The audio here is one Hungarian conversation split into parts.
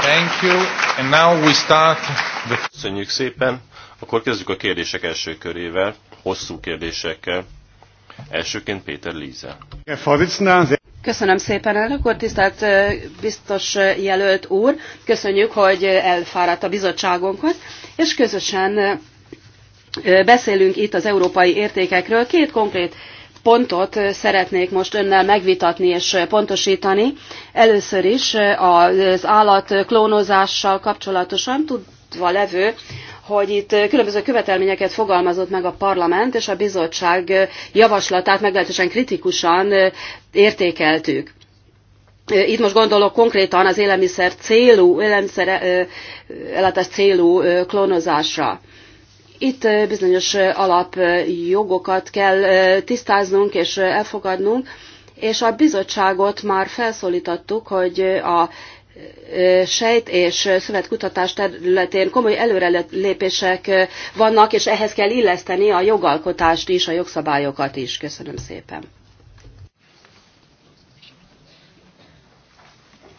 Thank you. And now we start the... Köszönjük szépen. Akkor kezdjük a kérdések első körével, hosszú kérdésekkel. Elsőként Péter Líze. Köszönöm szépen, elnök úr, tisztelt biztos jelölt úr. Köszönjük, hogy elfáradt a bizottságunkhoz, és közösen beszélünk itt az európai értékekről. Két konkrét pontot szeretnék most önnel megvitatni és pontosítani. Először is az állat klónozással kapcsolatosan tudva levő, hogy itt különböző követelményeket fogalmazott meg a parlament, és a bizottság javaslatát meglehetősen kritikusan értékeltük. Itt most gondolok konkrétan az élelmiszer célú, élelmiszer ellátás célú klónozásra. Itt bizonyos alapjogokat kell tisztáznunk és elfogadnunk, és a bizottságot már felszólítottuk, hogy a sejt és szövetkutatás területén komoly előrelépések vannak, és ehhez kell illeszteni a jogalkotást is, a jogszabályokat is. Köszönöm szépen.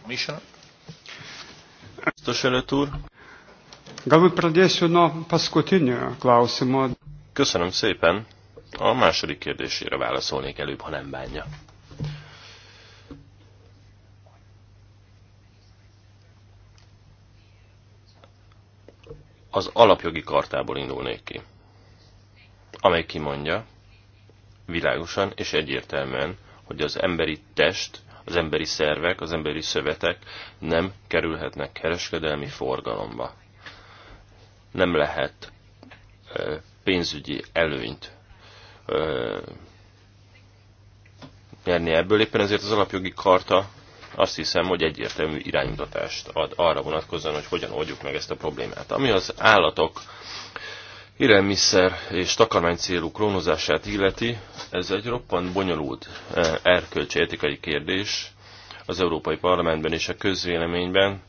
Misa? Biztos előtt úr. Galbūt pradėsiu nuo paskutinio klausimo. Köszönöm szépen. A második kérdésére válaszolnék előbb, ha nem bánja. Az alapjogi kartából indulnék ki, amely kimondja világosan és egyértelműen, hogy az emberi test, az emberi szervek, az emberi szövetek nem kerülhetnek kereskedelmi forgalomba nem lehet pénzügyi előnyt nyerni ebből. Éppen ezért az alapjogi karta azt hiszem, hogy egyértelmű iránymutatást ad arra vonatkozóan, hogy hogyan oldjuk meg ezt a problémát. Ami az állatok élelmiszer és takarmány célú klónozását illeti, ez egy roppant bonyolult erkölcsi etikai kérdés az Európai Parlamentben és a közvéleményben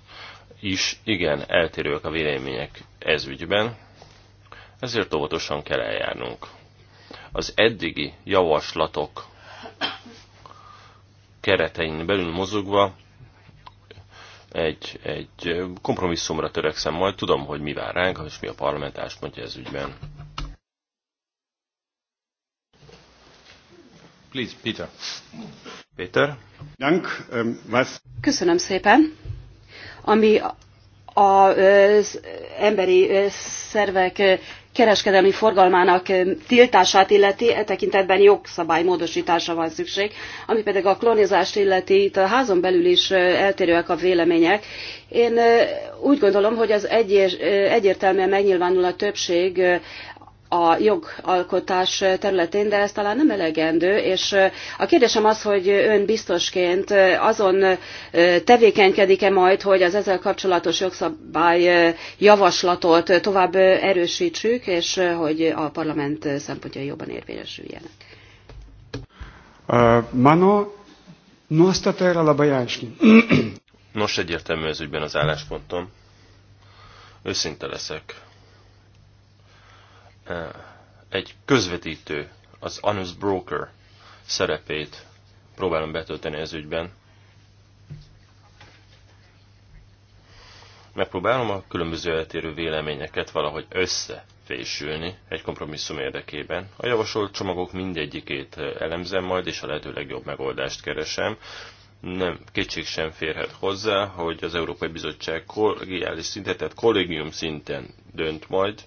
is igen eltérőek a vélemények ez ügyben, ezért óvatosan kell eljárnunk. Az eddigi javaslatok keretein belül mozogva egy, egy kompromisszumra törekszem majd, tudom, hogy mi vár ránk, és mi a parlamentás mondja ez ügyben. Please, Peter. Peter. Dank, um, was... Köszönöm szépen ami az emberi szervek kereskedelmi forgalmának tiltását illeti, e tekintetben jogszabály módosítása van szükség, ami pedig a klonizást illeti, itt a házon belül is eltérőek a vélemények. Én úgy gondolom, hogy az egyértelműen megnyilvánul a többség a jogalkotás területén, de ez talán nem elegendő, és a kérdésem az, hogy ön biztosként azon tevékenykedik-e majd, hogy az ezzel kapcsolatos jogszabály javaslatot tovább erősítsük, és hogy a parlament szempontjai jobban érvényesüljenek. Mano, nosta terra la Nos, egyértelmű ez ügyben az álláspontom. Őszinte leszek egy közvetítő, az honest broker szerepét próbálom betölteni ez ügyben. Megpróbálom a különböző eltérő véleményeket valahogy összefésülni egy kompromisszum érdekében. A javasolt csomagok mindegyikét elemzem majd, és a lehető legjobb megoldást keresem. Nem, kétség sem férhet hozzá, hogy az Európai Bizottság kollégiális szinten, tehát kollégium szinten dönt majd,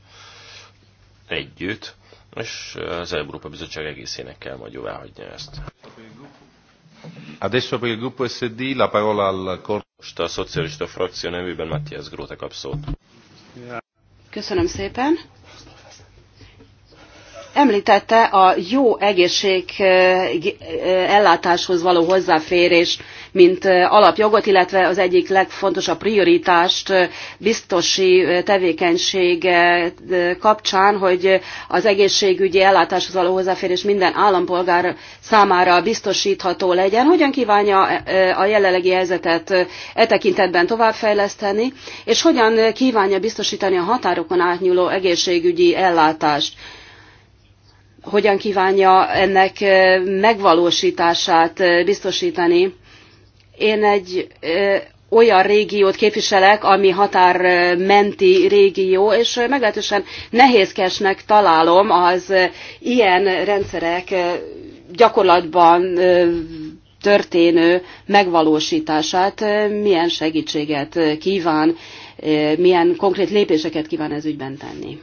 együtt, és az Európa Bizottság egészének kell majd jóvá hagyni ezt. Adesso per il gruppo SD la parola al Most a szocialista frakció nevében Matthias Grote kap szót. Köszönöm szépen. Említette a jó egészség eh, eh, ellátáshoz való hozzáférés, mint eh, alapjogot, illetve az egyik legfontosabb prioritást biztosi tevékenység kapcsán, hogy az egészségügyi ellátáshoz való hozzáférés minden állampolgár számára biztosítható legyen. Hogyan kívánja a jelenlegi helyzetet e tekintetben továbbfejleszteni, és hogyan kívánja biztosítani a határokon átnyúló egészségügyi ellátást? hogyan kívánja ennek megvalósítását biztosítani. Én egy olyan régiót képviselek, ami határmenti régió, és meglehetősen nehézkesnek találom az ilyen rendszerek gyakorlatban történő megvalósítását. Milyen segítséget kíván, milyen konkrét lépéseket kíván ez ügyben tenni?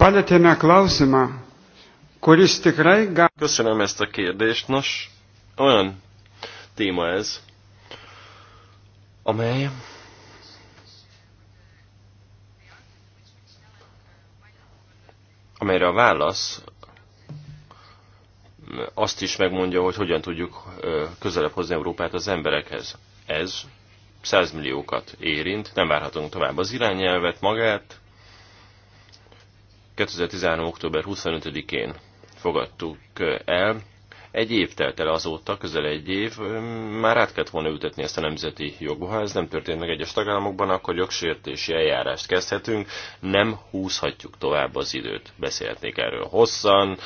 palėtėme klausimą, kuris tikrai gali. Köszönöm ezt a kérdést. Nos, olyan téma ez, amely amelyre a válasz azt is megmondja, hogy hogyan tudjuk közelebb hozni Európát az emberekhez. Ez 100 milliókat érint, nem várhatunk tovább az irányelvet magát, 2013. október 25-én fogadtuk el. Egy év telt el azóta, közel egy év, már át kellett volna ültetni ezt a nemzeti jogba. Ha ez nem történt meg egyes tagállamokban, akkor jogsértési eljárást kezdhetünk, nem húzhatjuk tovább az időt. Beszélhetnék erről hosszan,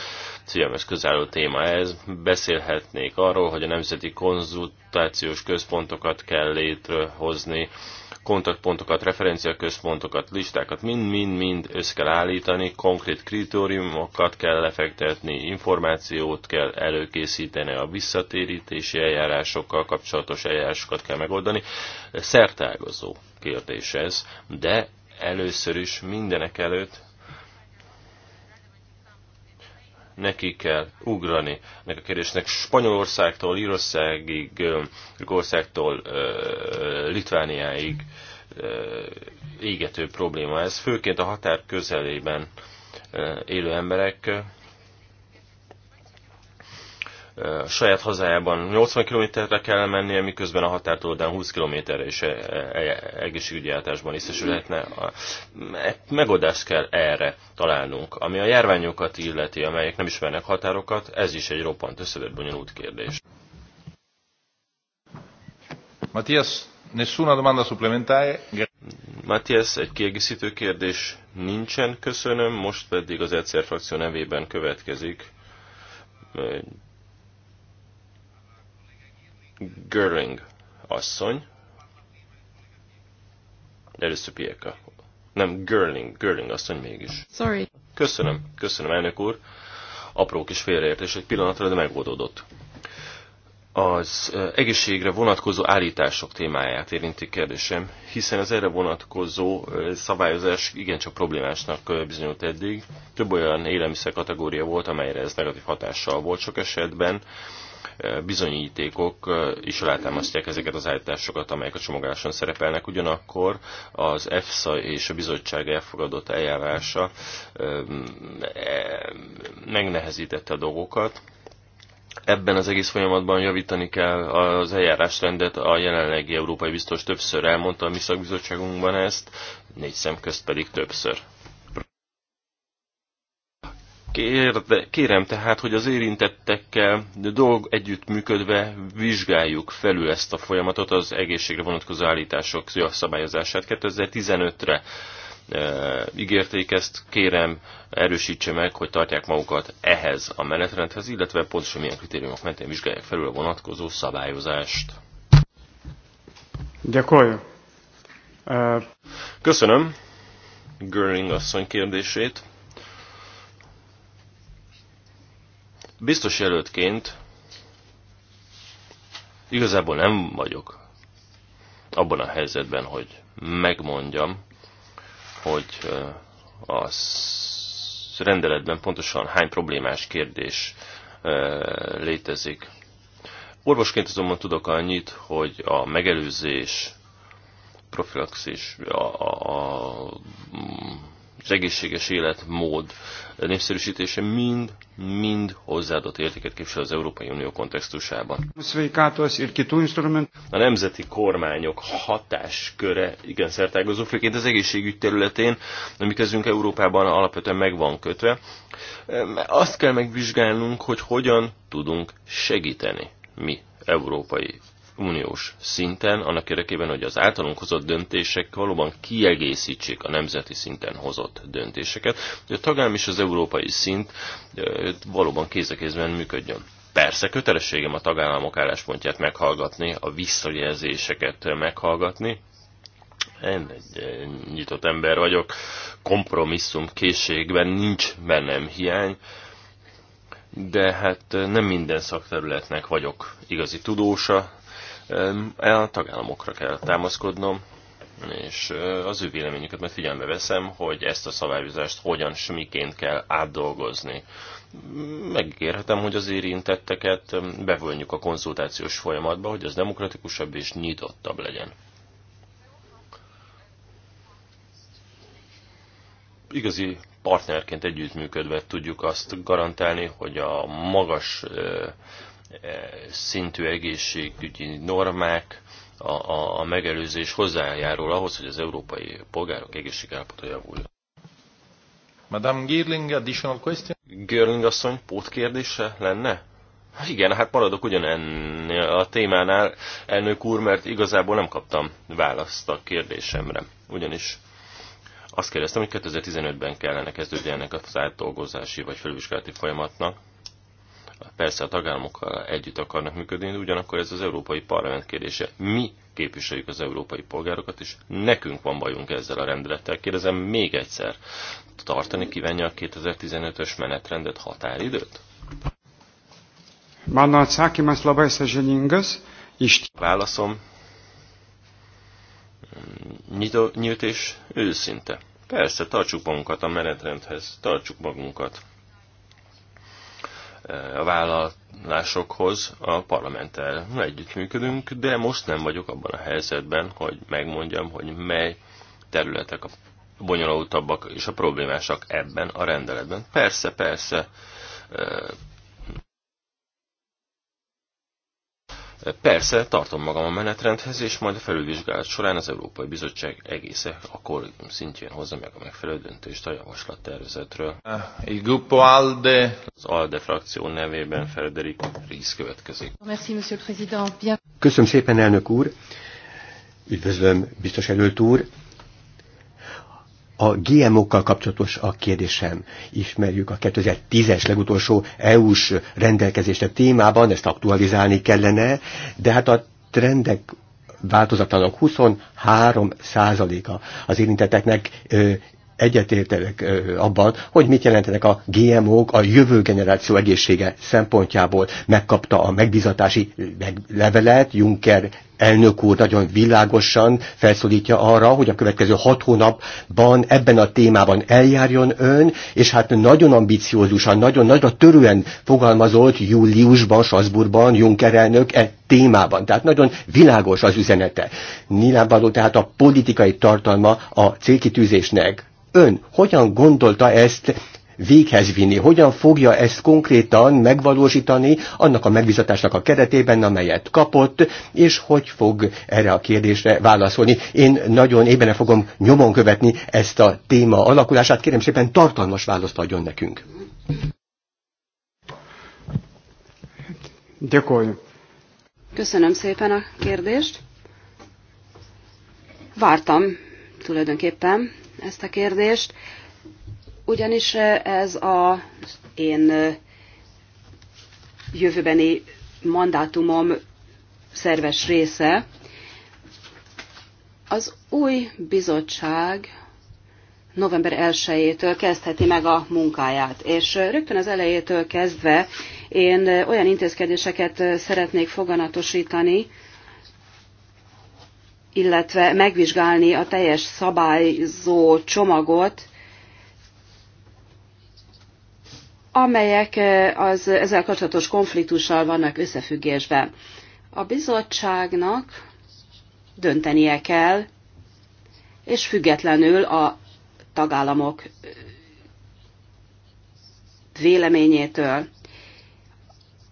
figyelmes közálló téma ez, beszélhetnék arról, hogy a nemzeti konzultációs központokat kell létrehozni, kontaktpontokat, referenciaközpontokat, listákat mind-mind-mind össze kell állítani, konkrét kritériumokat kell lefektetni, információt kell előkészíteni, a visszatérítési eljárásokkal kapcsolatos eljárásokat kell megoldani. Szertágozó kérdés ez, de először is mindenek előtt neki kell ugrani. Meg a kérdésnek Spanyolországtól, Írországig, Görögországtól, Litvániáig égető probléma ez. Főként a határ közelében élő emberek a saját hazájában 80 kilométerre kell mennie, miközben a határtól 20 kilométerre is e, egészségügyi ellátásban lehetne. E, megoldást kell erre találnunk. Ami a járványokat illeti, amelyek nem ismernek határokat, ez is egy roppant összevett bonyolult kérdés. Matthias, nessuna domanda supplementare. Matthias, egy kiegészítő kérdés nincsen, köszönöm. Most pedig az egyszer frakció nevében következik Göring, asszony. Először Pieka. Nem, Görling, Görling asszony mégis. Sorry. Köszönöm, köszönöm elnök úr. Apró kis félreértés egy pillanatra, de megoldódott. Az egészségre vonatkozó állítások témáját érinti kérdésem, hiszen az erre vonatkozó szabályozás igencsak problémásnak bizonyult eddig. Több olyan élelmiszer kategória volt, amelyre ez negatív hatással volt sok esetben Eh, bizonyítékok eh, is alátámasztják ezeket az állításokat, amelyek a csomagoláson szerepelnek. Ugyanakkor az EFSA és a bizottság elfogadott eljárása eh, megnehezítette a dolgokat, ebben az egész folyamatban javítani kell az eljárásrendet, a jelenlegi európai biztos többször elmondta a mi szakbizottságunkban ezt, négy szem közt pedig többször. Kérde, kérem tehát, hogy az érintettekkel dolg együttműködve vizsgáljuk felül ezt a folyamatot, az egészségre vonatkozó állítások szabályozását 2015-re e, ígérték ezt, kérem erősítse meg, hogy tartják magukat ehhez a menetrendhez, illetve pontosan milyen kritériumok mentén vizsgálják felül a vonatkozó szabályozást. Gyakorlja. Uh... Köszönöm Göring asszony kérdését. Biztos jelöltként igazából nem vagyok abban a helyzetben, hogy megmondjam, hogy a rendeletben pontosan hány problémás kérdés létezik. Orvosként azonban tudok annyit, hogy a megelőzés, profilaxis, a, a, a az egészséges életmód népszerűsítése mind, mind hozzáadott értéket képvisel az Európai Unió kontextusában. A nemzeti kormányok hatásköre igen szertágozó, főként az egészségügy területén, ami kezünk Európában alapvetően meg van kötve. Azt kell megvizsgálnunk, hogy hogyan tudunk segíteni mi, európai uniós szinten, annak érdekében, hogy az általunk hozott döntések valóban kiegészítsék a nemzeti szinten hozott döntéseket, hogy a tagállam és az európai szint valóban kézekézben működjön. Persze kötelességem a tagállamok álláspontját meghallgatni, a visszajelzéseket meghallgatni, én egy nyitott ember vagyok, kompromisszum készségben nincs bennem hiány, de hát nem minden szakterületnek vagyok igazi tudósa, E a tagállamokra kell támaszkodnom, és az ő véleményüket majd figyelme veszem, hogy ezt a szabályozást hogyan, miként kell átdolgozni. Megígérhetem, hogy az érintetteket bevonjuk a konzultációs folyamatba, hogy az demokratikusabb és nyitottabb legyen. Igazi partnerként együttműködve tudjuk azt garantálni, hogy a magas szintű egészségügyi normák, a, a, a megelőzés hozzájárul ahhoz, hogy az európai polgárok egészségállapota javuljon. Madame Girling, additional question? Girling asszony pótkérdése lenne? Hát igen, hát maradok ugyanennél a témánál, elnök úr, mert igazából nem kaptam választ a kérdésemre. Ugyanis azt kérdeztem, hogy 2015-ben kellene kezdődjenek az átdolgozási vagy felvizsgálati folyamatnak, persze a tagállamokkal együtt akarnak működni, de ugyanakkor ez az Európai Parlament kérdése. Mi képviseljük az európai polgárokat, és nekünk van bajunk ezzel a rendelettel. Kérdezem még egyszer, tartani kívánja a 2015-ös menetrendet határidőt? Válaszom mm, nyitó, nyílt és őszinte. Persze, tartsuk magunkat a menetrendhez, tartsuk magunkat a vállalásokhoz a parlamenttel együttműködünk, de most nem vagyok abban a helyzetben, hogy megmondjam, hogy mely területek a bonyolultabbak és a problémásak ebben a rendeletben. Persze, persze, Persze, tartom magam a menetrendhez, és majd a felülvizsgálat során az Európai Bizottság egésze a kollégium szintjén hozza meg a megfelelő döntést a javaslattervezetről. Eh, il ALDE. Az ALDE frakció nevében Frederik Ries következik. Köszönöm szépen, elnök úr! Üdvözlöm, biztos előtt úr! a GMO-kkal kapcsolatos a kérdésem. Ismerjük a 2010-es legutolsó EU-s rendelkezést a témában, ezt aktualizálni kellene, de hát a trendek változatlanok 23 százaléka az érintetteknek egyetértenek abban, hogy mit jelentenek a GMO-k a jövő generáció egészsége szempontjából. Megkapta a megbizatási levelet, Juncker elnök úr nagyon világosan felszólítja arra, hogy a következő hat hónapban ebben a témában eljárjon ön, és hát nagyon ambiciózusan, nagyon nagyra törően fogalmazott júliusban, Strasbourgban Juncker elnök e témában. Tehát nagyon világos az üzenete. Nyilvánvaló tehát a politikai tartalma a célkitűzésnek ön hogyan gondolta ezt véghez vinni, hogyan fogja ezt konkrétan megvalósítani annak a megbizatásnak a keretében, amelyet kapott, és hogy fog erre a kérdésre válaszolni. Én nagyon ébene fogom nyomon követni ezt a téma alakulását. Kérem szépen tartalmas választ adjon nekünk. Gyakorljuk. Köszönöm szépen a kérdést. Vártam tulajdonképpen ezt a kérdést, ugyanis ez a én jövőbeni mandátumom szerves része. Az új bizottság november 1-től kezdheti meg a munkáját, és rögtön az elejétől kezdve én olyan intézkedéseket szeretnék foganatosítani, illetve megvizsgálni a teljes szabályzó csomagot, amelyek eh, az ezzel kapcsolatos konfliktussal vannak összefüggésben. A bizottságnak döntenie kell, és függetlenül a tagállamok eh, véleményétől.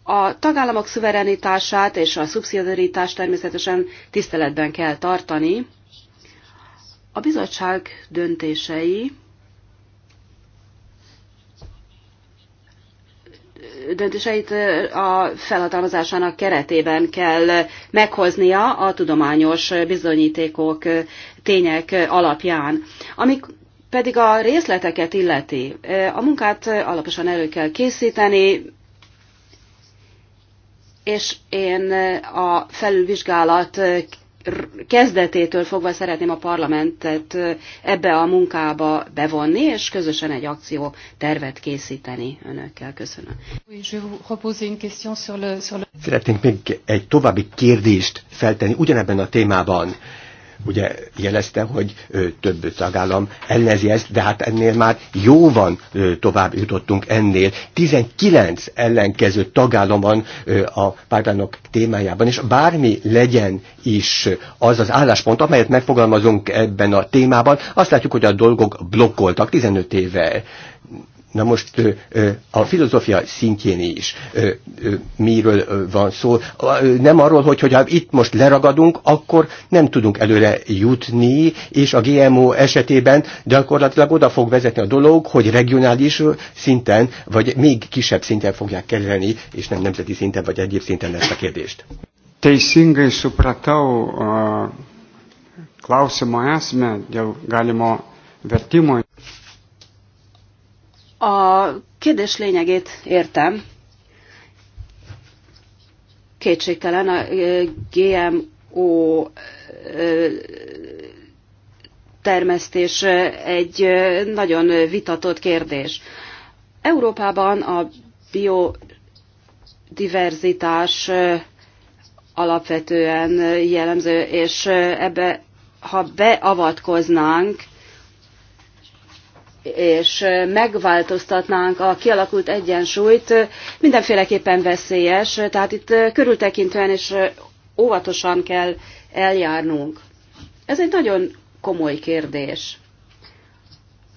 A tagállamok szuverenitását és a szubszidiaritást természetesen tiszteletben kell tartani. A bizottság döntései döntéseit a felhatalmazásának keretében kell meghoznia a tudományos bizonyítékok, tények alapján. Amik pedig a részleteket illeti, a munkát alaposan elő kell készíteni, és én a felülvizsgálat kezdetétől fogva szeretném a parlamentet ebbe a munkába bevonni, és közösen egy akció tervet készíteni önökkel. Köszönöm. Szeretnénk még egy további kérdést feltenni ugyanebben a témában ugye jelezte, hogy több tagállam ellenzi ezt, de hát ennél már jó van tovább jutottunk ennél. 19 ellenkező tagállam van a pártának témájában, és bármi legyen is az az álláspont, amelyet megfogalmazunk ebben a témában, azt látjuk, hogy a dolgok blokkoltak 15 éve Na most a filozófia szintjén is miről van szó. Nem arról, hogy ha itt most leragadunk, akkor nem tudunk előre jutni, és a GMO esetében gyakorlatilag oda fog vezetni a dolog, hogy regionális szinten, vagy még kisebb szinten fogják kezelni, és nem nemzeti szinten, vagy egyéb szinten ezt a kérdést. szingai e supratau klausimo esmę dėl galimo vertimo a kérdés lényegét értem. Kétségtelen a GMO termesztés egy nagyon vitatott kérdés. Európában a biodiverzitás alapvetően jellemző, és ebbe, ha beavatkoznánk, és megváltoztatnánk a kialakult egyensúlyt, mindenféleképpen veszélyes, tehát itt körültekintően és óvatosan kell eljárnunk. Ez egy nagyon komoly kérdés,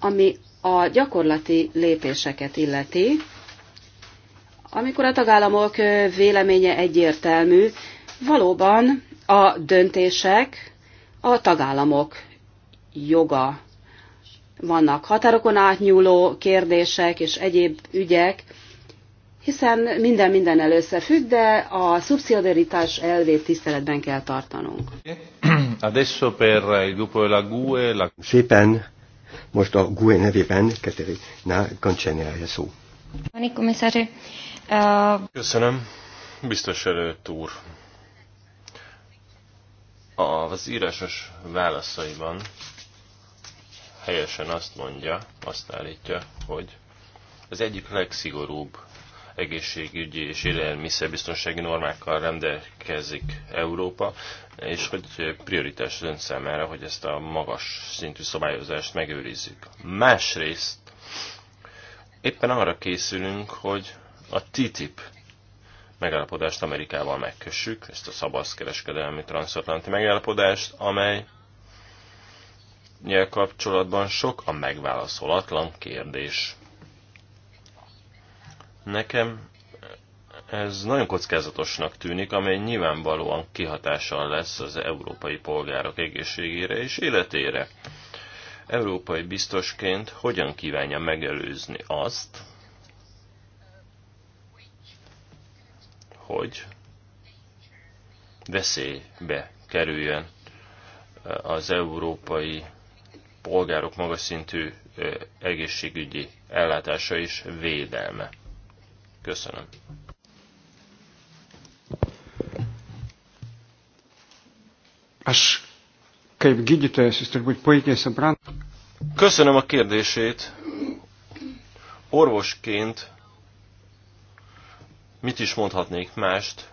ami a gyakorlati lépéseket illeti. Amikor a tagállamok véleménye egyértelmű, valóban a döntések a tagállamok joga vannak határokon átnyúló kérdések és egyéb ügyek, hiszen minden először függ, de a szubszidiaritás elvét tiszteletben kell tartanunk. Adesso per il gruppo della GUE... La... Szépen, most a GUE nevében Katerina Kancsenyája szó. Köszönöm, biztos előtt úr. Az írásos válaszaiban helyesen azt mondja, azt állítja, hogy az egyik legszigorúbb egészségügyi és élelmiszerbiztonsági normákkal rendelkezik Európa, és hogy prioritás az ön számára, hogy ezt a magas szintű szabályozást megőrizzük. Másrészt éppen arra készülünk, hogy a TTIP megállapodást Amerikával megkössük, ezt a szabadkereskedelmi transatlanti megállapodást, amely nyel kapcsolatban sok a megválaszolatlan kérdés. Nekem ez nagyon kockázatosnak tűnik, amely nyilvánvalóan kihatással lesz az európai polgárok egészségére és életére. Európai biztosként hogyan kívánja megelőzni azt, hogy veszélybe kerüljön az európai polgárok magas szintű egészségügyi ellátása és védelme. Köszönöm. Köszönöm a kérdését. Orvosként mit is mondhatnék mást,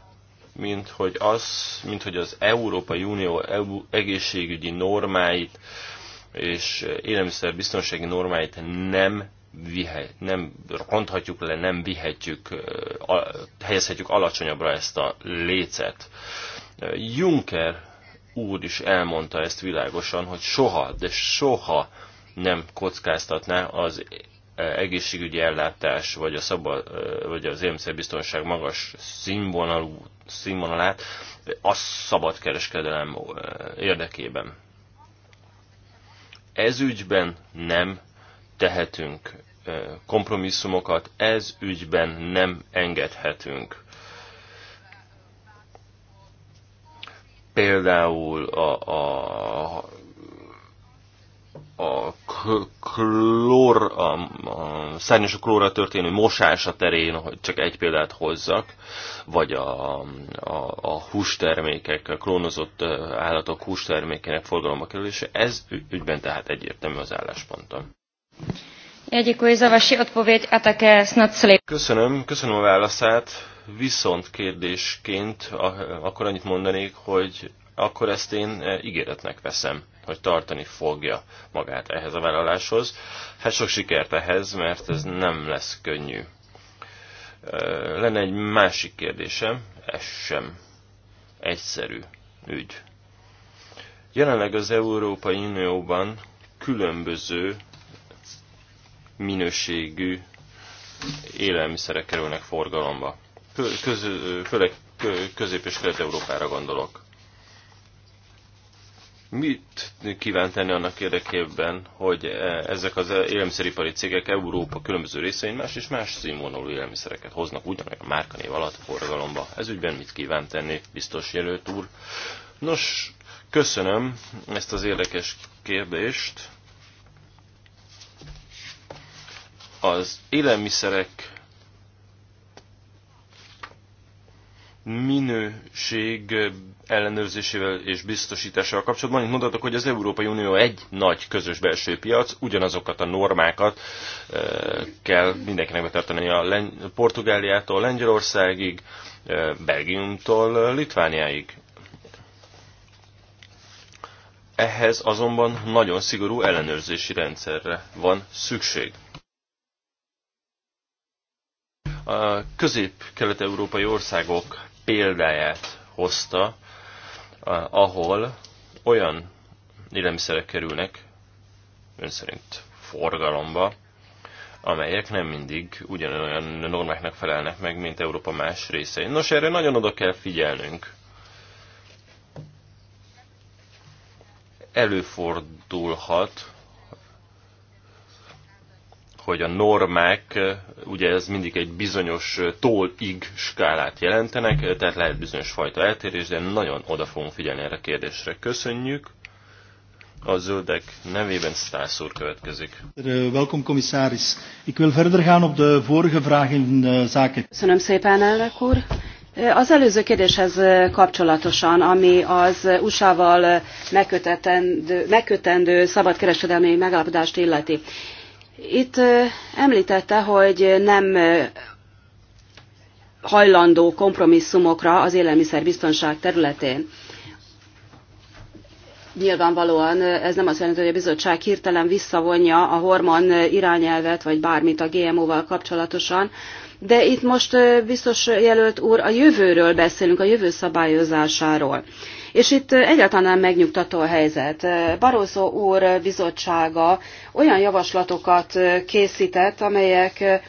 mint hogy az, mint hogy az Európai Unió egészségügyi normáit és biztonsági normáit nem vihet, nem ronthatjuk le, nem vihetjük, helyezhetjük alacsonyabbra ezt a lécet. Juncker úr is elmondta ezt világosan, hogy soha, de soha nem kockáztatná az egészségügyi ellátás, vagy, a szaba, vagy az élelmiszerbiztonság magas színvonalú, színvonalát a szabad kereskedelem érdekében. Ez ügyben nem tehetünk kompromisszumokat, ez ügyben nem engedhetünk. Például a, a klór, a, a szárnyas klóra történő a terén, hogy csak egy példát hozzak, vagy a, a, a hústermékek, a klónozott állatok hústermékének forgalomba kerülése, ez ügyben tehát egyértelmű az álláspontom. Köszönöm, köszönöm a válaszát. Viszont kérdésként akkor annyit mondanék, hogy akkor ezt én e, ígéretnek veszem, hogy tartani fogja magát ehhez a vállaláshoz. Hát sok sikert ehhez, mert ez nem lesz könnyű. E, lenne egy másik kérdésem, ez sem egyszerű ügy. Jelenleg az Európai Unióban különböző minőségű élelmiszerek kerülnek forgalomba. főleg közép- és kelet-európára gondolok. Mit kíván tenni annak érdekében, hogy e, ezek az élelmiszeripari cégek Európa különböző részein más és más színvonalú élelmiszereket hoznak ugyanolyan a márkanév alatt forgalomba? Ez ügyben mit kíván tenni, biztos jelölt úr? Nos, köszönöm ezt az érdekes kérdést. Az élelmiszerek minőség ellenőrzésével és biztosításával kapcsolatban, annyit mondhatok, hogy az Európai Unió egy nagy közös belső piac, ugyanazokat a normákat e, kell mindenkinek betartani a Len- Portugáliától Lengyelországig, e, Belgiumtól Litvániáig. Ehhez azonban nagyon szigorú ellenőrzési rendszerre van szükség a közép-kelet-európai országok példáját hozta, ahol olyan élelmiszerek kerülnek ön szerint forgalomba, amelyek nem mindig ugyanolyan normáknak felelnek meg, mint Európa más részein. Nos, erre nagyon oda kell figyelnünk. Előfordulhat, hogy a normák, ugye ez mindig egy bizonyos tól-ig skálát jelentenek, tehát lehet bizonyos fajta eltérés, de nagyon oda fogunk figyelni erre a kérdésre. Köszönjük! A zöldek nevében Stász úr következik. Eh, welkom, komisáris. Ik wil verder gaan op de vorige vraag in eh, zake. Köszönöm szépen, elnök úr. Eh, az előző kérdéshez kapcsolatosan, ami az USA-val megkötendő, megkötendő szabadkereskedelmi megállapodást illeti. Itt említette, hogy nem hajlandó kompromisszumokra az élelmiszerbiztonság területén. Nyilvánvalóan ez nem azt jelenti, hogy a bizottság hirtelen visszavonja a hormon irányelvet, vagy bármit a GMO-val kapcsolatosan, de itt most biztos jelölt úr, a jövőről beszélünk, a jövő szabályozásáról. És itt egyáltalán nem megnyugtató a helyzet. Barroso úr bizottsága olyan javaslatokat készített, amelyek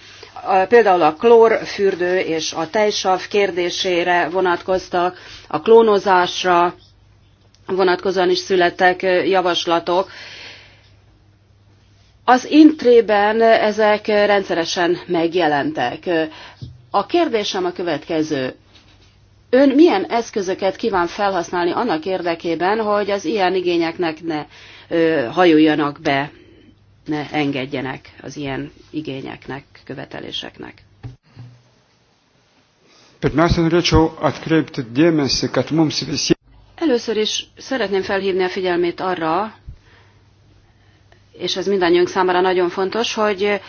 például a klórfürdő és a tejsav kérdésére vonatkoztak, a klónozásra vonatkozóan is születtek javaslatok. Az intrében ezek rendszeresen megjelentek. A kérdésem a következő. Ön milyen eszközöket kíván felhasználni annak érdekében, hogy az ilyen igényeknek ne ö, hajuljanak be, ne engedjenek az ilyen igényeknek, követeléseknek? Először is szeretném felhívni a figyelmét arra, és ez mindannyiunk számára nagyon fontos, hogy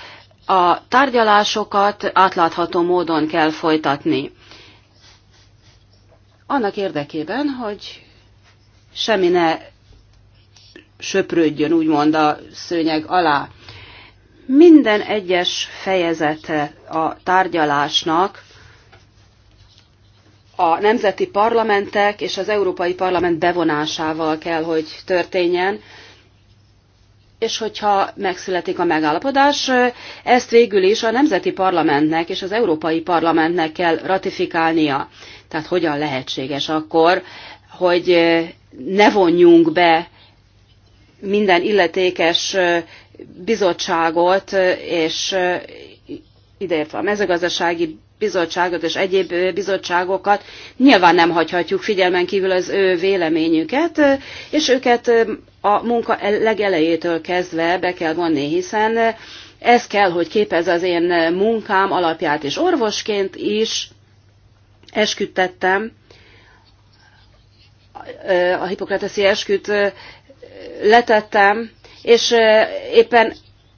a tárgyalásokat átlátható módon kell folytatni annak érdekében, hogy semmi ne söprődjön úgymond a szőnyeg alá. Minden egyes fejezete a tárgyalásnak a nemzeti parlamentek és az Európai Parlament bevonásával kell, hogy történjen, és hogyha megszületik a megállapodás, ezt végül is a Nemzeti Parlamentnek és az Európai Parlamentnek kell ratifikálnia. Tehát hogyan lehetséges akkor, hogy ne vonjunk be minden illetékes bizottságot, és ideértve a mezőgazdasági bizottságot és egyéb bizottságokat, nyilván nem hagyhatjuk figyelmen kívül az ő véleményüket, és őket a munka legelejétől kezdve be kell vonni, hiszen ez kell, hogy képez az én munkám alapját, és orvosként is esküdtettem, a hipokrateszi esküt letettem, és éppen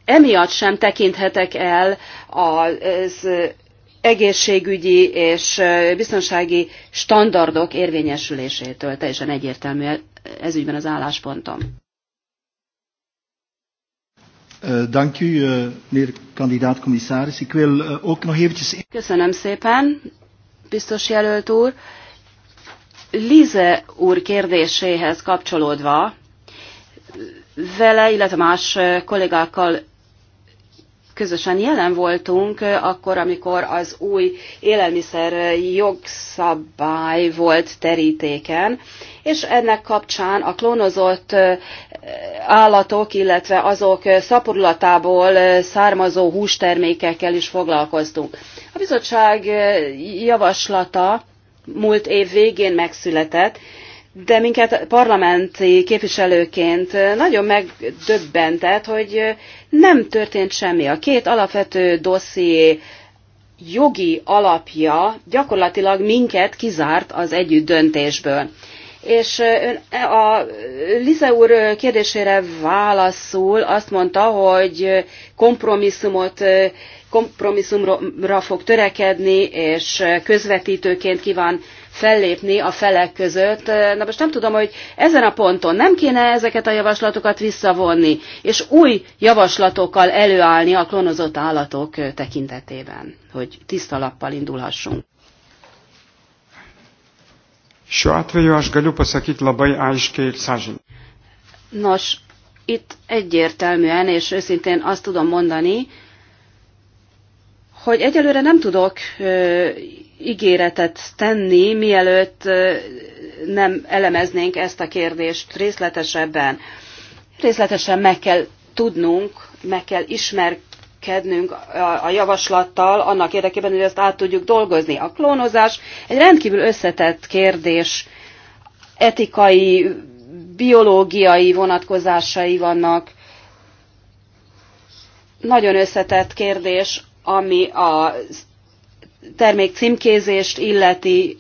emiatt sem tekinthetek el az egészségügyi és biztonsági standardok érvényesülésétől. Teljesen egyértelmű ez ügyben az álláspontom. Dank u, meneer kandidaat-commissaris. Ik wil ook nog eventjes... Köszönöm szépen biztos jelölt úr. Lize úr kérdéséhez kapcsolódva, vele, illetve más kollégákkal közösen jelen voltunk, akkor, amikor az új élelmiszer jogszabály volt terítéken, és ennek kapcsán a klónozott állatok, illetve azok szaporulatából származó hústermékekkel is foglalkoztunk. A bizottság eh, javaslata múlt év végén megszületett, de minket parlamenti képviselőként eh, nagyon megdöbbentett, hogy eh, nem történt semmi. A két alapvető dosszié jogi alapja gyakorlatilag minket kizárt az együtt döntésből. És e, a Lize úr kérdésére válaszul azt mondta, hogy kompromisszumot kompromisszumra fog törekedni, és közvetítőként kíván fellépni a felek között. Na most nem tudom, hogy ezen a ponton nem kéne ezeket a javaslatokat visszavonni, és új javaslatokkal előállni a klonozott állatok tekintetében, hogy tiszta lappal indulhassunk. labai Nos, itt egyértelműen és őszintén azt tudom mondani, hogy egyelőre nem tudok ö, ígéretet tenni, mielőtt ö, nem elemeznénk ezt a kérdést részletesebben. Részletesen meg kell tudnunk, meg kell ismerkednünk a, a javaslattal annak érdekében, hogy ezt át tudjuk dolgozni. A klónozás egy rendkívül összetett kérdés, etikai, biológiai vonatkozásai vannak, nagyon összetett kérdés ami a termék címkézést illeti,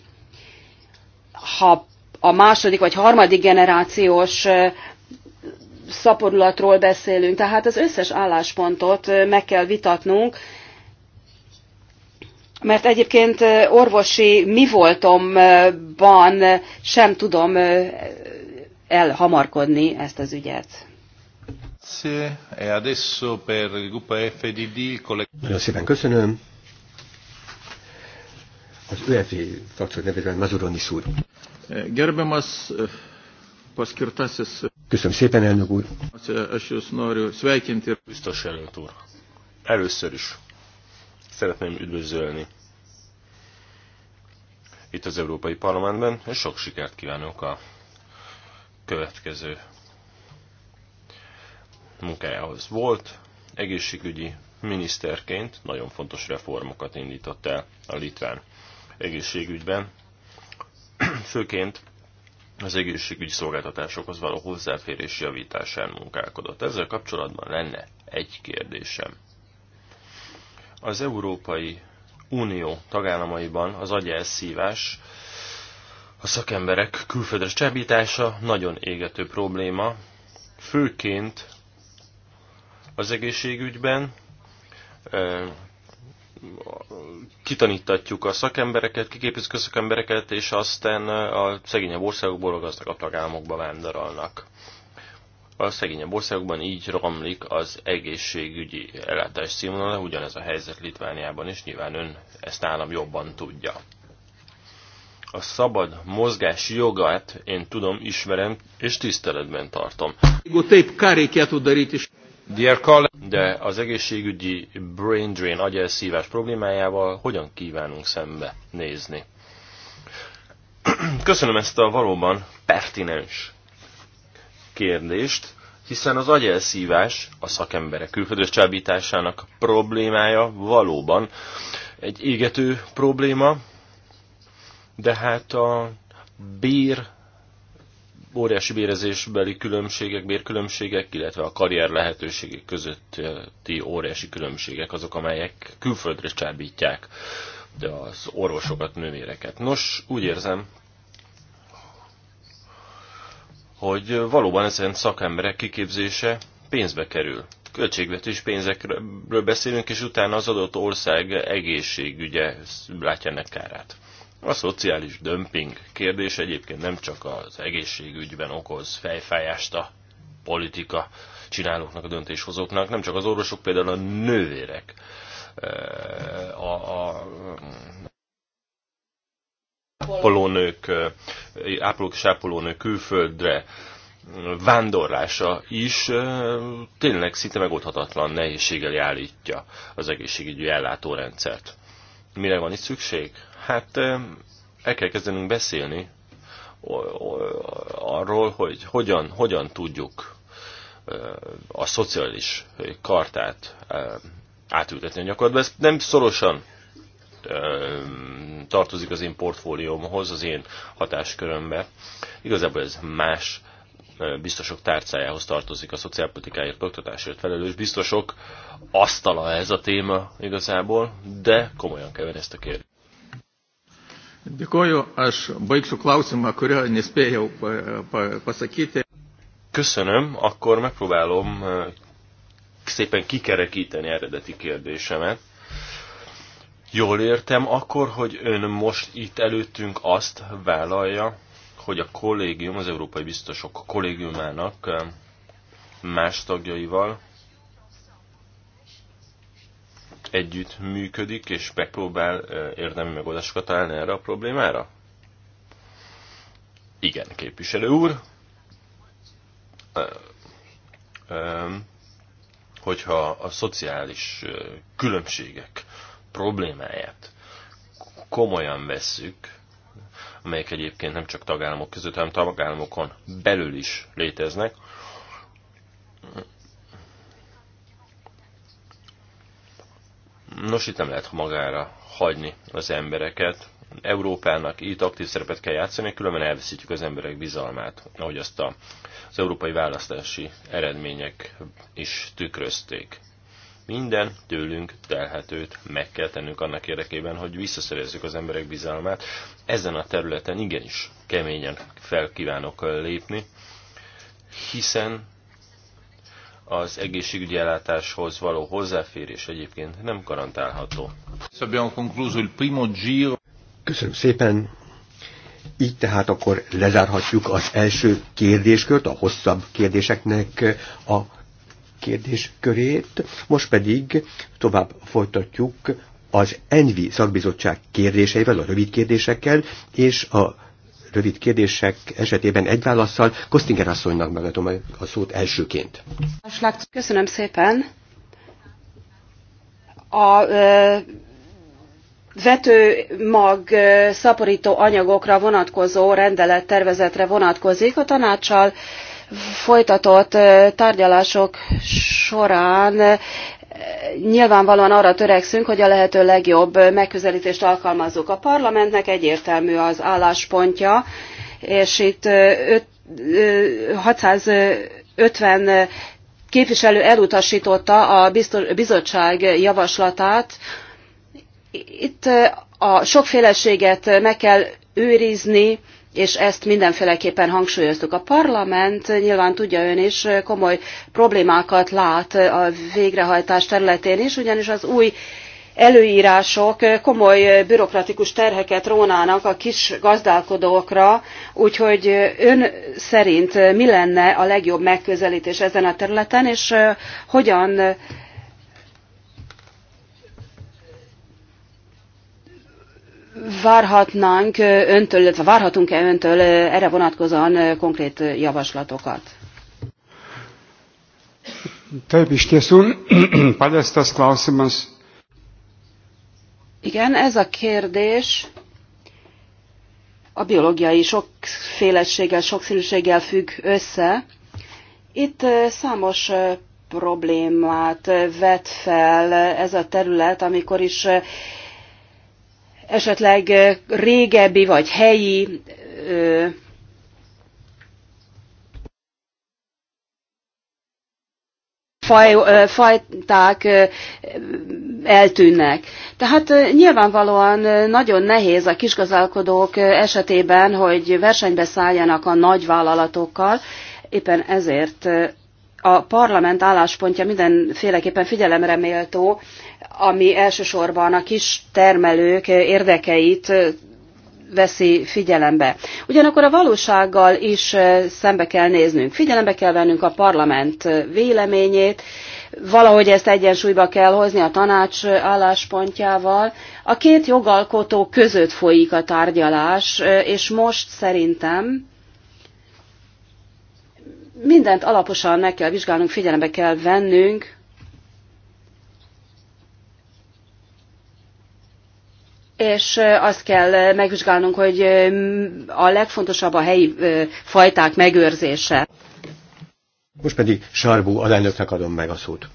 ha a második vagy harmadik generációs szaporulatról beszélünk, tehát az összes álláspontot meg kell vitatnunk, mert egyébként orvosi mi voltomban sem tudom elhamarkodni ezt az ügyet. E Nagyon szépen köszönöm. Az ÖFV frakció nevében Mazuronis úr. Eh, Gerbemas eh, paskirtasis. Köszönöm szépen, elnök úr. Eh, Biztos jelölt úr. Először is szeretném üdvözölni itt az Európai Parlamentben, és sok sikert kívánok a következő munkájához volt, egészségügyi miniszterként nagyon fontos reformokat indított el a litván egészségügyben, főként az egészségügyi szolgáltatásokhoz való hozzáférés javításán munkálkodott. Ezzel kapcsolatban lenne egy kérdésem. Az Európai Unió tagállamaiban az agyelszívás, a szakemberek külföldre csábítása nagyon égető probléma, főként az egészségügyben, kitanítatjuk a szakembereket, kiképezzük a szakembereket, és aztán a szegényebb országokból a gazdagabb tagállamokba vándorolnak. A szegényebb országokban így romlik az egészségügyi ellátás színvonala, ugyanez a helyzet Litvániában is, nyilván ön ezt nálam jobban tudja. A szabad mozgás jogát én tudom, ismerem és tiszteletben tartom. De az egészségügyi brain drain, agyelszívás problémájával hogyan kívánunk szembe nézni? Köszönöm ezt a valóban pertinens kérdést, hiszen az agyelszívás a szakemberek külföldös csábításának problémája valóban egy égető probléma, de hát a bír óriási bérezésbeli különbségek, bérkülönbségek, illetve a karrier lehetőségek közötti óriási különbségek azok, amelyek külföldre csábítják az orvosokat, nővéreket. Nos, úgy érzem, hogy valóban ezen szakemberek kiképzése pénzbe kerül. Költségvetés pénzekről beszélünk, és utána az adott ország egészségügye látja ennek kárát. A szociális dömping kérdés egyébként nem csak az egészségügyben okoz fejfájást a politika csinálóknak, a döntéshozóknak, nem csak az orvosok, például a nővérek. Eh, a, a, ápolónők, eh, ápolók és ápolónők külföldre vándorlása is eh, tényleg szinte megoldhatatlan nehézséggel állítja az egészségügyi ellátórendszert. Mire van itt szükség? Hát el kell kezdenünk beszélni arról, hogy hogyan, hogyan tudjuk a szociális kartát átültetni a gyakorlatba. Ez nem szorosan tartozik az én portfóliómhoz, az én hatáskörömbe. Igazából ez más biztosok tárcájához tartozik a szociálpolitikáért, oktatásért felelős biztosok asztala ez a téma igazából, de komolyan kever ezt a kérdést. Köszönöm, akkor megpróbálom szépen kikerekíteni eredeti kérdésemet. Jól értem akkor, hogy ön most itt előttünk azt vállalja, hogy a kollégium, az Európai Biztosok kollégiumának más tagjaival együtt működik, és megpróbál érdemi megoldásokat találni erre a problémára? Igen, képviselő úr. Hogyha a szociális különbségek problémáját komolyan vesszük, amelyek egyébként nem csak tagállamok között, hanem tagállamokon belül is léteznek, Nos, itt nem lehet magára hagyni az embereket. Európának itt aktív szerepet kell játszani, különben elveszítjük az emberek bizalmát, ahogy azt a, az európai választási eredmények is tükrözték. Minden tőlünk telhetőt meg kell tennünk annak érdekében, hogy visszaszerezzük az emberek bizalmát. Ezen a területen igenis keményen fel kívánok lépni, hiszen az egészségügyi ellátáshoz való hozzáférés egyébként nem garantálható. Köszönöm szépen! Így tehát akkor lezárhatjuk az első kérdéskört, a hosszabb kérdéseknek a kérdéskörét. Most pedig tovább folytatjuk az ENVI szakbizottság kérdéseivel, a rövid kérdésekkel, és a rövid kérdések esetében egy válaszsal. Kostinger asszonynak megadom a szót elsőként. Köszönöm szépen. A vetőmag szaporító anyagokra vonatkozó rendelet tervezetre vonatkozik. A tanácssal folytatott tárgyalások során nyilvánvalóan arra törekszünk, hogy a lehető legjobb megközelítést alkalmazzuk. A parlamentnek egyértelmű az álláspontja, és itt and fifty képviselő elutasította a bizottság javaslatát. Itt a sokféleséget meg kell őrizni, és ezt mindenféleképpen hangsúlyoztuk. A parlament nyilván tudja ön is komoly problémákat lát a végrehajtás területén is, ugyanis az új előírások komoly bürokratikus terheket rónának a kis gazdálkodókra, úgyhogy ön szerint mi lenne a legjobb megközelítés ezen a területen, és hogyan várhatnánk öntől, illetve várhatunk-e öntől erre vonatkozóan konkrét javaslatokat? Taip, iš tiesų, paliestas klausimas. Igen, ez a kérdés a biológiai sokféleséggel, sokszínűséggel függ össze. Itt számos problémát vet fel ez a terület, amikor is esetleg régebbi vagy helyi faj, fajták eltűnnek. Tehát nyilvánvalóan nagyon nehéz a kisgazdálkodók esetében, hogy versenybe szálljanak a vállalatokkal. éppen ezért a parlament álláspontja mindenféleképpen figyelemre méltó, ami elsősorban a kis termelők érdekeit veszi figyelembe. Ugyanakkor a valósággal is szembe kell néznünk. Figyelembe kell vennünk a parlament véleményét, valahogy ezt egyensúlyba kell hozni a tanács álláspontjával. A két jogalkotó között folyik a tárgyalás, és most szerintem mindent alaposan meg kell vizsgálnunk, figyelembe kell vennünk, és azt kell megvizsgálnunk, hogy a legfontosabb a helyi fajták megőrzése. Most pedig a alelnöknek adom meg a szót.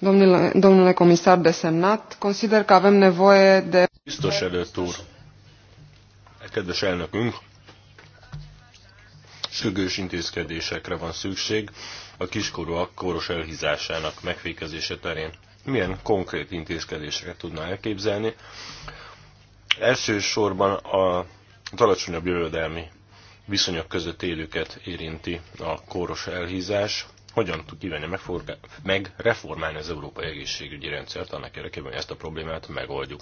Domnule, domnule de semnat, consider că avem nevoie de... Biztos előtt úr, kedves elnökünk, sürgős intézkedésekre van szükség a kiskorúak kóros elhízásának megfékezése terén. Milyen konkrét intézkedéseket tudna elképzelni, Elsősorban a alacsonyabb jövedelmi viszonyok között élőket érinti a kóros elhízás. Hogyan tud kívánni megreformálni az európai egészségügyi rendszert annak érdekében, hogy ezt a problémát megoldjuk?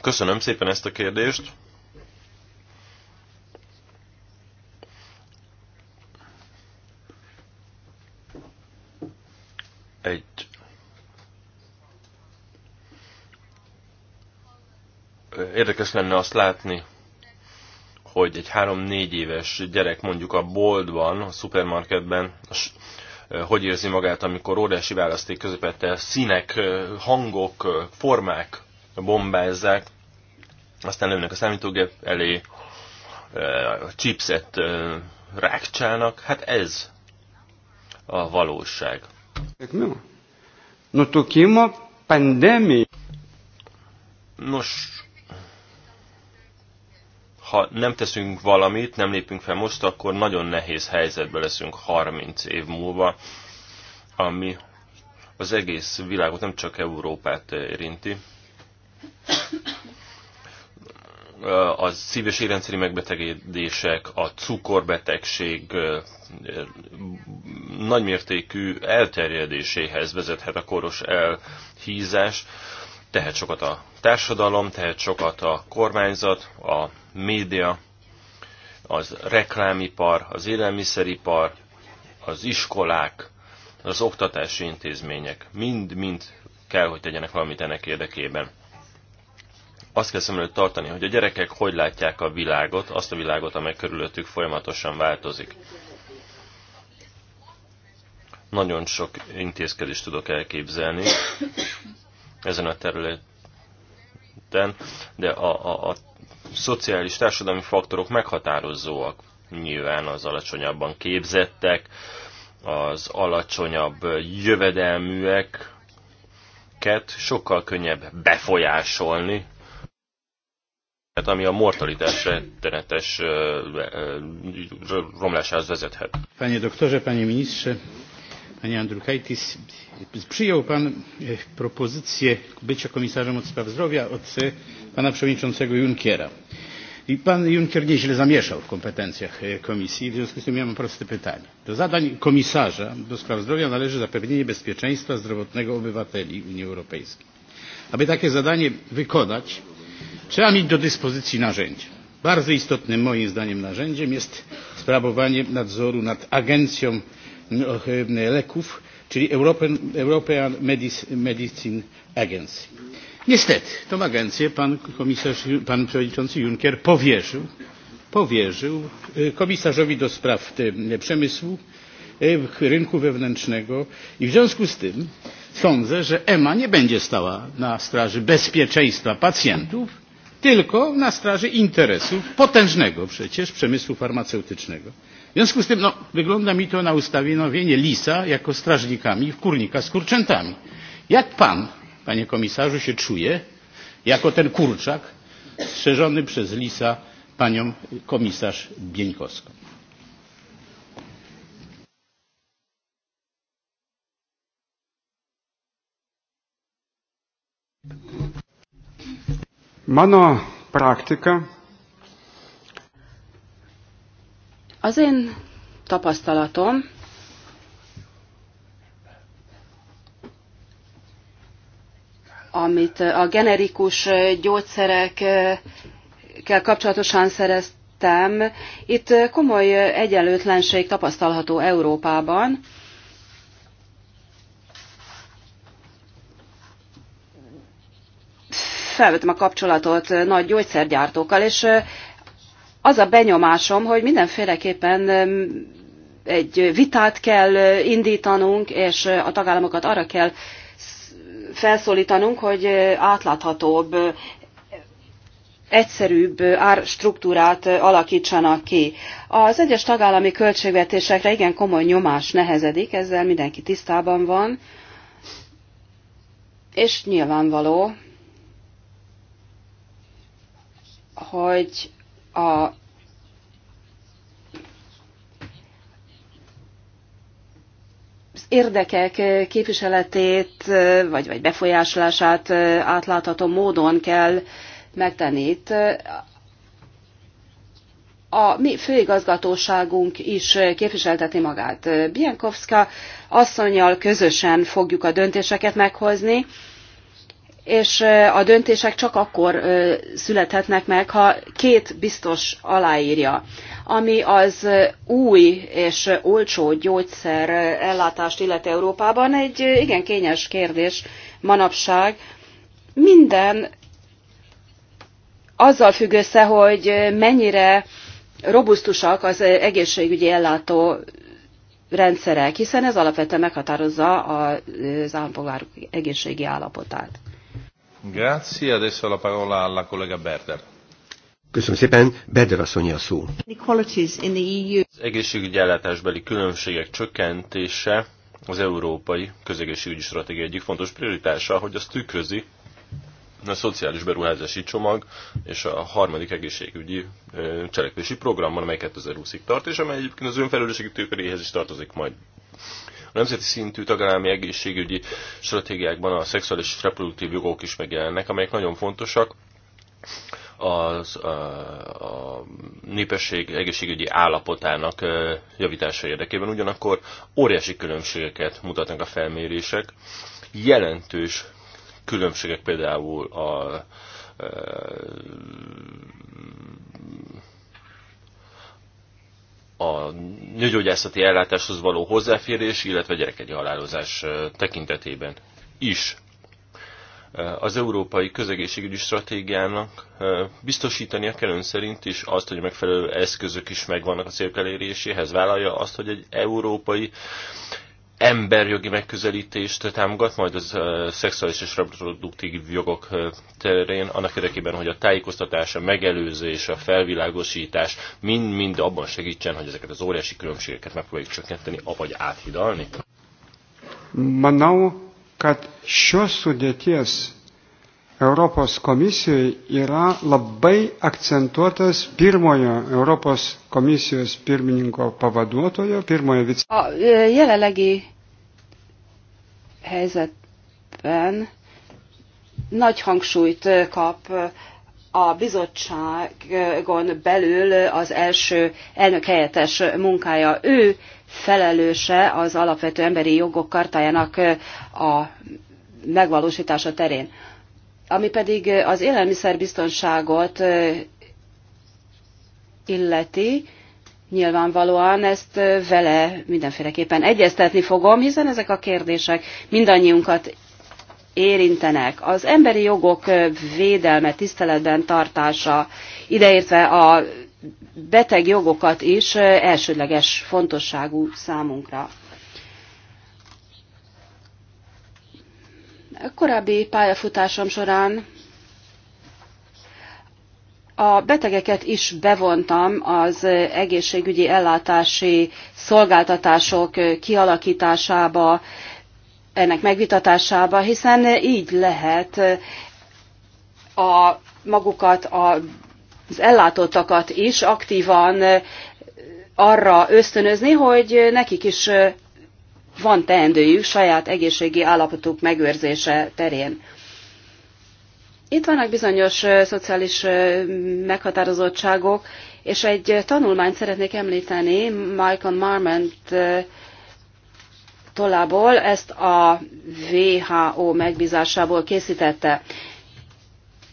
Köszönöm szépen ezt a kérdést. Egy érdekes lenne azt látni, hogy egy három-négy éves gyerek mondjuk a boltban, a szupermarketben hogy érzi magát, amikor óriási választék közepette színek, hangok, formák bombázzák, aztán lőnek a számítógép elé, a chipset rákcsálnak, hát ez a valóság. No to kima pandémia. Nos, ha nem teszünk valamit, nem lépünk fel most, akkor nagyon nehéz helyzetbe leszünk 30 év múlva, ami az egész világot, nem csak Európát érinti. A szív- és érrendszeri megbetegedések, a cukorbetegség nagymértékű elterjedéséhez vezethet a koros elhízás tehet sokat a társadalom, tehet sokat a kormányzat, a média, az reklámipar, az élelmiszeripar, az iskolák, az oktatási intézmények. Mind-mind kell, hogy tegyenek valamit ennek érdekében. Azt kell szem előtt tartani, hogy a gyerekek hogy látják a világot, azt a világot, amely körülöttük folyamatosan változik. Nagyon sok intézkedést tudok elképzelni, ezen a területen, de a, a, a szociális társadalmi faktorok meghatározóak. Nyilván az alacsonyabban képzettek, az alacsonyabb jövedelműeket sokkal könnyebb befolyásolni, hát ami a mortalitás rettenetes romlásához vezethet. Panie doktorze, panie ministrze, panie andriukaitis przyjął pan e, propozycję bycia komisarzem od spraw zdrowia od e, pana przewodniczącego junckera i pan juncker nieźle zamieszał w kompetencjach e, komisji w związku z tym ja mam proste pytanie do zadań komisarza do spraw zdrowia należy zapewnienie bezpieczeństwa zdrowotnego obywateli unii europejskiej. aby takie zadanie wykonać trzeba mieć do dyspozycji narzędzia. bardzo istotnym moim zdaniem narzędziem jest sprawowanie nadzoru nad agencją Eh, leków, czyli European, European Medicine Agency. Niestety, tą agencję pan, komisarz, pan przewodniczący Juncker powierzył, powierzył komisarzowi do spraw przemysłu, rynku wewnętrznego i w związku z tym sądzę, że EMA nie będzie stała na straży bezpieczeństwa pacjentów, tylko na straży interesów potężnego przecież przemysłu farmaceutycznego. w związku z tym no, wygląda mi to na ustanowienie lisa jako strażnikami w kurnika z kurczętami. jak pan panie komisarzu się czuje jako ten kurczak strzeżony przez lisa panią komisarz bieńkowską? Mano praktika. Az én tapasztalatom amit a generikus gyógyszerekkel kapcsolatosan szereztem, itt komoly egyenlőtlenség tapasztalható Európában. felvettem a kapcsolatot nagy gyógyszergyártókkal, és az a benyomásom, hogy mindenféleképpen egy vitát kell indítanunk, és a tagállamokat arra kell felszólítanunk, hogy átláthatóbb, egyszerűbb árstruktúrát alakítsanak ki. Az egyes tagállami költségvetésekre igen komoly nyomás nehezedik, ezzel mindenki tisztában van, és nyilvánvaló, hogy a az érdekek képviseletét, vagy, vagy befolyásolását átlátható módon kell megtenni. Itt a mi főigazgatóságunk is képviselteti magát. Bienkowska asszonyjal közösen fogjuk a döntéseket meghozni, és a döntések csak akkor születhetnek meg, ha két biztos aláírja. Ami az új és olcsó gyógyszer ellátást illet Európában egy igen kényes kérdés manapság. Minden azzal függ össze, hogy mennyire robusztusak az egészségügyi ellátó rendszerek, hiszen ez alapvetően meghatározza az állampolgárok egészségi állapotát. Grazie, adesso la parola alla collega Berder. Köszönöm szépen, Berder asszony a szó. E az egészségügyi ellátásbeli különbségek csökkentése az európai közegészségügyi stratégia egyik fontos prioritása, hogy az tükrözi a szociális beruházási csomag és a harmadik egészségügyi cselekvési programban, amely 2020-ig tart, és amely egyébként az önfelelősségi tőkeréhez is tartozik majd. A nemzeti szintű tagállami egészségügyi stratégiákban a szexuális és reproduktív jogok is megjelennek, amelyek nagyon fontosak az a, a népesség egészségügyi állapotának javítása érdekében. Ugyanakkor óriási különbségeket mutatnak a felmérések. Jelentős különbségek például a, a a nőgyógyászati ellátáshoz való hozzáférés, illetve gyerekegyi halálozás tekintetében is. Az Európai Közegészségügyi Stratégiának biztosítania kell ön szerint is azt, hogy megfelelő eszközök is megvannak a célkeléréséhez, vállalja azt, hogy egy európai emberjogi megközelítést támogat, majd az szexuális és reproduktív jogok terén, annak érdekében, hogy a tájékoztatás, a megelőzés, a felvilágosítás mind-mind abban segítsen, hogy ezeket az óriási különbségeket megpróbáljuk csökkenteni, avagy áthidalni? Manau, kad šios sudėties Europos komisijoje yra labai akcentuotas pirmojo Europos komisijos pirmininko pavaduotojo, pirmojo vice. A e, jelenlegi helyzetben nagy hangsúlyt kap a bizottságon belül az első elnök helyettes munkája. Ő felelőse az alapvető emberi jogok kartájának a megvalósítása terén. Ami pedig az élelmiszerbiztonságot illeti, nyilvánvalóan ezt vele mindenféleképpen egyeztetni fogom, hiszen ezek a kérdések mindannyiunkat érintenek. Az emberi jogok védelme, tiszteletben tartása, ideértve a beteg jogokat is elsődleges fontosságú számunkra. Korábbi pályafutásom során a betegeket is bevontam az egészségügyi ellátási szolgáltatások kialakításába, ennek megvitatásába, hiszen így lehet a magukat, az ellátottakat is aktívan arra ösztönözni, hogy nekik is van teendőjük saját egészségi állapotuk megőrzése terén. Itt vannak bizonyos szociális meghatározottságok, és egy tanulmányt szeretnék említeni Michael Marment tollából, ezt a WHO megbízásából készítette.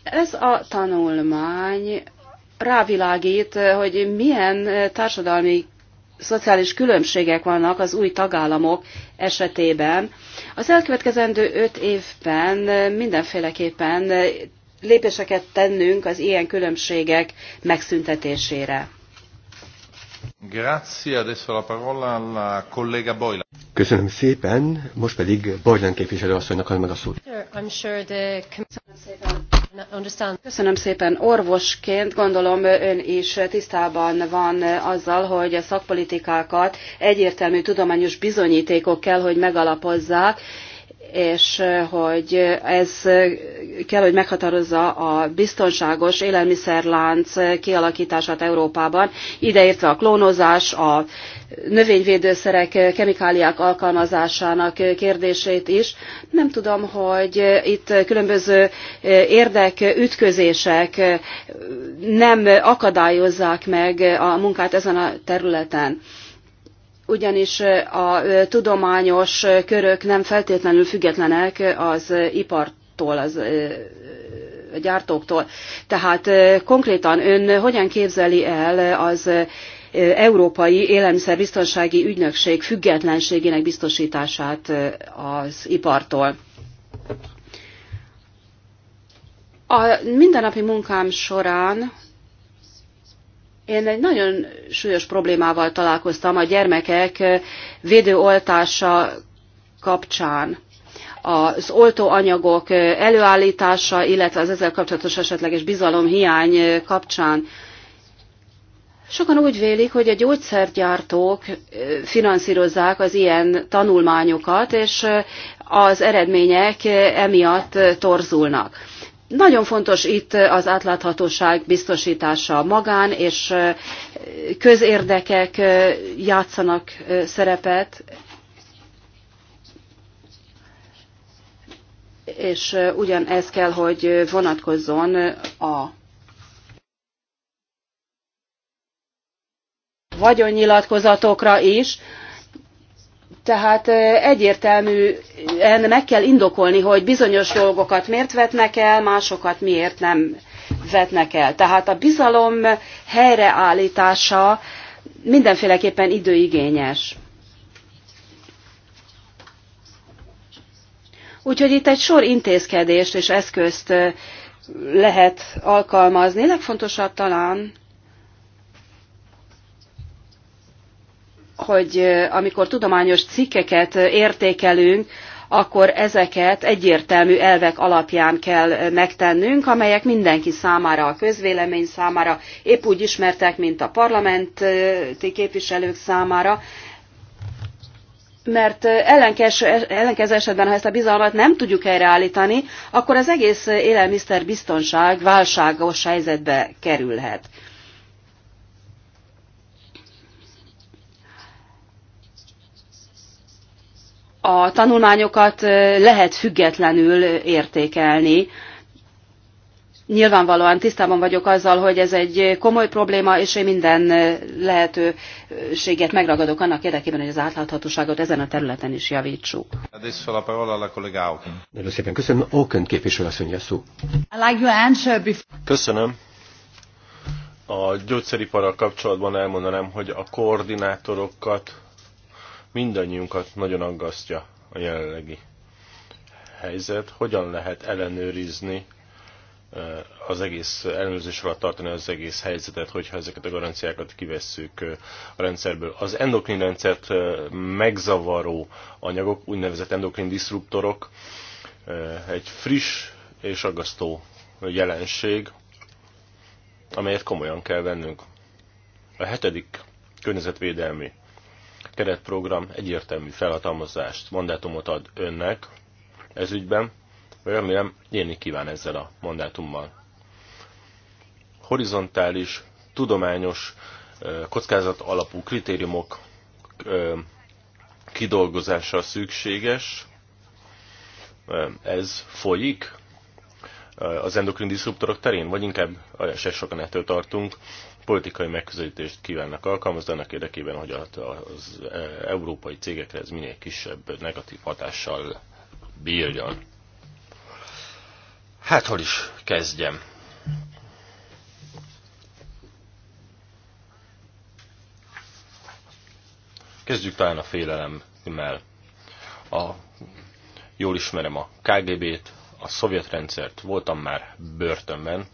Ez a tanulmány rávilágít, hogy milyen társadalmi szociális különbségek vannak az új tagállamok esetében. Az elkövetkezendő öt évben mindenféleképpen lépéseket tennünk az ilyen különbségek megszüntetésére. Grazie, adesso la parola alla collega Boylan. Köszönöm szépen, most pedig Boylan képviselő asszonynak ad meg a szót. Köszönöm szépen. Köszönöm szépen. Orvosként gondolom ön is tisztában van azzal, hogy a szakpolitikákat egyértelmű tudományos bizonyítékok kell, hogy megalapozzák, és eh, hogy ez kell, hogy meghatározza a biztonságos élelmiszerlánc kialakítását Európában, ideértve a klónozás, a növényvédőszerek, kemikáliák alkalmazásának kérdését is. Nem tudom, hogy itt különböző eh, érdek ütközések eh, nem akadályozzák meg a munkát ezen a területen ugyanis a tudományos körök nem feltétlenül függetlenek az ipartól, az a gyártóktól. Tehát konkrétan ön hogyan képzeli el az Európai Élelmiszerbiztonsági Ügynökség függetlenségének biztosítását az ipartól? A mindennapi munkám során én egy nagyon súlyos problémával találkoztam a gyermekek védőoltása kapcsán. Az oltóanyagok előállítása, illetve az ezzel kapcsolatos esetleges bizalomhiány kapcsán. Sokan úgy vélik, hogy a gyógyszergyártók finanszírozzák az ilyen tanulmányokat, és az eredmények emiatt torzulnak. Nagyon fontos itt az átláthatóság biztosítása magán, és közérdekek játszanak szerepet, és ugyanez kell, hogy vonatkozzon a vagyonnyilatkozatokra is, tehát egyértelműen meg kell indokolni, hogy bizonyos dolgokat miért vetnek el, másokat miért nem vetnek el. Tehát a bizalom helyreállítása mindenféleképpen időigényes. Úgyhogy itt egy sor intézkedést és eszközt lehet alkalmazni. Legfontosabb talán hogy amikor tudományos cikkeket értékelünk, akkor ezeket egyértelmű elvek alapján kell megtennünk, amelyek mindenki számára, a közvélemény számára épp úgy ismertek, mint a parlamenti képviselők számára, mert ellenkező esetben, ha ezt a bizalmat nem tudjuk helyreállítani, akkor az egész élelmiszerbiztonság válságos helyzetbe kerülhet. a tanulmányokat lehet függetlenül értékelni. Nyilvánvalóan tisztában vagyok azzal, hogy ez egy komoly probléma, és én minden lehetőséget megragadok annak érdekében, hogy az átláthatóságot ezen a területen is javítsuk. Nagyon szépen köszönöm. Auken képviselő a szó. Köszönöm. A gyógyszeriparral kapcsolatban elmondanám, hogy a koordinátorokat mindannyiunkat nagyon aggasztja a jelenlegi helyzet. Hogyan lehet ellenőrizni az egész ellenőrzés alatt tartani az egész helyzetet, hogyha ezeket a garanciákat kivesszük a rendszerből. Az endokrin rendszert megzavaró anyagok, úgynevezett endokrin diszruptorok, egy friss és aggasztó jelenség, amelyet komolyan kell vennünk. A hetedik környezetvédelmi keretprogram egyértelmű felhatalmazást, mandátumot ad önnek ez ügyben, remélem élni kíván ezzel a mandátummal. Horizontális, tudományos, kockázat alapú kritériumok kidolgozása szükséges. Ez folyik az endokrin diszruptorok terén, vagy inkább se sokan ettől tartunk, politikai megközelítést kívánnak alkalmazni annak érdekében, hogy az európai cégekre ez minél kisebb negatív hatással bírjon. Hát hol is kezdjem? Kezdjük talán a félelemmel. A, jól ismerem a KGB-t, a szovjet rendszert, voltam már börtönben.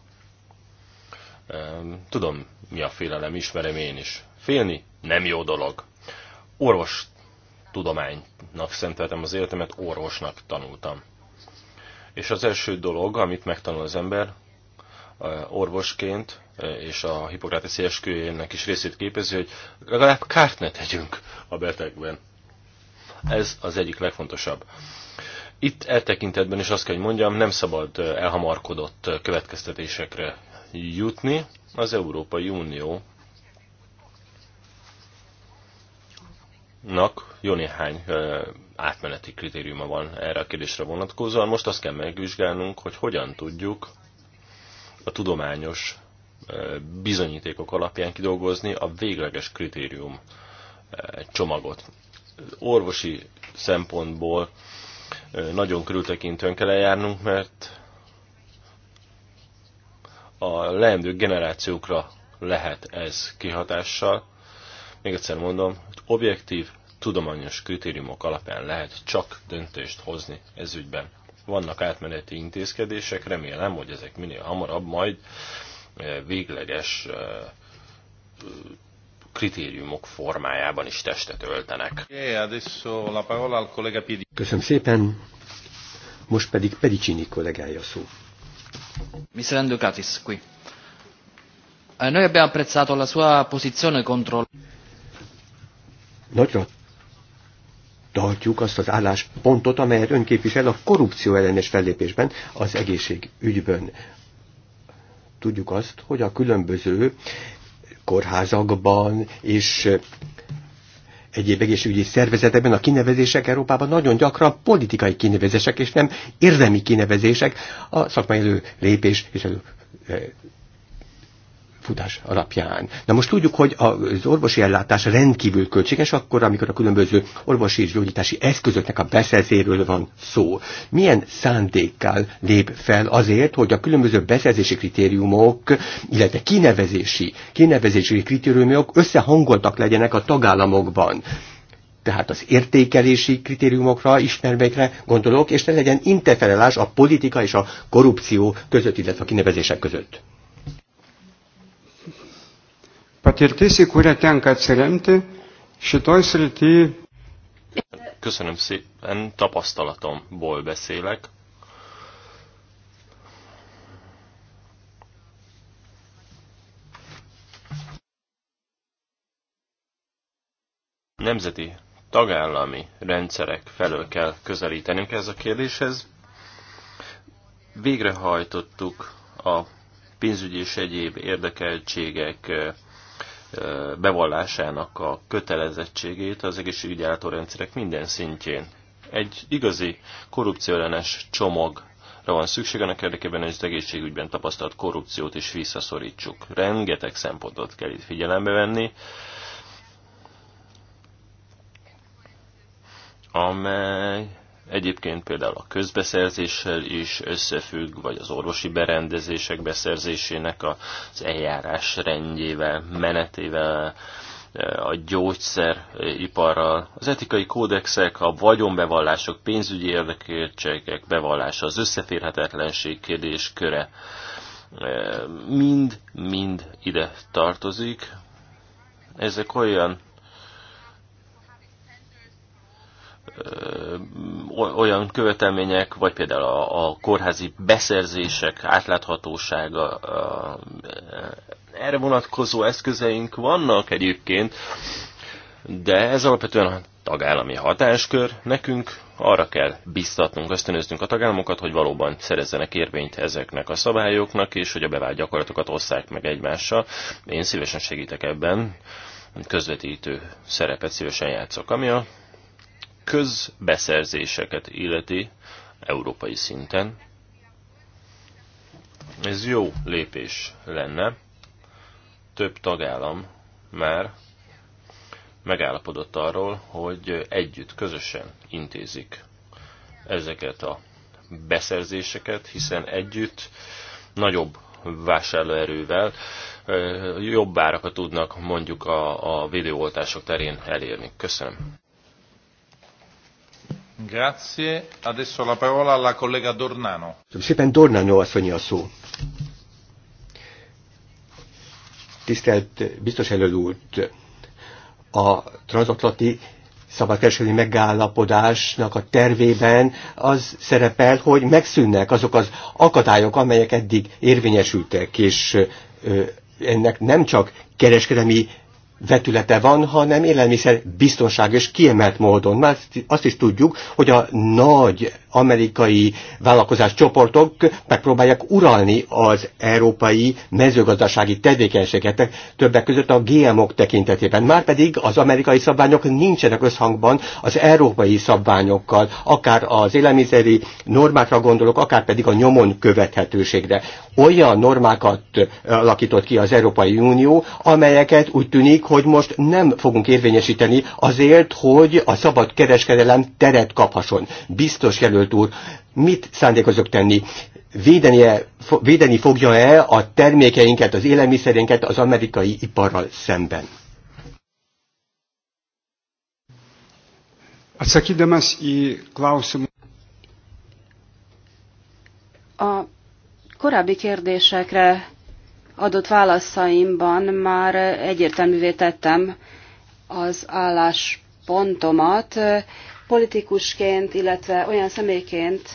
Ehm, tudom, mi a félelem, ismerem én is. Félni nem jó dolog. Orvos tudománynak szenteltem az életemet, orvosnak tanultam. És az első dolog, amit megtanul az ember, eh, orvosként, eh, és a Hippokrátes esküjének is részét képezi, hogy legalább kárt ne tegyünk a betegben. Ez az egyik legfontosabb. Itt eltekintetben is azt kell, hogy mondjam, nem szabad eh, elhamarkodott következtetésekre jutni. Az Európai Unió nak jó néhány átmeneti kritériuma van erre a kérdésre vonatkozóan. Most azt kell megvizsgálnunk, hogy hogyan tudjuk a tudományos bizonyítékok alapján kidolgozni a végleges kritérium csomagot. Orvosi szempontból nagyon körültekintően kell eljárnunk, mert a leendő generációkra lehet ez kihatással. Még egyszer mondom, objektív, tudományos kritériumok alapján lehet csak döntést hozni ez ügyben. Vannak átmeneti intézkedések, remélem, hogy ezek minél hamarabb majd eh, végleges eh, kritériumok formájában is testet öltenek. Köszönöm szépen, most pedig Pedicini kollégája szó. Mi Mr. Andukakis, qui. Eh, Noi abbiamo apprezzato la sua posizione contro... Nagyra tartjuk azt az álláspontot, amelyet ön képvisel a korrupció ellenes fellépésben az egészségügyben. Tudjuk azt, hogy a különböző kórházakban és egyéb egészségügyi szervezetekben a kinevezések Európában nagyon gyakran politikai kinevezések, és nem érdemi kinevezések a szakmai lépés és az eh, futás alapján. Na most tudjuk, hogy az orvosi ellátás rendkívül költséges, akkor, amikor a különböző orvosi és gyógyítási eszközöknek a beszerzéről van szó. Milyen szándékkal lép fel azért, hogy a különböző beszerzési kritériumok, illetve kinevezési, kinevezési kritériumok összehangoltak legyenek a tagállamokban? tehát az értékelési kritériumokra, ismervekre gondolok, és ne legyen interferelás a politika és a korrupció között, illetve a kinevezések között patirtis, į kurią tenka atsiremti, šitoj srity. Köszönöm szépen, tapasztalatomból beszélek. Nemzeti tagállami rendszerek felől kell közelítenünk ez a kérdéshez. Végrehajtottuk a pénzügyi és egyéb érdekeltségek bevallásának a kötelezettségét az egészségügyi rendszerek minden szintjén. Egy igazi korrupcióellenes csomagra van szükség, annak érdekében, hogy az egészségügyben tapasztalt korrupciót is visszaszorítsuk. Rengeteg szempontot kell itt figyelembe venni, amely Egyébként például a közbeszerzéssel is összefügg, vagy az orvosi berendezések beszerzésének az eljárás rendjével, menetével, a gyógyszeriparral, az etikai kódexek, a vagyonbevallások, pénzügyi érdekértségek bevallása, az összeférhetetlenség kérdésköre, mind-mind e, ide tartozik. Ezek olyan olyan követelmények, vagy például a, a kórházi beszerzések átláthatósága, erre vonatkozó eszközeink vannak egyébként, de ez alapvetően a tagállami hatáskör. Nekünk arra kell biztatnunk, ösztönöznünk a tagállamokat, hogy valóban szerezzenek érvényt ezeknek a szabályoknak, és hogy a bevált gyakorlatokat osszák meg egymással. Én szívesen segítek ebben, közvetítő szerepet szívesen játszok. Ami a közbeszerzéseket illeti európai szinten. Ez jó lépés lenne. Több tagállam már megállapodott arról, hogy együtt, közösen intézik ezeket a beszerzéseket, hiszen együtt nagyobb vásárlóerővel jobb árakat tudnak mondjuk a, a videóoltások terén elérni. Köszönöm. Grazie. Adesso la parola alla collega Dornano. Szépen Dornano asszonyi a szó. Tisztelt biztos előtt a transatlanti szabadkereskedelmi megállapodásnak a tervében az szerepel, hogy megszűnnek azok az akadályok, amelyek eddig érvényesültek, és ennek nem csak kereskedelmi vetülete van, hanem élelmiszer biztonságos kiemelt módon. Már azt is tudjuk, hogy a nagy amerikai vállalkozás csoportok megpróbálják uralni az európai mezőgazdasági tevékenységet, többek között a GMO-k tekintetében. Márpedig az amerikai szabványok nincsenek összhangban az európai szabványokkal, akár az élelmiszeri normákra gondolok, akár pedig a nyomon követhetőségre. Olyan normákat alakított ki az Európai Unió, amelyeket úgy tűnik, hogy most nem fogunk érvényesíteni azért, hogy a szabad kereskedelem teret kaphasson. Biztos jelölt úr, mit szándékozok tenni? Védenie, védeni fogja-e a termékeinket, az élelmiszerénket az amerikai iparral szemben? Atsakydamas į klausimą. A korábbi kérdésekre adott válaszaimban már egyértelművé tettem az álláspontomat politikusként, illetve olyan személyként,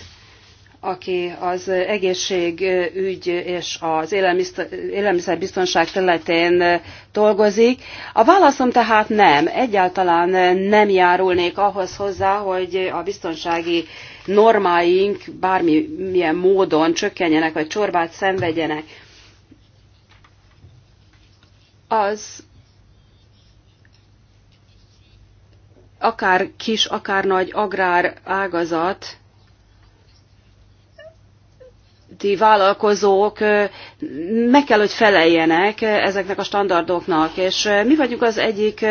aki az egészségügy és az élelmiszerbiztonság területén dolgozik. A válaszom tehát nem, egyáltalán nem járulnék ahhoz hozzá, hogy a biztonsági normáink bármilyen módon csökkenjenek vagy csorbát szenvedjenek az akár kis, akár nagy agrár ágazat, vállalkozók meg kell, hogy feleljenek ezeknek a standardoknak, és mi vagyunk az egyik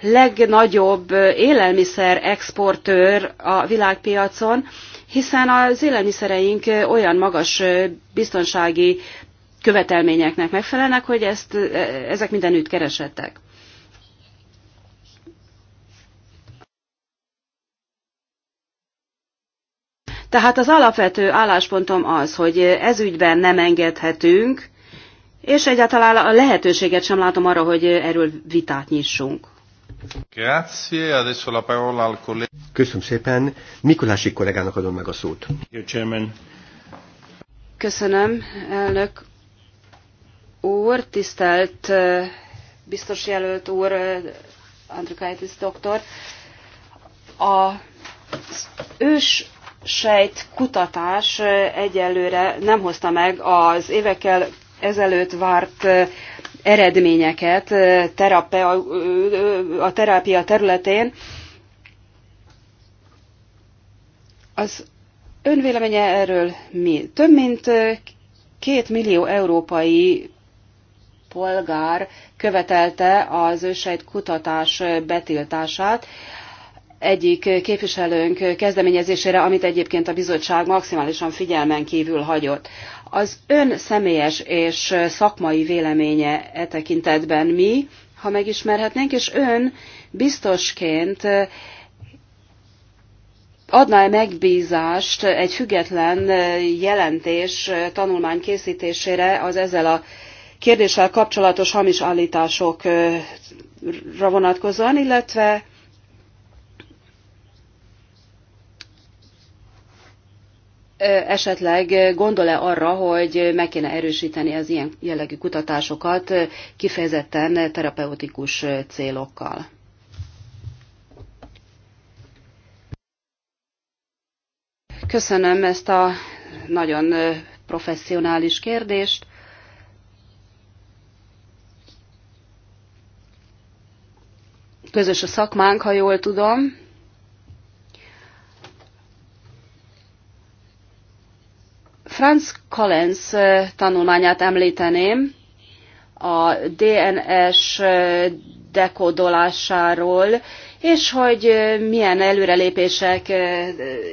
legnagyobb élelmiszer exportőr a világpiacon, hiszen az élelmiszereink olyan magas biztonsági követelményeknek megfelelnek, hogy ezt, e, ezek mindenütt keresettek. Tehát az alapvető álláspontom az, hogy ez ügyben nem engedhetünk, és egyáltalán a lehetőséget sem látom arra, hogy erről vitát nyissunk. Köszönöm szépen. Mikulási kollégának adom meg a szót. Köszönöm, elnök úr, tisztelt biztos jelölt úr, Andrukaitis doktor, A ős sejt kutatás egyelőre nem hozta meg az évekkel ezelőtt várt eredményeket terapia, a terápia területén. Az önvéleménye erről mi? Több mint két millió európai polgár követelte az ősejt kutatás betiltását egyik képviselőnk kezdeményezésére, amit egyébként a bizottság maximálisan figyelmen kívül hagyott. Az ön személyes és szakmai véleménye e tekintetben mi, ha megismerhetnénk, és ön biztosként adná-e megbízást egy független jelentés tanulmány készítésére az ezzel a kérdéssel kapcsolatos hamis állításokra vonatkozóan, illetve esetleg gondol-e arra, hogy meg kéne erősíteni az ilyen jellegű kutatásokat kifejezetten terapeutikus célokkal? Köszönöm ezt a nagyon professzionális kérdést. közös a szakmánk, ha jól tudom. Franz Kalens tanulmányát említeném, a DNS dekódolásáról, és hogy milyen előrelépések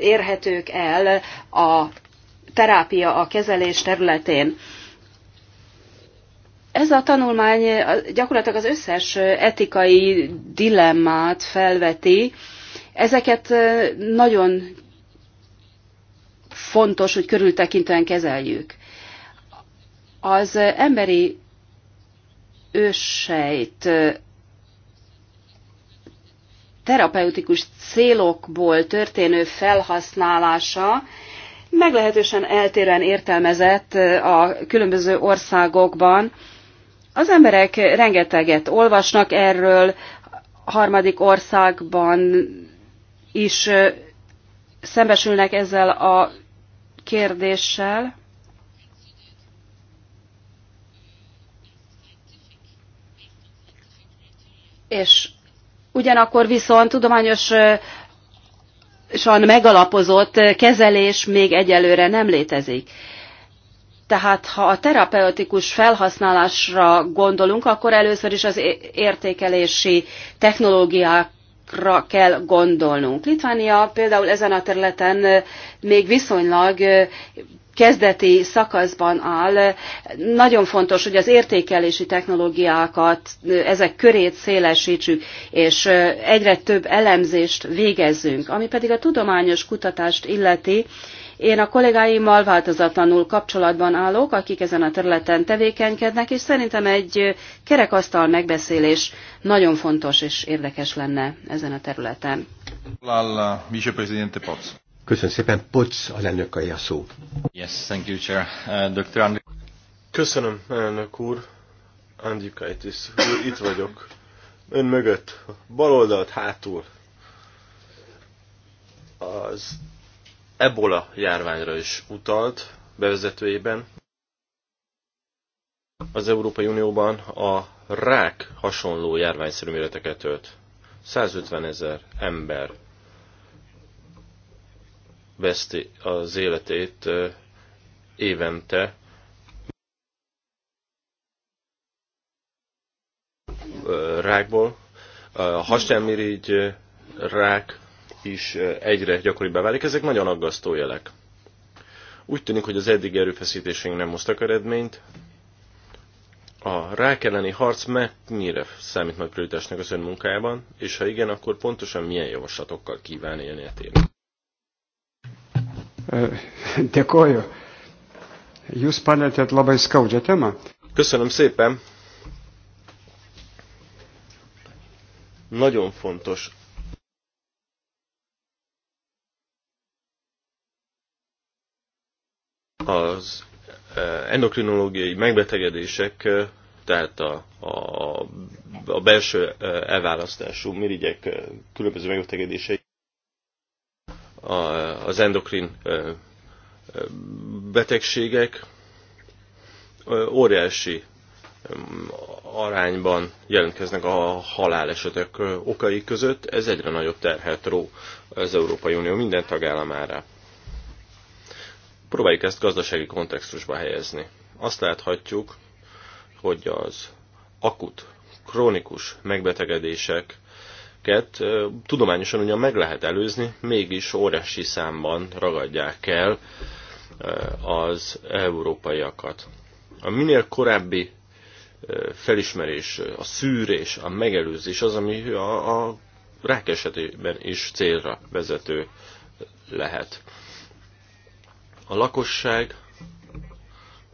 érhetők el a terápia, a kezelés területén. Ez a tanulmány gyakorlatilag az összes etikai dilemmát felveti. Ezeket nagyon fontos, hogy körültekintően kezeljük. Az emberi őssejt terapeutikus célokból történő felhasználása meglehetősen eltérően értelmezett a különböző országokban, az emberek rengeteget olvasnak erről, harmadik országban is szembesülnek ezzel a kérdéssel. És ugyanakkor viszont tudományosan megalapozott kezelés még egyelőre nem létezik. Tehát ha a terapeutikus felhasználásra gondolunk, akkor először is az értékelési technológiákra kell gondolnunk. Litvánia például ezen a területen még viszonylag kezdeti szakaszban áll. Nagyon fontos, hogy az értékelési technológiákat, ezek körét szélesítsük, és egyre több elemzést végezzünk. Ami pedig a tudományos kutatást illeti, én a kollégáimmal változatlanul kapcsolatban állok, akik ezen a területen tevékenykednek, és szerintem egy kerekasztal megbeszélés nagyon fontos és érdekes lenne ezen a területen. Uh, Köszönöm szépen, Potts, az elnökai a szó. Yes, thank you, Chair. Uh, Dr. Köszönöm, elnök úr. Andjukaitis itt vagyok. Ön mögött, bal oldalt, hátul. Az ebola járványra is utalt bevezetőjében. Az Európai Unióban a rák hasonló járványszerű méreteket ölt. 150 ezer ember veszti az életét évente rákból. A hasnyálmirigy rák is egyre gyakoribbá válik. Ezek nagyon aggasztó jelek. Úgy tűnik, hogy az eddig erőfeszítésünk nem hoztak eredményt. A rák elleni harc mennyire számít majd prioritásnak az ön munkájában, és ha igen, akkor pontosan milyen javaslatokkal kíván élni a téma? Dėkoju. Jūs palėtėt labai skaudžią temą. Köszönöm szépen. Nagyon fontos Az endokrinológiai megbetegedések, tehát a, a, a belső elválasztású mirigyek különböző megbetegedései az endokrin betegségek óriási arányban jelentkeznek a halálesetek okai között, ez egyre nagyobb terhet ró az Európai Unió minden tagállamára. Próbáljuk ezt gazdasági kontextusba helyezni. Azt láthatjuk, hogy az akut, krónikus megbetegedéseket tudományosan ugyan meg lehet előzni, mégis óriási számban ragadják el az európaiakat. A minél korábbi felismerés, a szűrés, a megelőzés az, ami a, a rák esetében is célra vezető lehet a lakosság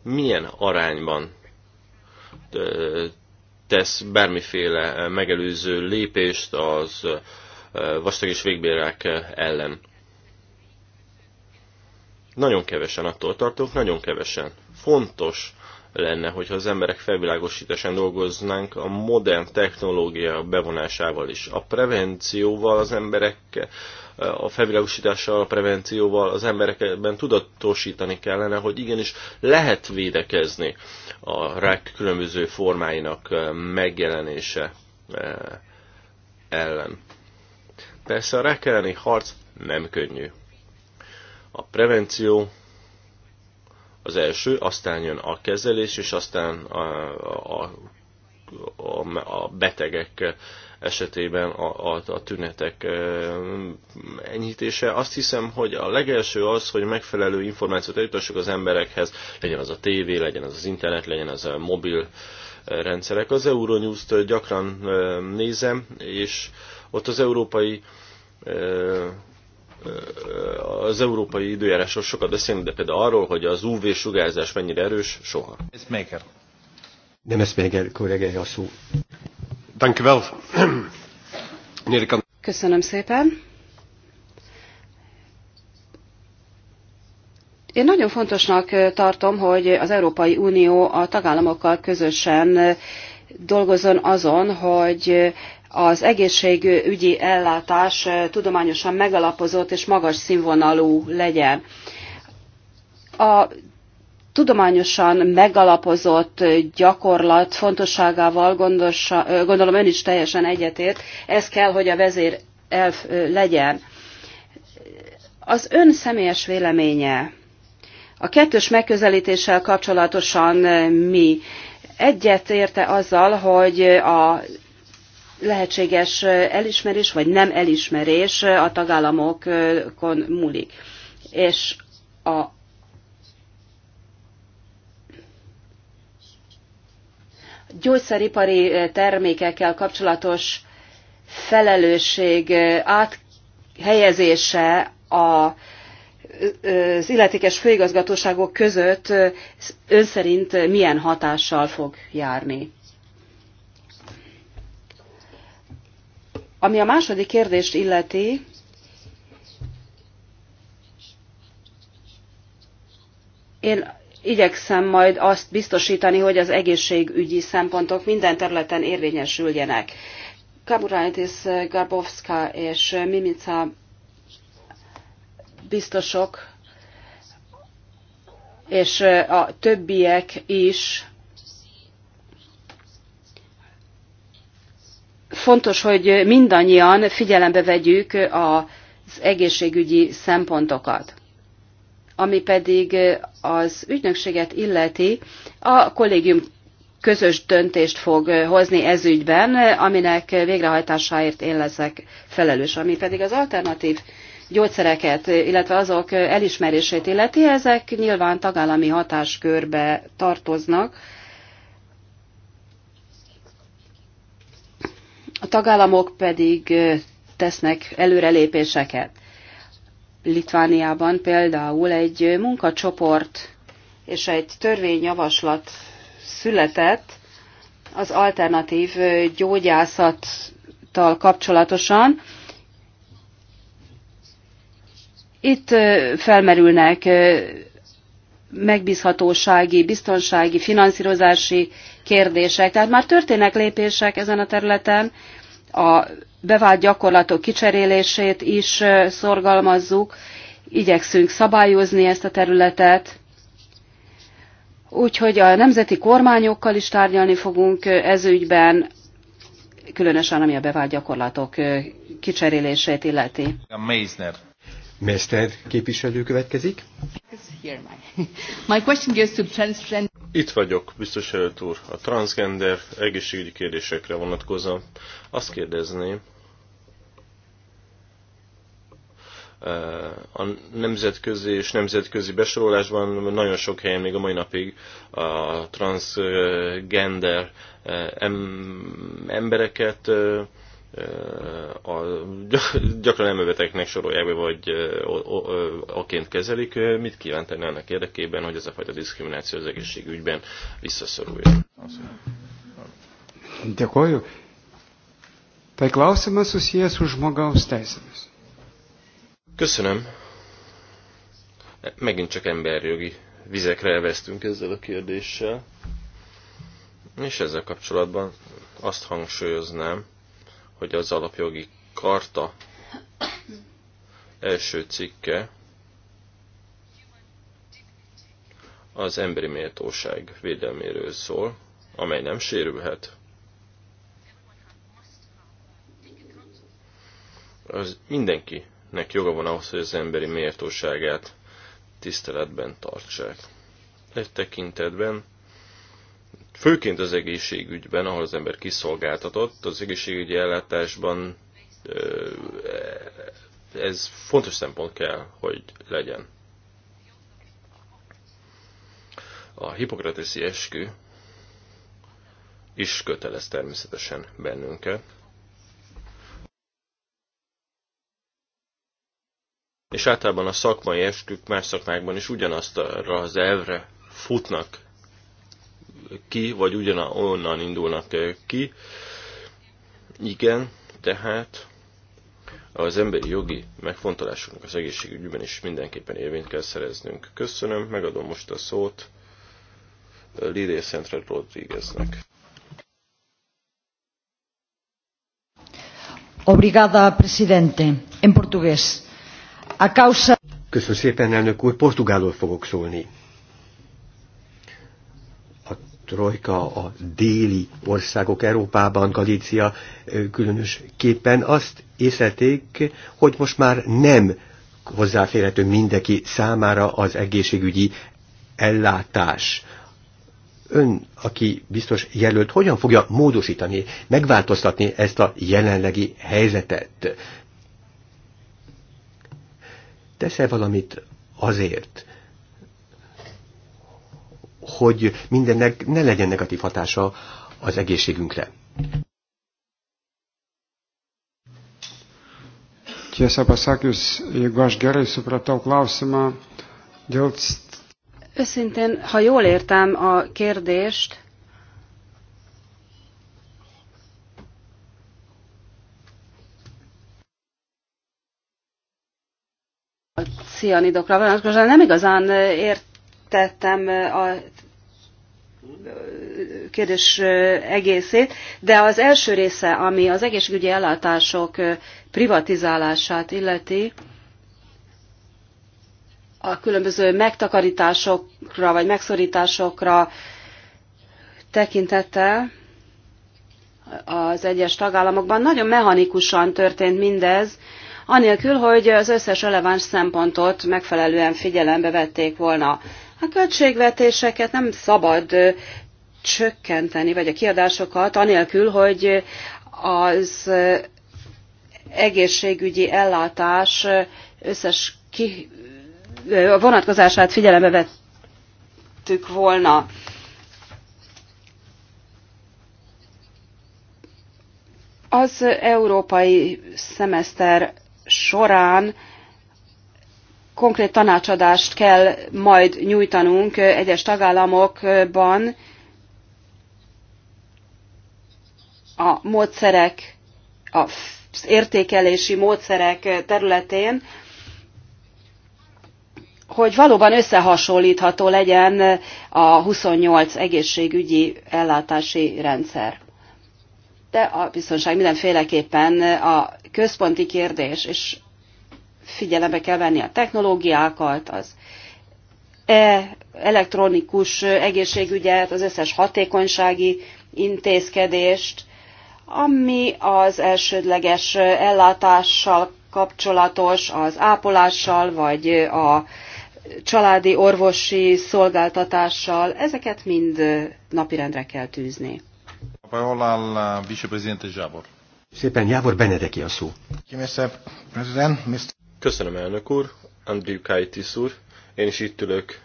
milyen arányban tesz bármiféle megelőző lépést az vastag és végbérák ellen. Nagyon kevesen attól tartok. nagyon kevesen. Fontos lenne, hogyha az emberek felvilágosításán dolgoznánk a modern technológia bevonásával is. A prevencióval az emberek, a felvilágosítással, a prevencióval az emberekben tudatosítani kellene, hogy igenis lehet védekezni a rák különböző formáinak megjelenése eh, ellen. Persze a rák elleni harc nem könnyű. A prevenció az első, aztán jön a kezelés, és aztán a, a, a, a betegek esetében a, a, a tünetek enyhítése. Azt hiszem, hogy a legelső az, hogy megfelelő információt eljutassuk az emberekhez, legyen az a tévé, legyen az az internet, legyen az a mobil rendszerek. Az Euronews-t gyakran nézem, és ott az európai az európai időjárásról sokat beszélünk, de például arról, hogy az UV-sugárzás mennyire erős, soha. Ez Maker. Nem ez el, kollégája a szó. Köszönöm szépen. Én nagyon fontosnak tartom, hogy az Európai Unió a tagállamokkal közösen dolgozzon azon, hogy az egészségügyi ellátás tudományosan megalapozott és magas színvonalú legyen. A tudományosan megalapozott gyakorlat fontosságával gondosa, gondolom ön is teljesen egyetért, ez kell, hogy a vezér elf legyen. Az ön személyes véleménye a kettős megközelítéssel kapcsolatosan mi? Egyet érte azzal, hogy a lehetséges elismerés vagy nem elismerés a tagállamokon múlik. És a gyógyszeripari termékekkel kapcsolatos felelősség áthelyezése a az illetékes főigazgatóságok között ön szerint milyen hatással fog járni? Ami a második kérdést illeti, én igyekszem majd azt biztosítani, hogy az egészségügyi szempontok minden területen érvényesüljenek. Kaburaitis, Garbovska és Mimica biztosok, és a többiek is fontos, hogy mindannyian figyelembe vegyük az egészségügyi szempontokat. Ami pedig az ügynökséget illeti, a kollégium közös döntést fog hozni ez ügyben, aminek végrehajtásáért én leszek felelős. Ami pedig az alternatív gyógyszereket, illetve azok elismerését illeti, ezek nyilván tagállami hatáskörbe tartoznak, a tagállamok pedig tesznek előrelépéseket. Litvániában például egy munkacsoport és egy törvényjavaslat született az alternatív gyógyászattal kapcsolatosan. Itt felmerülnek megbízhatósági, biztonsági, finanszírozási kérdések. Tehát már történnek lépések ezen a területen, a bevált gyakorlatok kicserélését is szorgalmazzuk, igyekszünk szabályozni ezt a területet, úgyhogy a nemzeti kormányokkal is tárgyalni fogunk ez ügyben, különösen ami a bevált gyakorlatok kicserélését illeti. A Meisner. Mester képviselő következik. Itt vagyok, biztos előtt úr. A transgender egészségügyi kérdésekre vonatkozom. Azt kérdezném, eh, a nemzetközi és nemzetközi besorolásban nagyon sok helyen még a mai napig a transgender eh, embereket eh, a, gyakran elmebetegnek sorolják be, vagy aként kezelik. Mit kíván tenni ennek érdekében, hogy ez a fajta diszkrimináció az egészségügyben visszaszoruljon? Dėkoju. Tai klausimas susijęs su žmogaus teisėmis. Köszönöm. E, megint csak emberjogi vizekre elvesztünk ezzel a kérdéssel. És ezzel kapcsolatban azt hangsúlyoznám, hogy az alapjogi karta első cikke az emberi méltóság védelméről szól, amely nem sérülhet. Az mindenkinek joga van ahhoz, hogy az emberi méltóságát tiszteletben tartsák. Egy tekintetben Főként az egészségügyben, ahol az ember kiszolgáltatott, az egészségügyi ellátásban ez fontos szempont kell, hogy legyen. A hipokrateszi eskü is kötelez természetesen bennünket. És általában a szakmai eskük más szakmákban is ugyanazt arra az elvre futnak ki, vagy ugyanonnan indulnak eh, ki. Igen, tehát az emberi jogi megfontolásoknak az egészségügyben is mindenképpen érvényt kell szereznünk. Köszönöm, megadom most a szót Lidé Szentre Rodrigueznek. Obrigada, presidente. en portugués. A causa... Köszönöm szépen, elnök úr, portugálul fogok szólni trojka a déli országok Európában, Galícia különösképpen azt észlelték, hogy most már nem hozzáférhető mindenki számára az egészségügyi ellátás. Ön, aki biztos jelölt, hogyan fogja módosítani, megváltoztatni ezt a jelenlegi helyzetet? Tesz-e valamit azért, hogy mindennek ne legyen negatív hatása az egészségünkre. Tiesą pasakius, jeigu aš gerai supratau klausimą, dėl... Őszintén, ha jól értem a kérdést, a cianidokra vonatkozóan nem igazán ért értettem a kérdés egészét, de az első része, ami az egészségügyi ellátások privatizálását illeti, a különböző megtakarításokra vagy megszorításokra tekintette az egyes tagállamokban nagyon mechanikusan történt mindez, anélkül, hogy az összes releváns szempontot megfelelően figyelembe vették volna. A költségvetéseket nem szabad csökkenteni, vagy a kiadásokat, anélkül, hogy az egészségügyi ellátás összes ki, vonatkozását figyelembe vettük volna. Az európai szemeszter során konkrét tanácsadást kell majd nyújtanunk egyes tagállamokban a módszerek, az értékelési módszerek területén, hogy valóban összehasonlítható legyen a 28 egészségügyi ellátási rendszer. De a biztonság mindenféleképpen a központi kérdés, és figyelembe kell venni a technológiákat, az e elektronikus egészségügyet, az összes hatékonysági intézkedést, ami az elsődleges ellátással kapcsolatos, az ápolással, vagy a családi orvosi szolgáltatással, ezeket mind napirendre kell tűzni. A parola al uh, vicepresidente Jábor. Szépen Jávor Benedeki a szó. Köszönöm, elnök úr, Andrew Kaitis úr. Én is itt ülök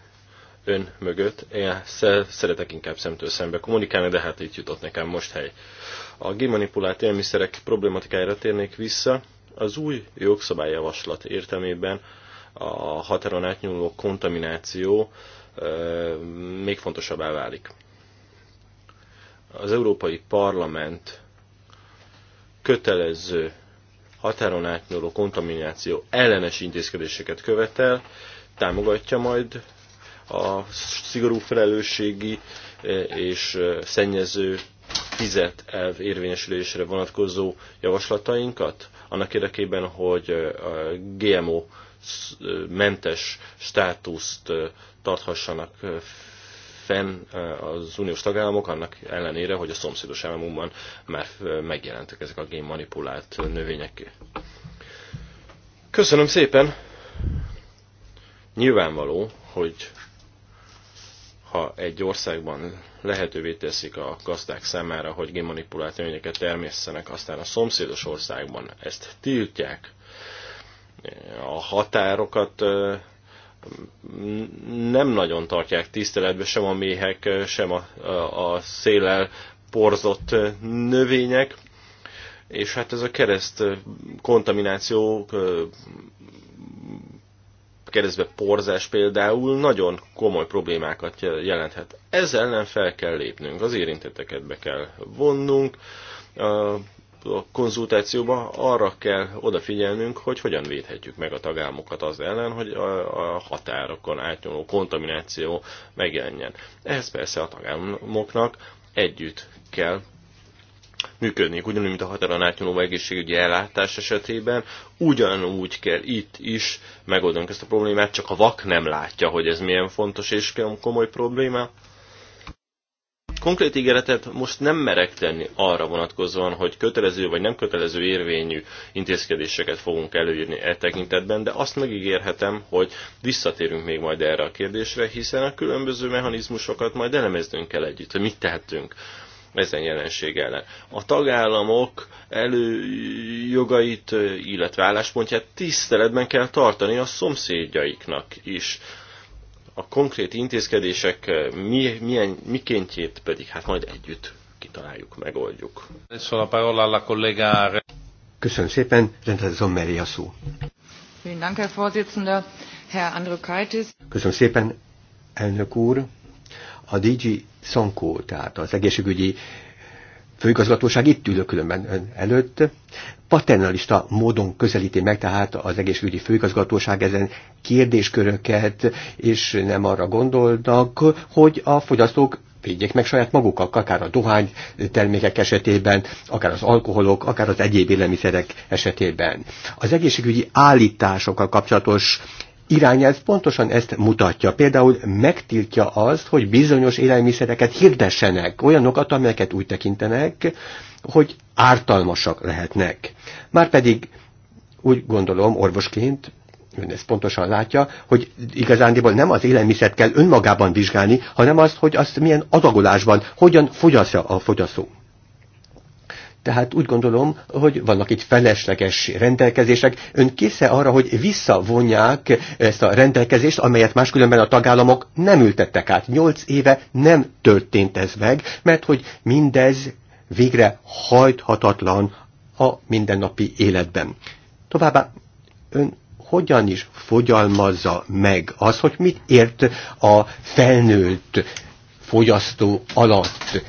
ön mögött. Én szeretek inkább szemtől szembe kommunikálni, de hát itt jutott nekem most hely. A gimanipulált élmiszerek problématikájára térnék vissza. Az új jogszabályjavaslat értelmében a határon átnyúló kontamináció még fontosabbá válik. Az Európai Parlament kötelező határon átnyúló kontamináció ellenes intézkedéseket követel, támogatja majd a szigorú felelősségi e, és e, szennyező fizet elv érvényesülésre vonatkozó javaslatainkat, annak érdekében, hogy e, a GMO mentes státuszt tarthassanak fenn eh, az uniós tagállamok, annak ellenére, hogy a szomszédos államokban már eh, megjelentek ezek a gén manipulált növények. Köszönöm szépen! Nyilvánvaló, hogy ha egy országban lehetővé teszik a gazdák számára, hogy génmanipulált növényeket termesszenek, aztán a szomszédos országban ezt tiltják, eh, a határokat nem nagyon tartják tiszteletbe sem a méhek, sem a, a, a szélel porzott növények, és hát ez a kereszt kontamináció, keresztbe porzás például nagyon komoly problémákat jelenthet. Ez ellen fel kell lépnünk, az érintetteket be kell vonnunk, konzultációban arra kell odafigyelnünk, hogy hogyan védhetjük meg a tagállamokat az ellen, hogy a, határokon átnyúló kontamináció megjelenjen. Ehhez persze a tagállamoknak együtt kell működniük, ugyanúgy, mint a határon átnyúló egészségügyi ellátás esetében, ugyanúgy kell itt is megoldanunk ezt a problémát, csak a vak nem látja, hogy ez milyen fontos és komoly probléma, Konkrét ígéretet most nem merek tenni arra vonatkozóan, hogy kötelező vagy nem kötelező érvényű intézkedéseket fogunk előírni e tekintetben, de azt megígérhetem, hogy visszatérünk még majd erre a kérdésre, hiszen a különböző mechanizmusokat majd elemeznünk kell együtt, hogy mit tehetünk ezen jelenség ellen. A tagállamok előjogait, illetve álláspontját tiszteletben kell tartani a szomszédjaiknak is a konkrét intézkedések eh, mi, milyen, mikéntjét pedig hát majd együtt kitaláljuk, megoldjuk. Köszönöm szépen, Renate Zommeri a szó. Köszönöm szépen, elnök úr. A DG Sankó, tehát az egészségügyi főigazgatóság itt ülök különben ön előtt, paternalista módon közelíti meg tehát az egészségügyi főigazgatóság ezen kérdésköröket, és nem arra gondolnak, hogy a fogyasztók védjék meg saját magukat, akár a dohány termékek esetében, akár az alkoholok, akár az egyéb élelmiszerek esetében. Az egészségügyi állításokkal kapcsolatos irányelv pontosan ezt mutatja. Például megtiltja azt, hogy bizonyos élelmiszereket hirdessenek, olyanokat, amelyeket úgy tekintenek, hogy ártalmasak lehetnek. Márpedig úgy gondolom orvosként, ön ezt pontosan látja, hogy igazándiból nem az élelmiszert kell önmagában vizsgálni, hanem azt, hogy azt milyen adagolásban, hogyan fogyasztja a fogyasztó. Tehát úgy gondolom, hogy vannak itt felesleges rendelkezések. Ön kisze arra, hogy visszavonják ezt a rendelkezést, amelyet máskülönben a tagállamok nem ültettek át. Nyolc éve nem történt ez meg, mert hogy mindez végre hajthatatlan a mindennapi életben. Továbbá ön hogyan is fogyalmazza meg az, hogy mit ért a felnőtt fogyasztó alatt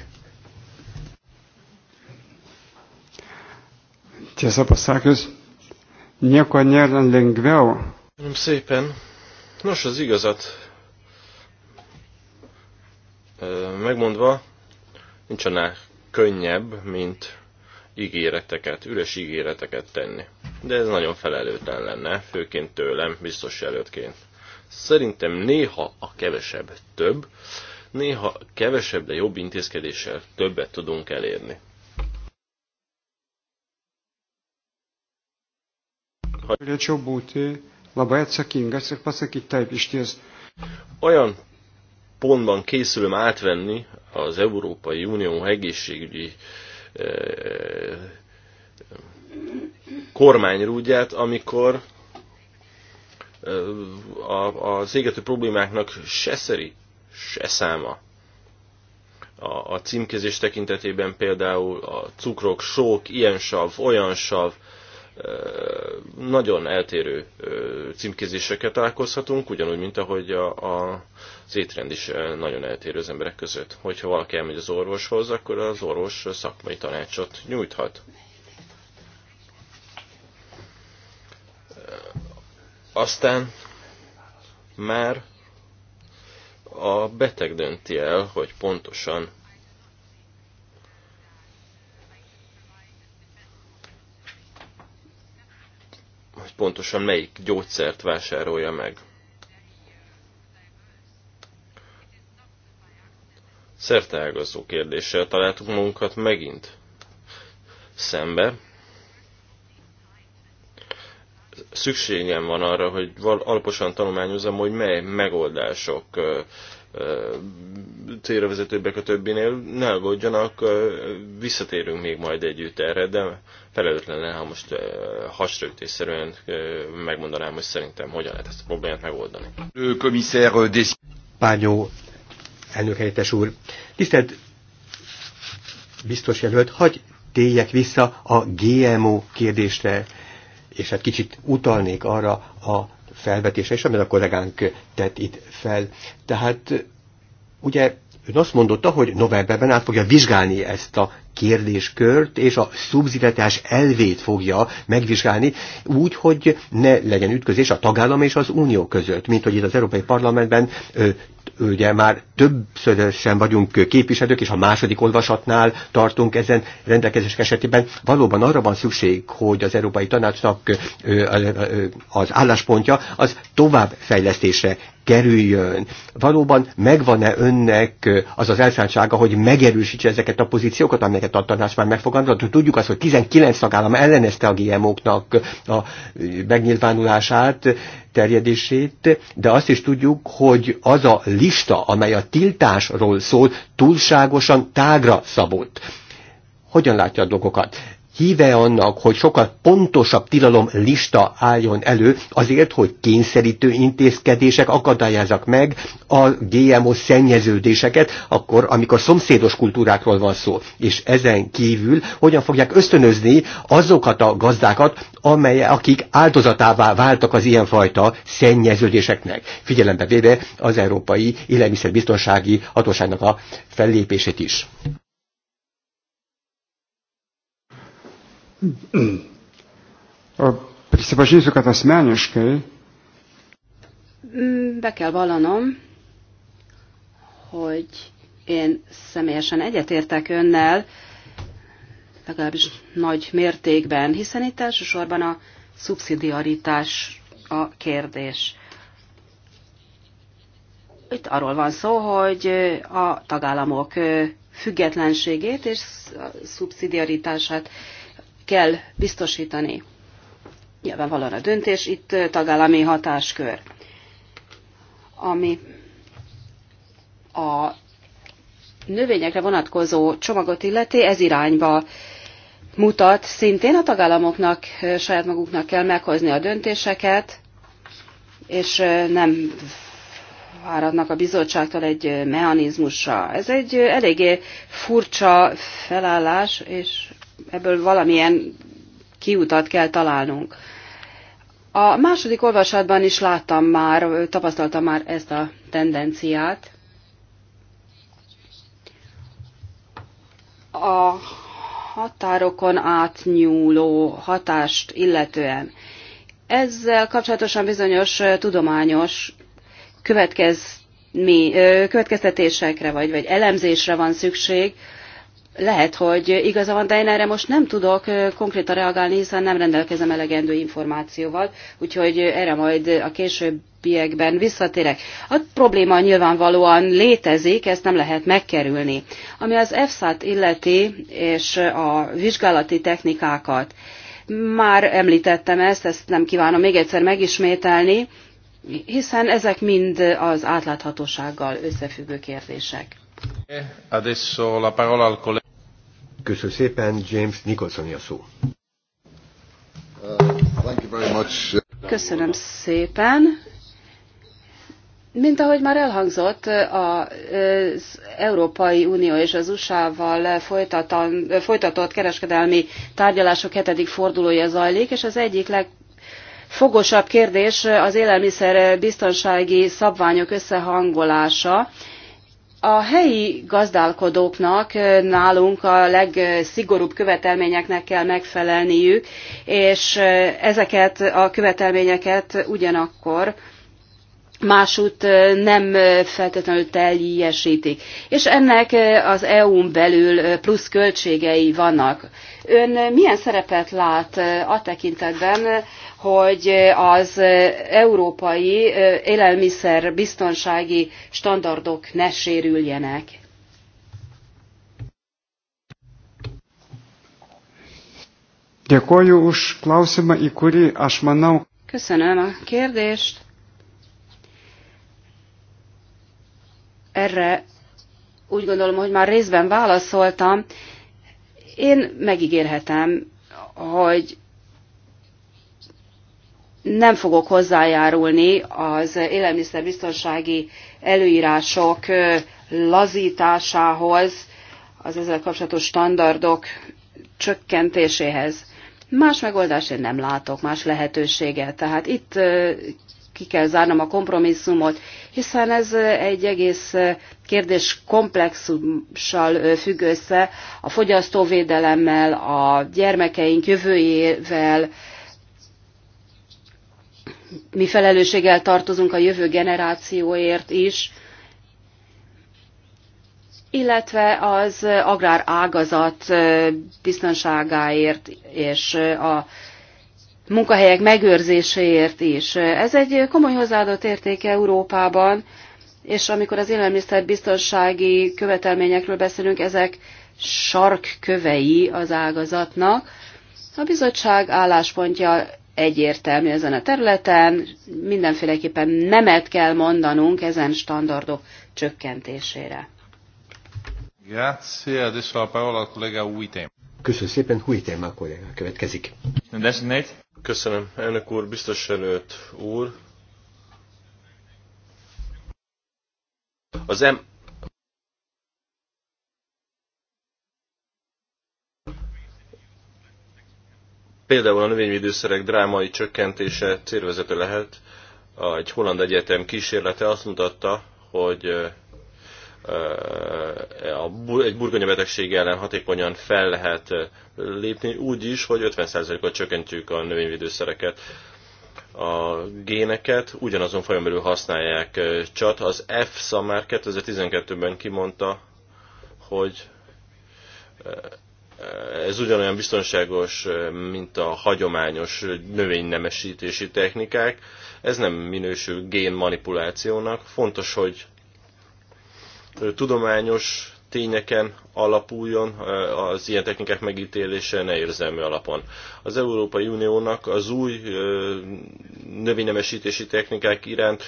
Tiesą pasakius, nieko nėra lengviau. Jums szépen. Nos, az igazat megmondva, nincs könnyebb, mint ígéreteket, üres ígéreteket tenni. De ez nagyon felelőtlen lenne, főként tőlem, biztos előttként. Szerintem néha a kevesebb több, néha kevesebb, de jobb intézkedéssel többet tudunk elérni. būti labai atsakingas ir pasakyti taip iš ties. Olyan pontban készülöm átvenni az Európai Unió egészségügyi e, kormányrúdját, amikor e, a, a égető problémáknak se szeri, se száma. A, a címkézés tekintetében például a cukrok, sok, ilyen sav, olyan sav, nagyon eltérő címkézéseket találkozhatunk, ugyanúgy, mint ahogy a, a, az étrend is nagyon eltérő az emberek között. Hogyha valaki elmegy az orvoshoz, akkor az orvos szakmai tanácsot nyújthat. Aztán már a beteg dönti el, hogy pontosan pontosan melyik gyógyszert vásárolja meg. Szerteágazó kérdéssel találtuk magunkat megint szembe. Szükségem van arra, hogy alaposan tanulmányozom, hogy mely megoldások célra vezetőbbek a többinél, ne aggódjanak, visszatérünk még majd együtt erre, de felelőtlen ha most hasraütésszerűen megmondanám, hogy szerintem hogyan lehet ezt a problémát megoldani. Pányó elnök helyettes úr, tisztelt biztos jelölt, hagy téljek vissza a GMO kérdésre, és hát kicsit utalnék arra a felvetése, és amit a kollégánk tett itt fel. Tehát ugye Ön azt mondotta, hogy novemberben át fogja vizsgálni ezt a kérdéskört, és a szubszidatás elvét fogja megvizsgálni, úgy, hogy ne legyen ütközés a tagállam és az unió között, mint hogy itt az Európai Parlamentben ö, ugye már többszörösen vagyunk képviselők, és a második olvasatnál tartunk ezen rendelkezés esetében. Valóban arra van szükség, hogy az Európai Tanácsnak az álláspontja az továbbfejlesztésre kerüljön. Valóban megvan-e önnek az az elszántsága, hogy megerősítse ezeket a pozíciókat, amelyeket a tanács már megfogadott? Tudjuk azt, hogy 19 tagállam ellenezte a GMO-knak a megnyilvánulását, terjedését, de azt is tudjuk, hogy az a lista, amely a tiltásról szól, túlságosan tágra szabott hogyan látja a dolgokat híve annak, hogy sokkal pontosabb tilalom lista álljon elő azért, hogy kényszerítő intézkedések akadályázak meg a GMO szennyeződéseket, akkor, amikor szomszédos kultúrákról van szó. És ezen kívül hogyan fogják ösztönözni azokat a gazdákat, amely, akik áldozatává váltak az ilyenfajta szennyeződéseknek. Figyelembe véve az Európai Élelmiszerbiztonsági Hatóságnak a fellépését is. Prisipažinsiu, kad asmeniškai. Mm, be kell vallanom, hogy én személyesen egyetértek önnel, legalábbis nagy mértékben, hiszen itt elsősorban a szubszidiaritás a kérdés. Itt arról van szó, hogy a tagállamok függetlenségét és szubszidiaritását kell biztosítani. Nyilvánvalóan a döntés itt tagállami hatáskör, ami a növényekre vonatkozó csomagot illeti, ez irányba mutat. Szintén a tagállamoknak, saját maguknak kell meghozni a döntéseket, és nem váradnak a bizottságtól egy mechanizmusra. Ez egy eléggé furcsa felállás, és ebből valamilyen kiutat kell találnunk. A második olvasatban is láttam már, tapasztaltam már ezt a tendenciát. A határokon átnyúló hatást illetően. Ezzel kapcsolatosan bizonyos tudományos következtetésekre vagy, vagy elemzésre van szükség, lehet, hogy igaza van, de én erre most nem tudok konkrétan reagálni, hiszen nem rendelkezem elegendő információval, úgyhogy erre majd a későbbiekben visszatérek. A probléma nyilvánvalóan létezik, ezt nem lehet megkerülni. Ami az EFSAT illeti, és a vizsgálati technikákat, már említettem ezt, ezt nem kívánom még egyszer megismételni, hiszen ezek mind az átláthatósággal összefüggő kérdések. Köszönöm szépen, James Nicholson a szó. Köszönöm szépen. Mint ahogy már elhangzott, az Európai Unió és az USA-val folytatott kereskedelmi tárgyalások hetedik fordulója zajlik, és az egyik legfogosabb kérdés az élelmiszer biztonsági szabványok összehangolása a helyi gazdálkodóknak nálunk a legszigorúbb követelményeknek kell megfelelniük, és ezeket a követelményeket ugyanakkor másút nem feltétlenül teljesítik. És ennek az EU-n belül plusz költségei vannak. Ön milyen szerepet lát a tekintetben, hogy az európai élelmiszer biztonsági standardok ne sérüljenek. Köszönöm a kérdést. Erre úgy gondolom, hogy már részben válaszoltam. Én megígérhetem, hogy nem fogok hozzájárulni az élelmiszerbiztonsági előírások lazításához, az ezzel kapcsolatos standardok csökkentéséhez. Más megoldást én nem látok, más lehetőséget. Tehát itt ki kell zárnom a kompromisszumot, hiszen ez egy egész kérdés komplexussal függ össze, a fogyasztóvédelemmel, a gyermekeink jövőjével, mi felelősséggel tartozunk a jövő generációért is, illetve az agrár ágazat biztonságáért és a munkahelyek megőrzéséért is. Ez egy komoly hozzáadott érték Európában, és amikor az élelmiszerbiztonsági követelményekről beszélünk, ezek sarkkövei az ágazatnak. A bizottság álláspontja egyértelmű ezen a területen, mindenféleképpen nemet kell mondanunk ezen standardok csökkentésére. Grazie, adesso la parola al collega Uitem. Köszönöm szépen, Huitém a kollega, következik. Köszönöm, elnök úr, biztos előtt úr. Az M Például a növényvédőszerek drámai csökkentése célvezető lehet. Egy holland egyetem kísérlete azt mutatta, hogy egy burgonya betegség ellen hatékonyan fel lehet lépni, úgy is, hogy 50%-kal csökkentjük a növényvédőszereket, a géneket, ugyanazon fajon belül használják csat. Az EFSA már 2012-ben kimondta, hogy ez ugyanolyan biztonságos, mint a hagyományos növénynemesítési technikák. Ez nem minősül génmanipulációnak. Fontos, hogy tudományos tényeken alapuljon az ilyen technikák megítélése, ne érzelmi alapon. Az Európai Uniónak az új növénynemesítési technikák iránt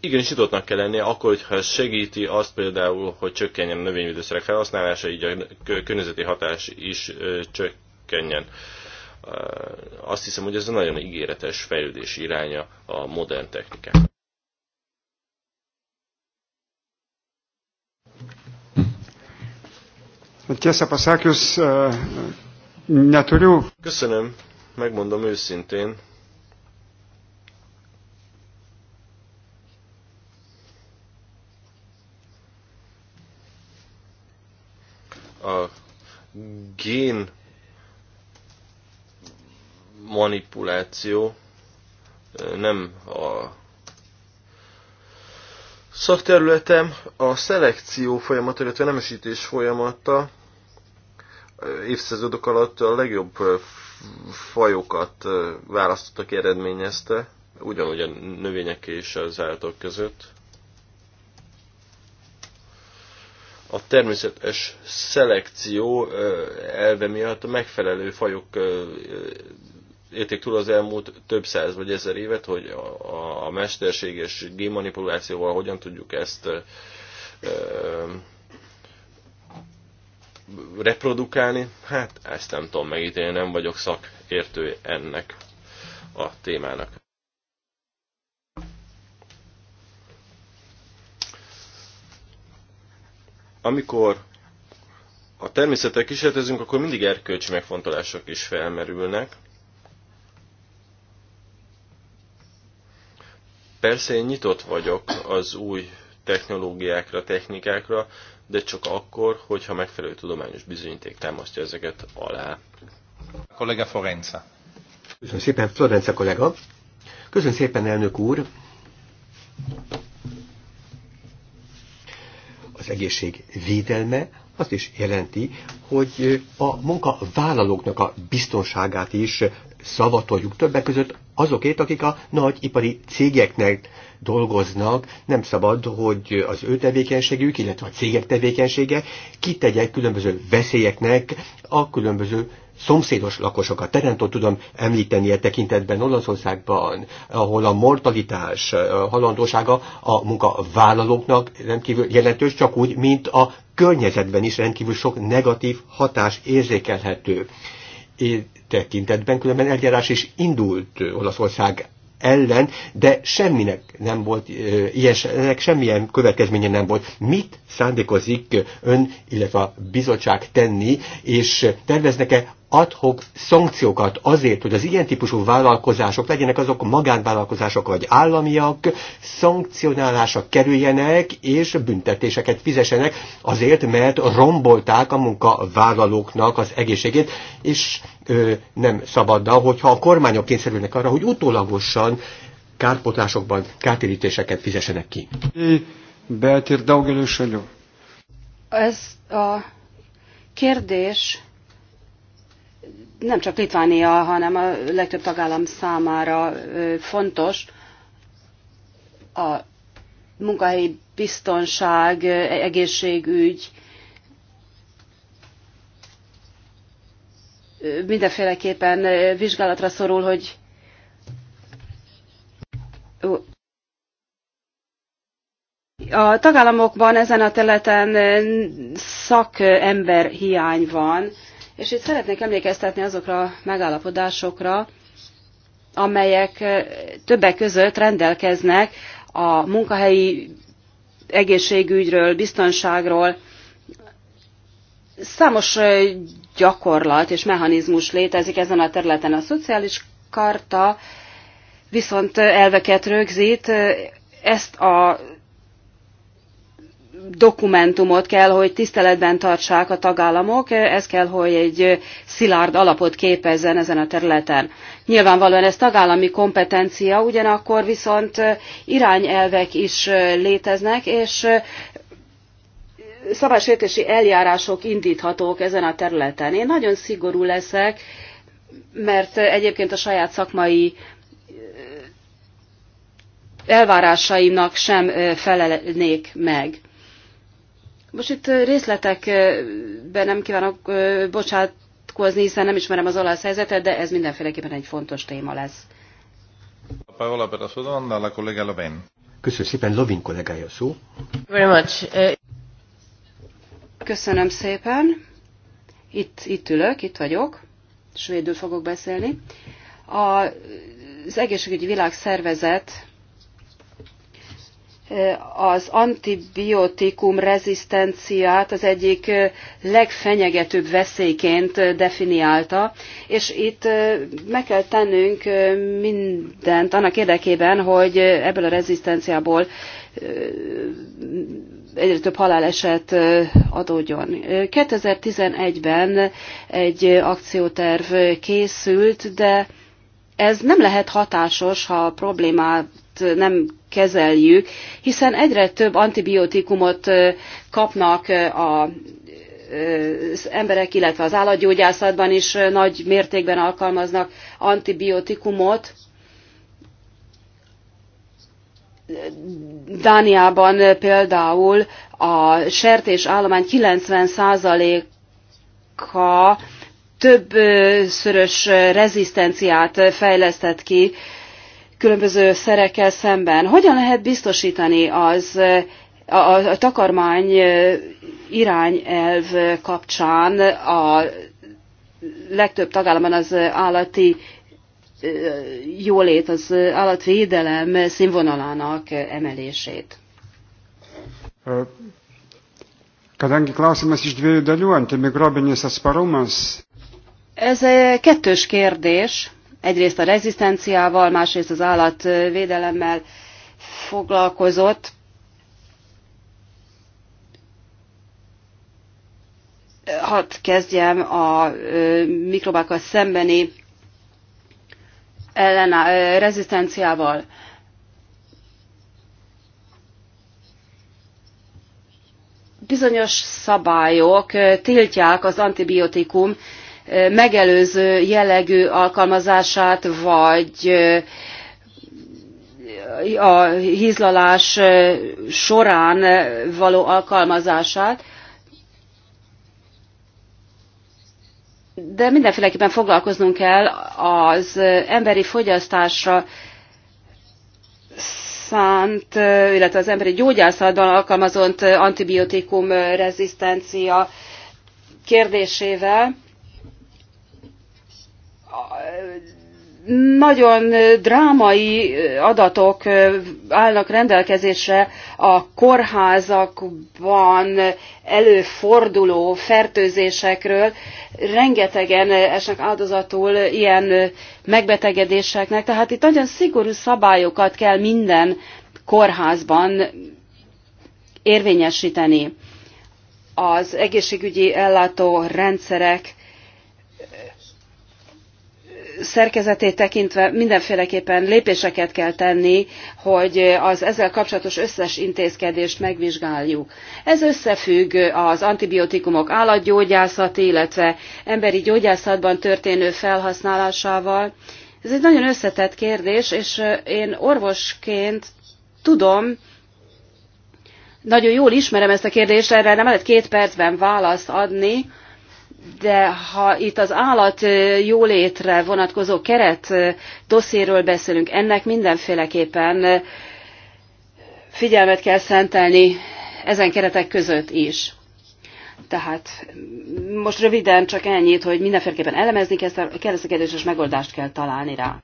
igen, nyitottnak kell lennie, akkor, hogyha segíti azt például, hogy csökkenjen a növényvédőszerek felhasználása, így a környezeti hatás is csökkenjen. Azt hiszem, hogy ez a nagyon ígéretes fejlődés iránya a modern technikák. Köszönöm, megmondom őszintén, a gén manipuláció nem a szakterületem, a szelekció folyamata, illetve a nemesítés folyamata évszázadok alatt a legjobb fajokat választottak eredményezte, ugyanúgy a növények és az állatok között. a természetes szelekció elve miatt a megfelelő fajok érték túl az elmúlt több száz vagy ezer évet, hogy a, mesterség és génmanipulációval hogyan tudjuk ezt reprodukálni, hát ezt nem tudom megítélni, nem vagyok szakértő ennek a témának. Amikor a természetek kísérletezünk, akkor mindig erkölcsi megfontolások is felmerülnek. Persze én nyitott vagyok az új technológiákra, technikákra, de csak akkor, hogyha megfelelő tudományos bizonyíték támasztja ezeket alá. Kollega Florenza. Köszönöm szépen, Florenza kollega. Köszönöm szépen, elnök úr egészség védelme azt is jelenti, hogy a munkavállalóknak a biztonságát is szavatoljuk többek között azokért, akik a nagy ipari cégeknek dolgoznak, nem szabad, hogy az ő tevékenységük, illetve a cégek tevékenysége kitegyek különböző veszélyeknek a különböző szomszédos lakosokat. Terentot tudom említeni a e tekintetben Olaszországban, ahol a mortalitás halandósága a munkavállalóknak rendkívül jelentős, csak úgy, mint a környezetben is rendkívül sok negatív hatás érzékelhető. É e tekintetben különben eljárás is indult Olaszország ellen, de semminek nem volt, ilyenek semmilyen következménye nem volt. Mit szándékozik ön, illetve a bizottság tenni, és terveznek-e adhok szankciókat azért, hogy az ilyen típusú vállalkozások legyenek azok magánvállalkozások vagy államiak, szankcionálásra kerüljenek és büntetéseket fizessenek azért, mert rombolták a munkavállalóknak az egészségét, és ö, nem szabadna, hogyha a kormányok kényszerülnek arra, hogy utólagosan kárpotlásokban kártérítéseket fizessenek ki. Ez a kérdés nem csak Litvánia, hanem a legtöbb tagállam számára fontos a munkahelyi biztonság, egészségügy, mindenféleképpen vizsgálatra szorul, hogy a tagállamokban ezen a területen szakember hiány van, és itt szeretnék emlékeztetni azokra a megállapodásokra, amelyek eh, többek között rendelkeznek a munkahelyi egészségügyről, biztonságról. Számos eh, gyakorlat és mechanizmus létezik ezen a területen. A szociális karta viszont eh, elveket rögzít, ezt a dokumentumot kell, hogy tiszteletben tartsák a tagállamok, ez kell, hogy egy szilárd alapot képezzen ezen a területen. Nyilvánvalóan ez tagállami kompetencia, ugyanakkor viszont irányelvek is léteznek, és szabálysértési eljárások indíthatók ezen a területen. Én nagyon szigorú leszek, mert egyébként a saját szakmai elvárásaimnak sem felelnék meg. Most itt részletekben nem kívánok bocsátkozni, hiszen nem ismerem az olasz helyzetet, de ez mindenféleképpen egy fontos téma lesz. A per la sua Lovén. Köszönöm szépen, Lovin kollégája szó. Very much. Köszönöm szépen. Itt, itt ülök, itt vagyok. Svédül fogok beszélni. A, az egészségügyi világszervezet az antibiotikum rezisztenciát az egyik legfenyegetőbb veszélyként definiálta, és itt meg kell tennünk mindent annak érdekében, hogy ebből a rezisztenciából egyre több haláleset adódjon. 2011-ben egy akcióterv készült, de ez nem lehet hatásos, ha a problémát nem kezeljük, hiszen egyre több antibiotikumot kapnak a az emberek, illetve az állatgyógyászatban is nagy mértékben alkalmaznak antibiotikumot. Dániában például a sertés állomány 90%-a többszörös rezisztenciát fejlesztett ki különböző szerekkel szemben. Hogyan lehet biztosítani az a, a takarmány irányelv kapcsán a legtöbb tagállamban az állati jólét, az állatvédelem színvonalának emelését? Kadangi klausimas is dviejų dalių, antimikrobinis atsparumas. Ez kettős kérdés egyrészt a rezisztenciával, másrészt az állatvédelemmel foglalkozott. Hadd kezdjem a mikrobákkal szembeni ellená, rezisztenciával. Bizonyos szabályok tiltják az antibiotikum megelőző jellegű alkalmazását, vagy a hízlalás során való alkalmazását, de mindenféleképpen foglalkoznunk kell az emberi fogyasztásra szánt, illetve az emberi gyógyászatban alkalmazott antibiotikum rezisztencia kérdésével nagyon drámai adatok állnak rendelkezésre a kórházakban előforduló fertőzésekről. Rengetegen esnek áldozatul ilyen megbetegedéseknek, tehát itt nagyon szigorú szabályokat kell minden kórházban érvényesíteni. Az egészségügyi ellátó rendszerek szerkezetét tekintve mindenféleképpen lépéseket kell tenni, hogy az ezzel kapcsolatos összes intézkedést megvizsgáljuk. Ez összefügg az antibiotikumok állatgyógyászati, illetve emberi gyógyászatban történő felhasználásával. Ez egy nagyon összetett kérdés, és én orvosként tudom, nagyon jól ismerem ezt a kérdést, erre nem lehet két percben választ adni, de ha itt az állat jólétre vonatkozó keret dosszéről beszélünk, ennek mindenféleképpen figyelmet kell szentelni ezen keretek között is. Tehát most röviden csak ennyit, hogy mindenféleképpen elemezni kell ezt a kérdést, és megoldást kell találni rá.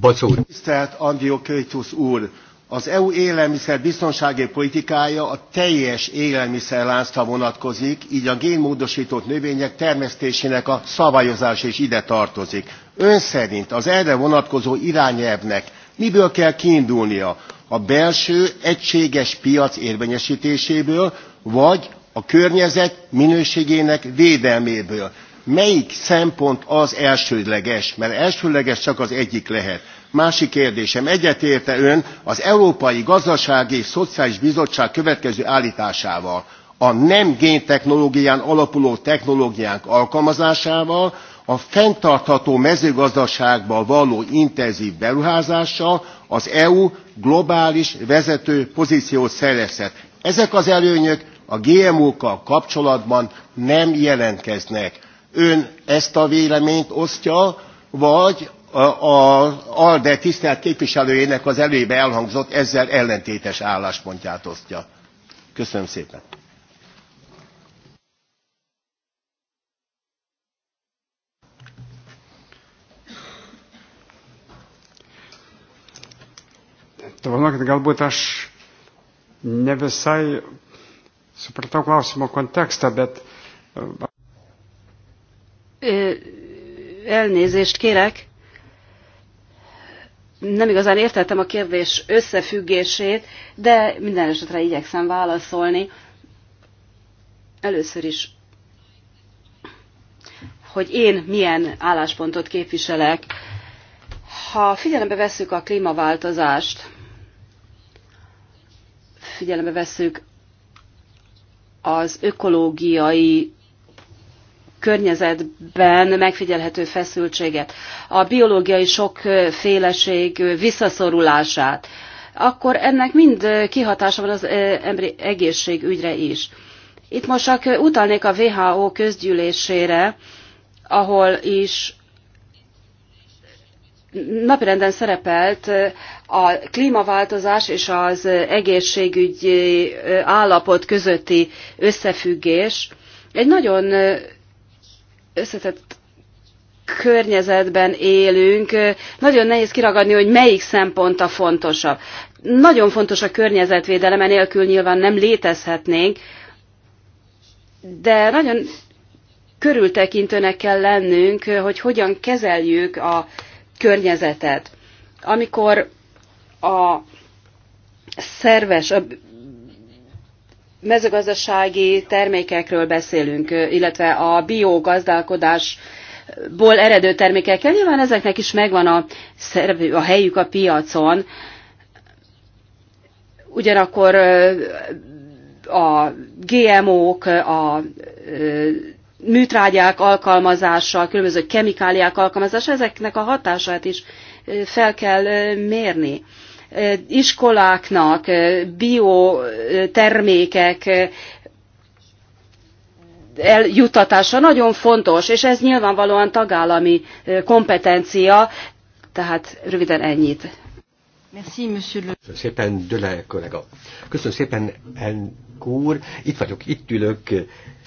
Bocúr. Tisztelt Andrió Kölytusz úr! az eu élelmiszerbiztonsági politikája a teljes élelmiszerláncra vonatkozik gy a génmódostott növények termesztésének a szabályozása is ide tartozik. ön szerint az erre vonatkozó irányelvnek miből kell kiindulnia a belső egységes piac érvényestéséből vagy a környezet minőségének védelméből? melyik szempont az elsődleges mert elsődleges csak az egyik lehet másik kérdésem egyetért e ön az európai gazdasági és szociális bizottság következő álltásával a nem géntechnológián alapuló technológiák alkalmazásával a fenntartható mezőgazdaságba való intenzv beruházással az eu globális vezető pozciót szerezhet. ezek az előnyök a gmo kkal kapcsolatban nem jelentkeznek. ön ezt a véleményt osztja vagy az ALDE tisztelt képviselőjének az előbe elhangzott, ezzel ellentétes álláspontját osztja. Köszönöm szépen. Dovanokit, galbūt aš ne visai supratau klausimo kontekstą, bet. Elnézést kérek, nem igazán értettem a kérdés összefüggését, de minden esetre igyekszem válaszolni. Először is, hogy én milyen álláspontot képviselek. Ha figyelembe vesszük a klímaváltozást, figyelembe vesszük az ökológiai környezetben megfigyelhető feszültséget, a biológiai sokféleség visszaszorulását, akkor ennek mind kihatása van az eh, emberi egészségügyre is. Itt most csak utalnék a WHO közgyűlésére, ahol is napirenden szerepelt eh, a klímaváltozás és az egészségügyi eh, állapot közötti összefüggés. Egy nagyon összetett környezetben élünk, nagyon nehéz kiragadni, hogy melyik szempont a fontosabb. Nagyon fontos a környezetvédelem, nélkül nyilván nem létezhetnénk, de nagyon körültekintőnek kell lennünk, hogy hogyan kezeljük a környezetet. Amikor a szerves, a mezőgazdasági termékekről beszélünk, illetve a biogazdálkodásból eredő termékekkel. Nyilván ezeknek is megvan a, a helyük a piacon, ugyanakkor a GMO-k, a műtrágyák alkalmazása, különböző kemikáliák alkalmazása, ezeknek a hatását is fel kell mérni iskoláknak, biotermékek eljuttatása nagyon fontos, és ez nyilvánvalóan tagállami kompetencia, tehát röviden ennyit. Merci, monsieur le... Köszönöm szépen, Döle kollega. Köszönöm szépen, elnök úr. Itt vagyok, itt ülök,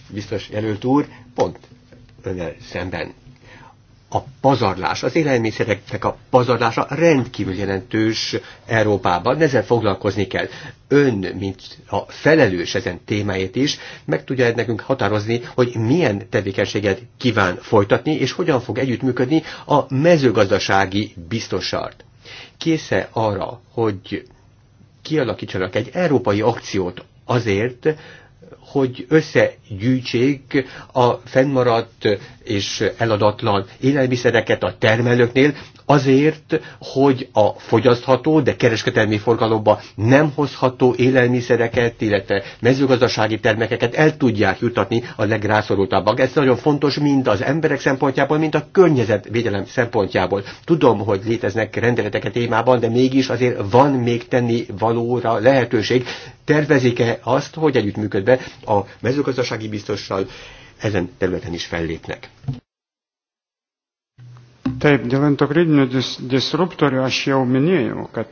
biztos jelölt úr, pont önnel szemben a pazarlás, az élelmiszereknek a pazarlása rendkívül jelentős Európában, ezzel foglalkozni kell. Ön, mint a felelős ezen témáért is, meg tudja -e nekünk határozni, hogy milyen tevékenységet kíván folytatni, és hogyan fog együttműködni a mezőgazdasági biztosart. Késze arra, hogy kialakítsanak egy európai akciót azért, hogy összegyűjtsék a fennmaradt és eladatlan élelmiszereket a termelőknél, azért, hogy a fogyasztható, de kereskedelmi forgalomba nem hozható élelmiszereket, illetve mezőgazdasági termékeket el tudják jutatni a legrászorultabbak. Ez nagyon fontos mind az emberek szempontjából, mind a környezetvédelem szempontjából. Tudom, hogy léteznek rendeletek a témában, de mégis azért van még tenni valóra lehetőség. Tervezik-e azt, hogy együttműködve a mezőgazdasági biztossal ezen területen is fellépnek? Taip, dėl endokrininių dis disruptorių aš jau minėjau, kad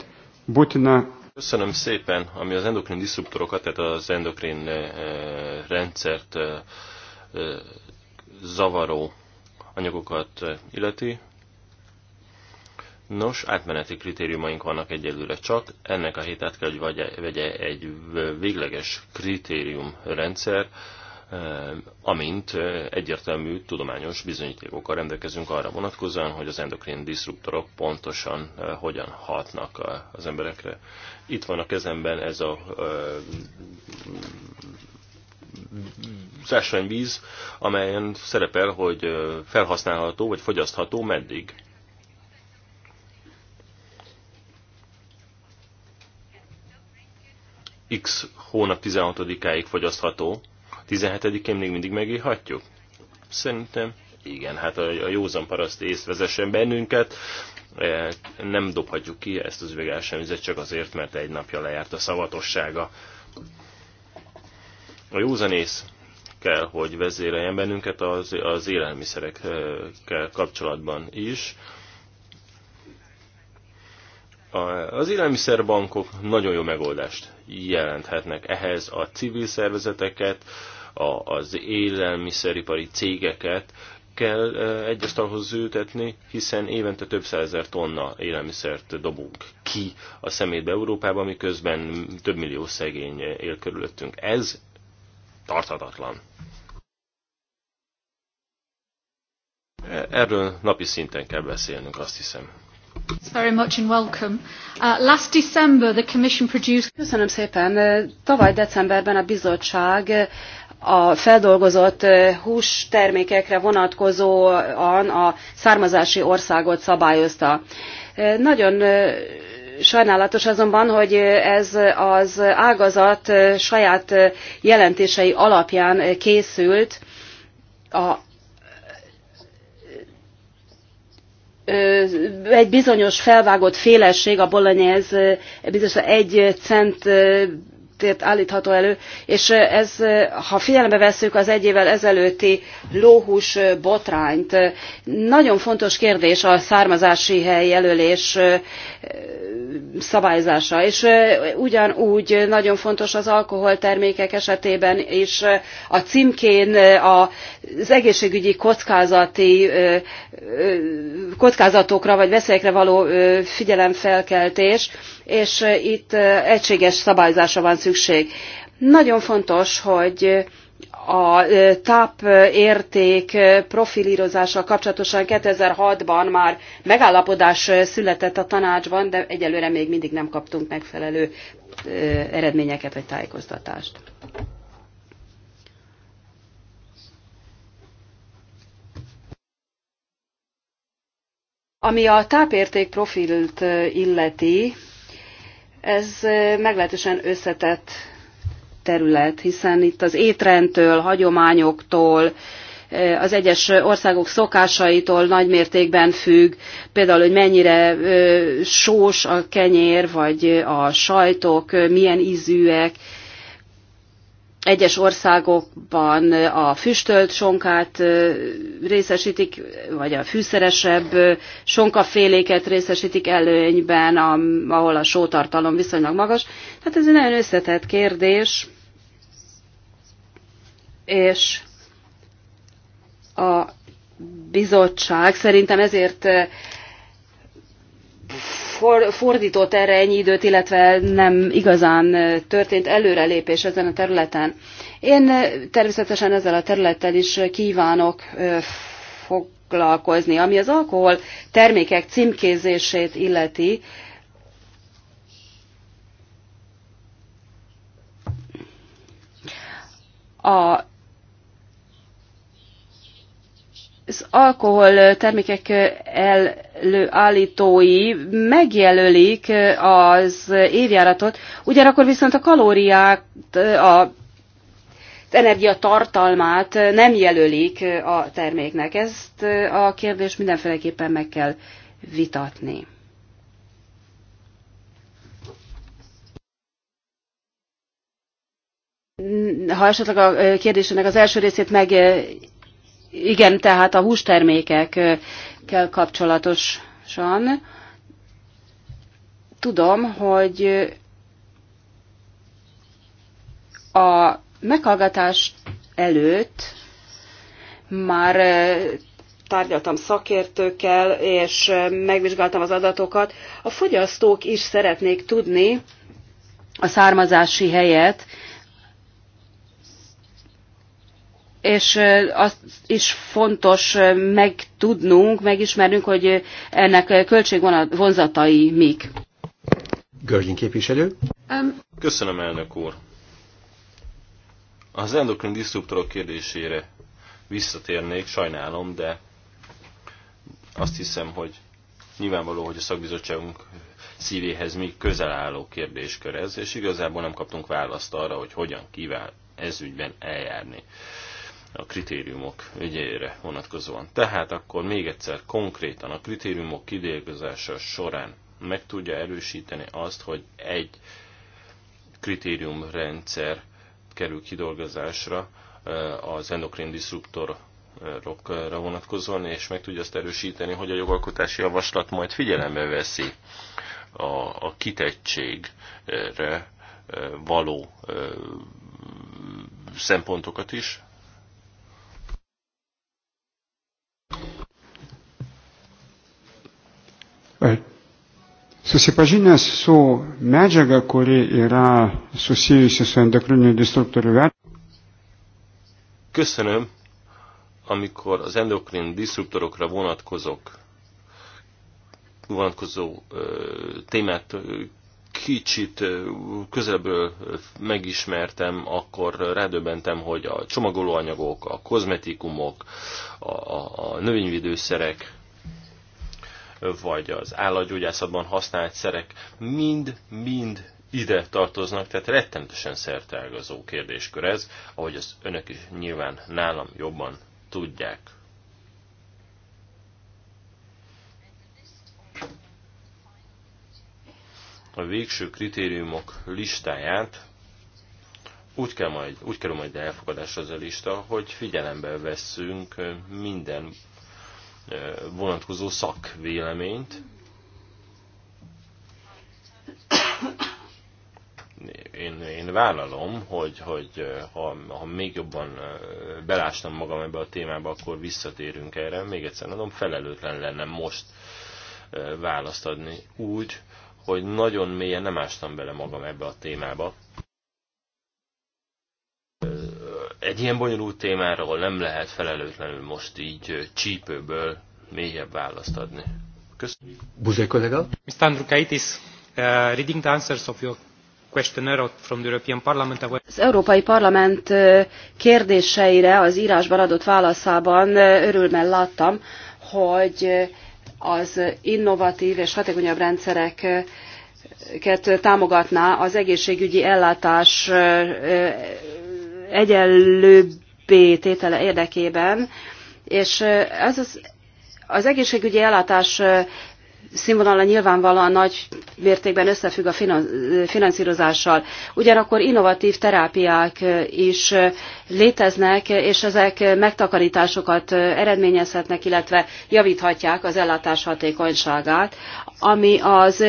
būtina. Köszönöm szépen, ami az endokrin disruptorokat, tehát az endokrin eh, eh, rendszert eh, zavaró anyagokat illeti. Nos, átmeneti kritériumaink vannak egyelőre csak. Ennek a hét át kell, hogy vegye egy végleges kritériumrendszer, Eh, amint eh, egyértelmű tudományos bizonyítékokkal rendelkezünk arra vonatkozóan, hogy az endokrin diszruptorok pontosan eh, hogyan hatnak az emberekre. Itt van a kezemben ez a szásványvíz, amelyen szerepel, hogy felhasználható vagy fogyasztható meddig. X hónap 16-áig fogyasztható, 17-én még mindig megírhatjuk? Szerintem igen, hát a, a józan paraszt ész vezessen bennünket, e, nem dobhatjuk ki ezt az üvegásányvizet csak azért, mert egy napja lejárt a szavatossága. A józanész kell, hogy vezéreljen bennünket az, az élelmiszerekkel kapcsolatban is. Az élelmiszerbankok nagyon jó megoldást jelenthetnek ehhez a civil szervezeteket, a, az élelmiszeripari cégeket kell egy asztalhoz ültetni, hiszen évente több százezer tonna élelmiszert dobunk ki a szemétbe Európába, miközben több millió szegény él körülöttünk. Ez tarthatatlan. Erről napi szinten kell beszélnünk, azt hiszem. Very much and welcome. Uh, last December the Commission produced... Köszönöm szépen. Tavaly decemberben a bizottság a feldolgozott hús termékekre vonatkozóan a származási országot szabályozta. Nagyon sajnálatos azonban, hogy ez az ágazat saját jelentései alapján készült a egy bizonyos felvágott félesség, a bolonyez bizonyos egy cent tért állítható elő, és ez, ha figyelembe vesszük az egy évvel ezelőtti lóhús botrányt, nagyon fontos kérdés a származási hely jelölés szabályzása, és ugyanúgy nagyon fontos az alkoholtermékek esetében is a címkén az egészségügyi kockázati kockázatokra vagy veszélyekre való figyelemfelkeltés, és itt egységes szabályzásra van szükség. Nagyon fontos, hogy a tápérték profilírozása kapcsolatosan 2006-ban már megállapodás született a tanácsban, de egyelőre még mindig nem kaptunk megfelelő eredményeket vagy tájékoztatást. Ami a tápérték profilt illeti, ez meglehetősen összetett terület, hiszen itt az étrendtől, hagyományoktól, az egyes országok szokásaitól nagy mértékben függ, például, hogy mennyire sós a kenyér, vagy a sajtok, milyen ízűek, egyes országokban a füstölt sonkát részesítik, vagy a fűszeresebb sonkaféléket részesítik előnyben, ahol a sótartalom viszonylag magas. Hát ez egy nagyon összetett kérdés, és a bizottság szerintem ezért for, fordított erre ennyi időt, illetve nem igazán történt előrelépés ezen a területen. Én természetesen ezzel a területtel is kívánok foglalkozni. Ami az alkohol termékek címkézését illeti, a az alkohol termékek előállítói megjelölik az évjáratot, ugyanakkor viszont a kalóriát, a az energiatartalmát nem jelölik a terméknek. Ezt a kérdést mindenféleképpen meg kell vitatni. Ha esetleg a kérdésének az első részét meg igen, tehát a hústermékekkel kapcsolatosan tudom, hogy a meghallgatás előtt már eh, tárgyaltam szakértőkkel, és eh, megvizsgáltam az adatokat. A fogyasztók is szeretnék tudni a származási helyet, és azt is fontos megtudnunk, megismernünk, hogy ennek költségvonzatai mik. Görgyin képviselő. Um. Köszönöm, elnök úr. Az endokrin disztruktorok kérdésére visszatérnék, sajnálom, de azt hiszem, hogy nyilvánvaló, hogy a szakbizottságunk szívéhez még közel álló kérdéskör ez, és igazából nem kaptunk választ arra, hogy hogyan kíván ez ügyben eljárni a kritériumok ügyére vonatkozóan. Tehát akkor még egyszer konkrétan a kritériumok kidolgozása során meg tudja erősíteni azt, hogy egy kritériumrendszer kerül kidolgozásra az endokrin disruptorokra rockra vonatkozóan, és meg tudja azt erősíteni, hogy a jogalkotási javaslat majd figyelembe veszi a, a kitettségre való szempontokat is, Susipažinęs su medžiaga, kuri yra susijusi su endokrininiu disruptoriu vertinimu. Köszönöm, amikor az endokrin disruptorokra vonatkozók, vonatkozó témát kicsit közelebbről megismertem, akkor rádöbbentem, hogy a csomagolóanyagok, a kozmetikumok, a, a, a növényvédőszerek vagy az állatgyógyászatban használt szerek mind-mind ide tartoznak, tehát rettenetesen szerteágazó kérdéskör ez, ahogy az önök is nyilván nálam jobban tudják. A végső kritériumok listáját úgy kell majd, úgy kerül majd elfogadásra az a lista, hogy figyelembe veszünk minden vonatkozó szakvéleményt. Én, én vállalom, hogy, hogy ha, ha még jobban belástam magam ebbe a témába, akkor visszatérünk erre. Még egyszer mondom, felelőtlen lenne most választ adni úgy, hogy nagyon mélyen nem ástam bele magam ebbe a témába egy ilyen bonyolult témáról nem lehet felelőtlenül most így csípőből mélyebb választ adni. Köszönöm. Buzé kollega? Mr. Andrukaitis, uh, reading the answers of your from the European Parliament, az Európai Parlament kérdéseire az írásban adott válaszában örülmel láttam, hogy az innovatív és hatékonyabb rendszereket támogatná az egészségügyi ellátás egyenlőbbé tétele érdekében, és ez az, az egészségügyi ellátás színvonala nyilvánvalóan nagy mértékben összefügg a finanszírozással. Ugyanakkor innovatív terápiák is léteznek, és ezek megtakarításokat eredményezhetnek, illetve javíthatják az ellátás hatékonyságát, ami az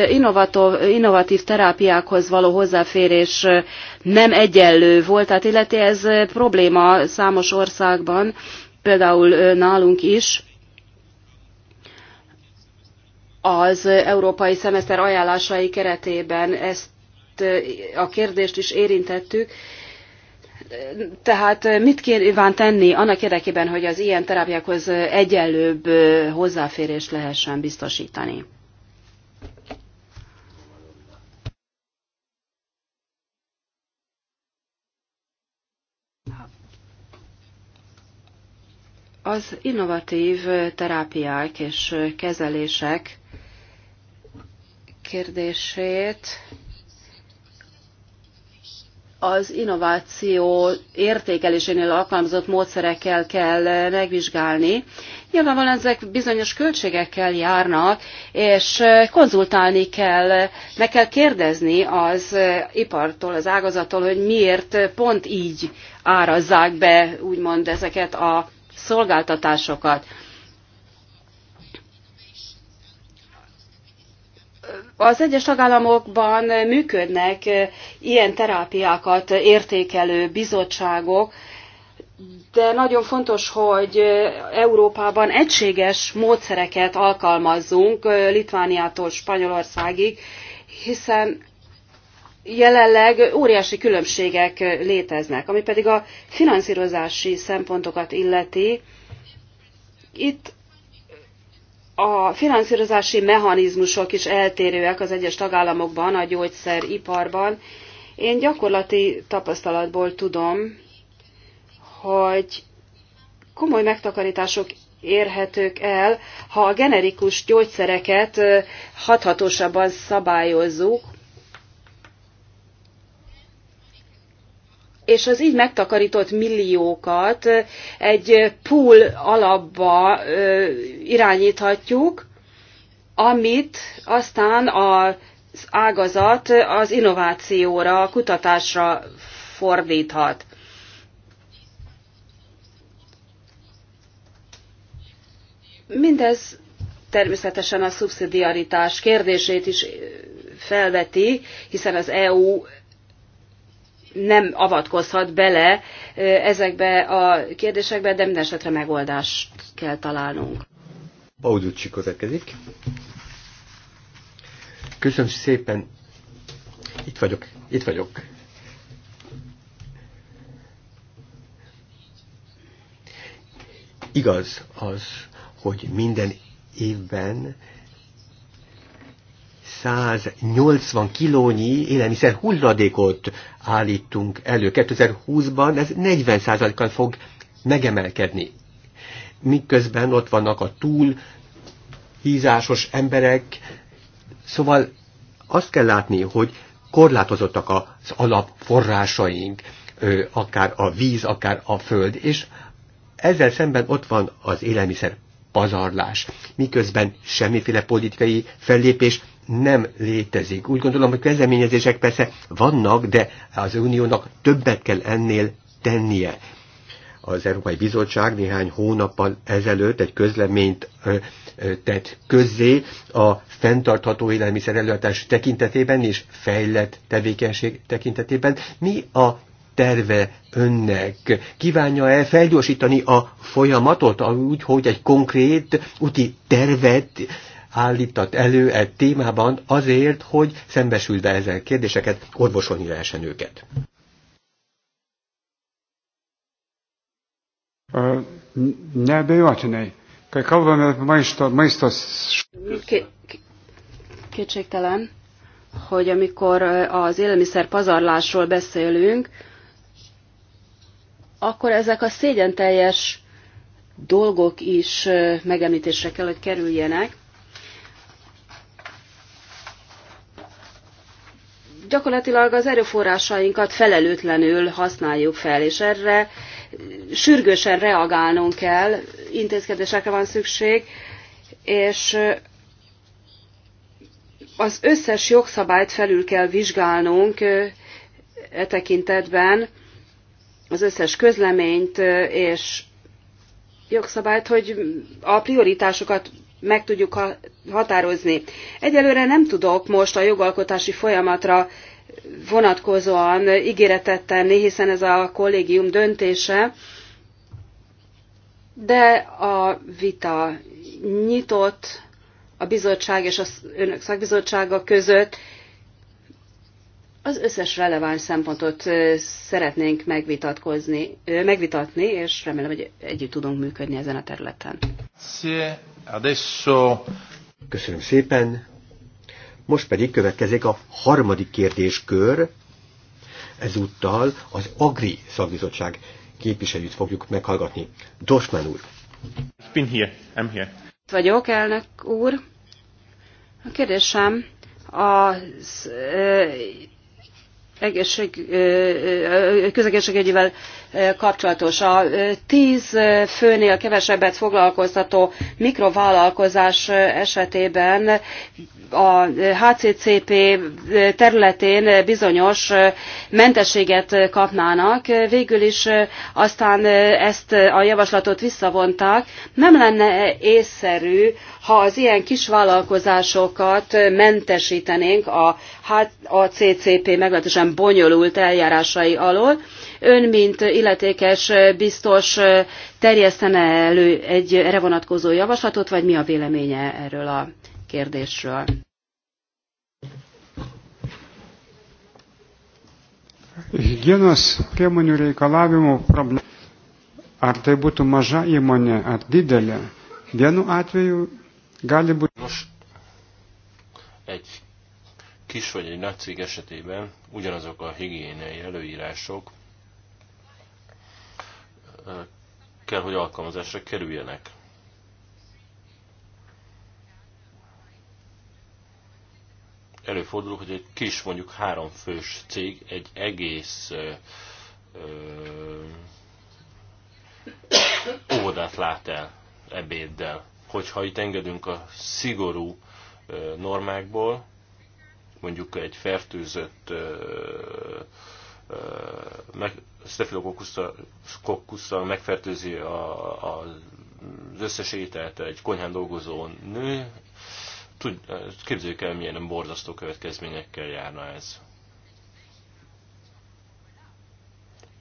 innovatív terápiákhoz való hozzáférés nem egyenlő volt, tehát illeti ez probléma számos országban, például nálunk is az európai szemeszter ajánlásai keretében ezt eh, a kérdést is érintettük. Tehát eh, mit kíván tenni annak érdekében, hogy az ilyen terápiákhoz egyenlőbb eh, hozzáférést lehessen biztosítani? Az innovatív terápiák és kezelések kérdését az innováció értékelésénél alkalmazott módszerekkel kell megvizsgálni. Nyilvánvalóan ezek bizonyos költségekkel járnak, és konzultálni kell, meg kell kérdezni az ipartól, az ágazattól, hogy miért pont így árazzák be, úgymond ezeket a szolgáltatásokat. Az egyes tagállamokban működnek ilyen terápiákat értékelő bizottságok, de nagyon fontos, hogy Európában egységes módszereket alkalmazzunk Litvániától Spanyolországig, hiszen jelenleg óriási különbségek léteznek, ami pedig a finanszírozási szempontokat illeti. Itt a finanszírozási mechanizmusok is eltérőek az egyes tagállamokban, a gyógyszeriparban. Én gyakorlati tapasztalatból tudom, hogy komoly megtakarítások érhetők el, ha a generikus gyógyszereket hathatósabban szabályozzuk, és az így megtakarított milliókat egy pool alapba irányíthatjuk, amit aztán az ágazat az innovációra, a kutatásra fordíthat. Mindez természetesen a szubszidiaritás kérdését is felveti, hiszen az EU nem avatkozhat bele ezekbe a kérdésekbe, de minden esetre megoldást kell találnunk. Bauducsi Köszönöm szépen. Itt vagyok, itt vagyok. Igaz az, hogy minden évben 180 kilónyi élelmiszer hulladékot állítunk elő. 2020-ban ez 40 kal fog megemelkedni. Miközben ott vannak a túl hízásos emberek, szóval azt kell látni, hogy korlátozottak az alapforrásaink, akár a víz, akár a föld, és ezzel szemben ott van az élelmiszer pazarlás, miközben semmiféle politikai fellépés nem létezik. Úgy gondolom, hogy kezdeményezések persze vannak, de az uniónak többet kell ennél tennie. Az Európai Bizottság néhány hónappal ezelőtt egy közleményt ö, ö, tett közzé a fenntartható élelmiszer előadás tekintetében és fejlett tevékenység tekintetében. Mi a terve önnek? Kívánja-e felgyorsítani a folyamatot úgy, hogy egy konkrét úti tervet állított elő egy témában azért, hogy szembesülve ezen kérdéseket orvosolni lehessen őket. Neabejotinai, hát, kai kalbame apie maisto, maisto... Kétségtelen, hogy amikor az élelmiszer pazarlásról beszélünk, akkor ezek a szégyen teljes dolgok is megemlítésre kell, hogy kerüljenek. gyakorlatilag az erőforrásainkat felelőtlenül használjuk fel, és erre sürgősen reagálnunk kell, intézkedésekre van szükség, és az összes jogszabályt felül kell vizsgálnunk e tekintetben, az összes közleményt és jogszabályt, hogy a prioritásokat meg tudjuk határozni. Egyelőre nem tudok most a jogalkotási folyamatra vonatkozóan ígéretet tenni, hiszen ez a kollégium döntése, de a vita nyitott a bizottság és az önök szakbizottsága között az összes releváns szempontot szeretnénk megvitatkozni, megvitatni, és remélem, hogy együtt tudunk működni ezen a területen. Adesso... Köszönöm szépen. Most pedig következik a harmadik kérdéskör. Ezúttal az Agri szakbizottság képviselőt fogjuk meghallgatni. Dosman úr. Bin here. I'm here. Itt vagyok, elnök úr. A kérdésem az egészség, közegészségügyivel kapcsolatos. A tíz főnél kevesebbet foglalkoztató mikrovállalkozás esetében a HCCP területén bizonyos mentességet kapnának, végül is aztán ezt a javaslatot visszavonták. Nem lenne -e észszerű, ha az ilyen kis vállalkozásokat mentesítenénk a, a CCP meglehetősen bonyolult eljárásai alól, Ön, mint illetékes biztos terjesztene elő egy erre vonatkozó javaslatot, vagy mi a véleménye erről a kérdésről? Higienos priemonių reikalavimų problema. Ar tai būtų maža įmonė ar didelė, vienu atveju gali būti. egy kis vagy egy nagy cég esetében ugyanazok a higiéniai előírások kell, hogy alkalmazásra kerüljenek. Előfordul, hogy egy kis, mondjuk háromfős cég egy egész ö, ö, óvodát lát el ebéddel. Hogyha itt engedünk a szigorú normákból, mondjuk egy fertőzött ö, meg, kokkusszal megfertőzi a, a, az összes ételt egy konyhán dolgozó nő, Tud, képzeljük el, milyen borzasztó következményekkel járna ez.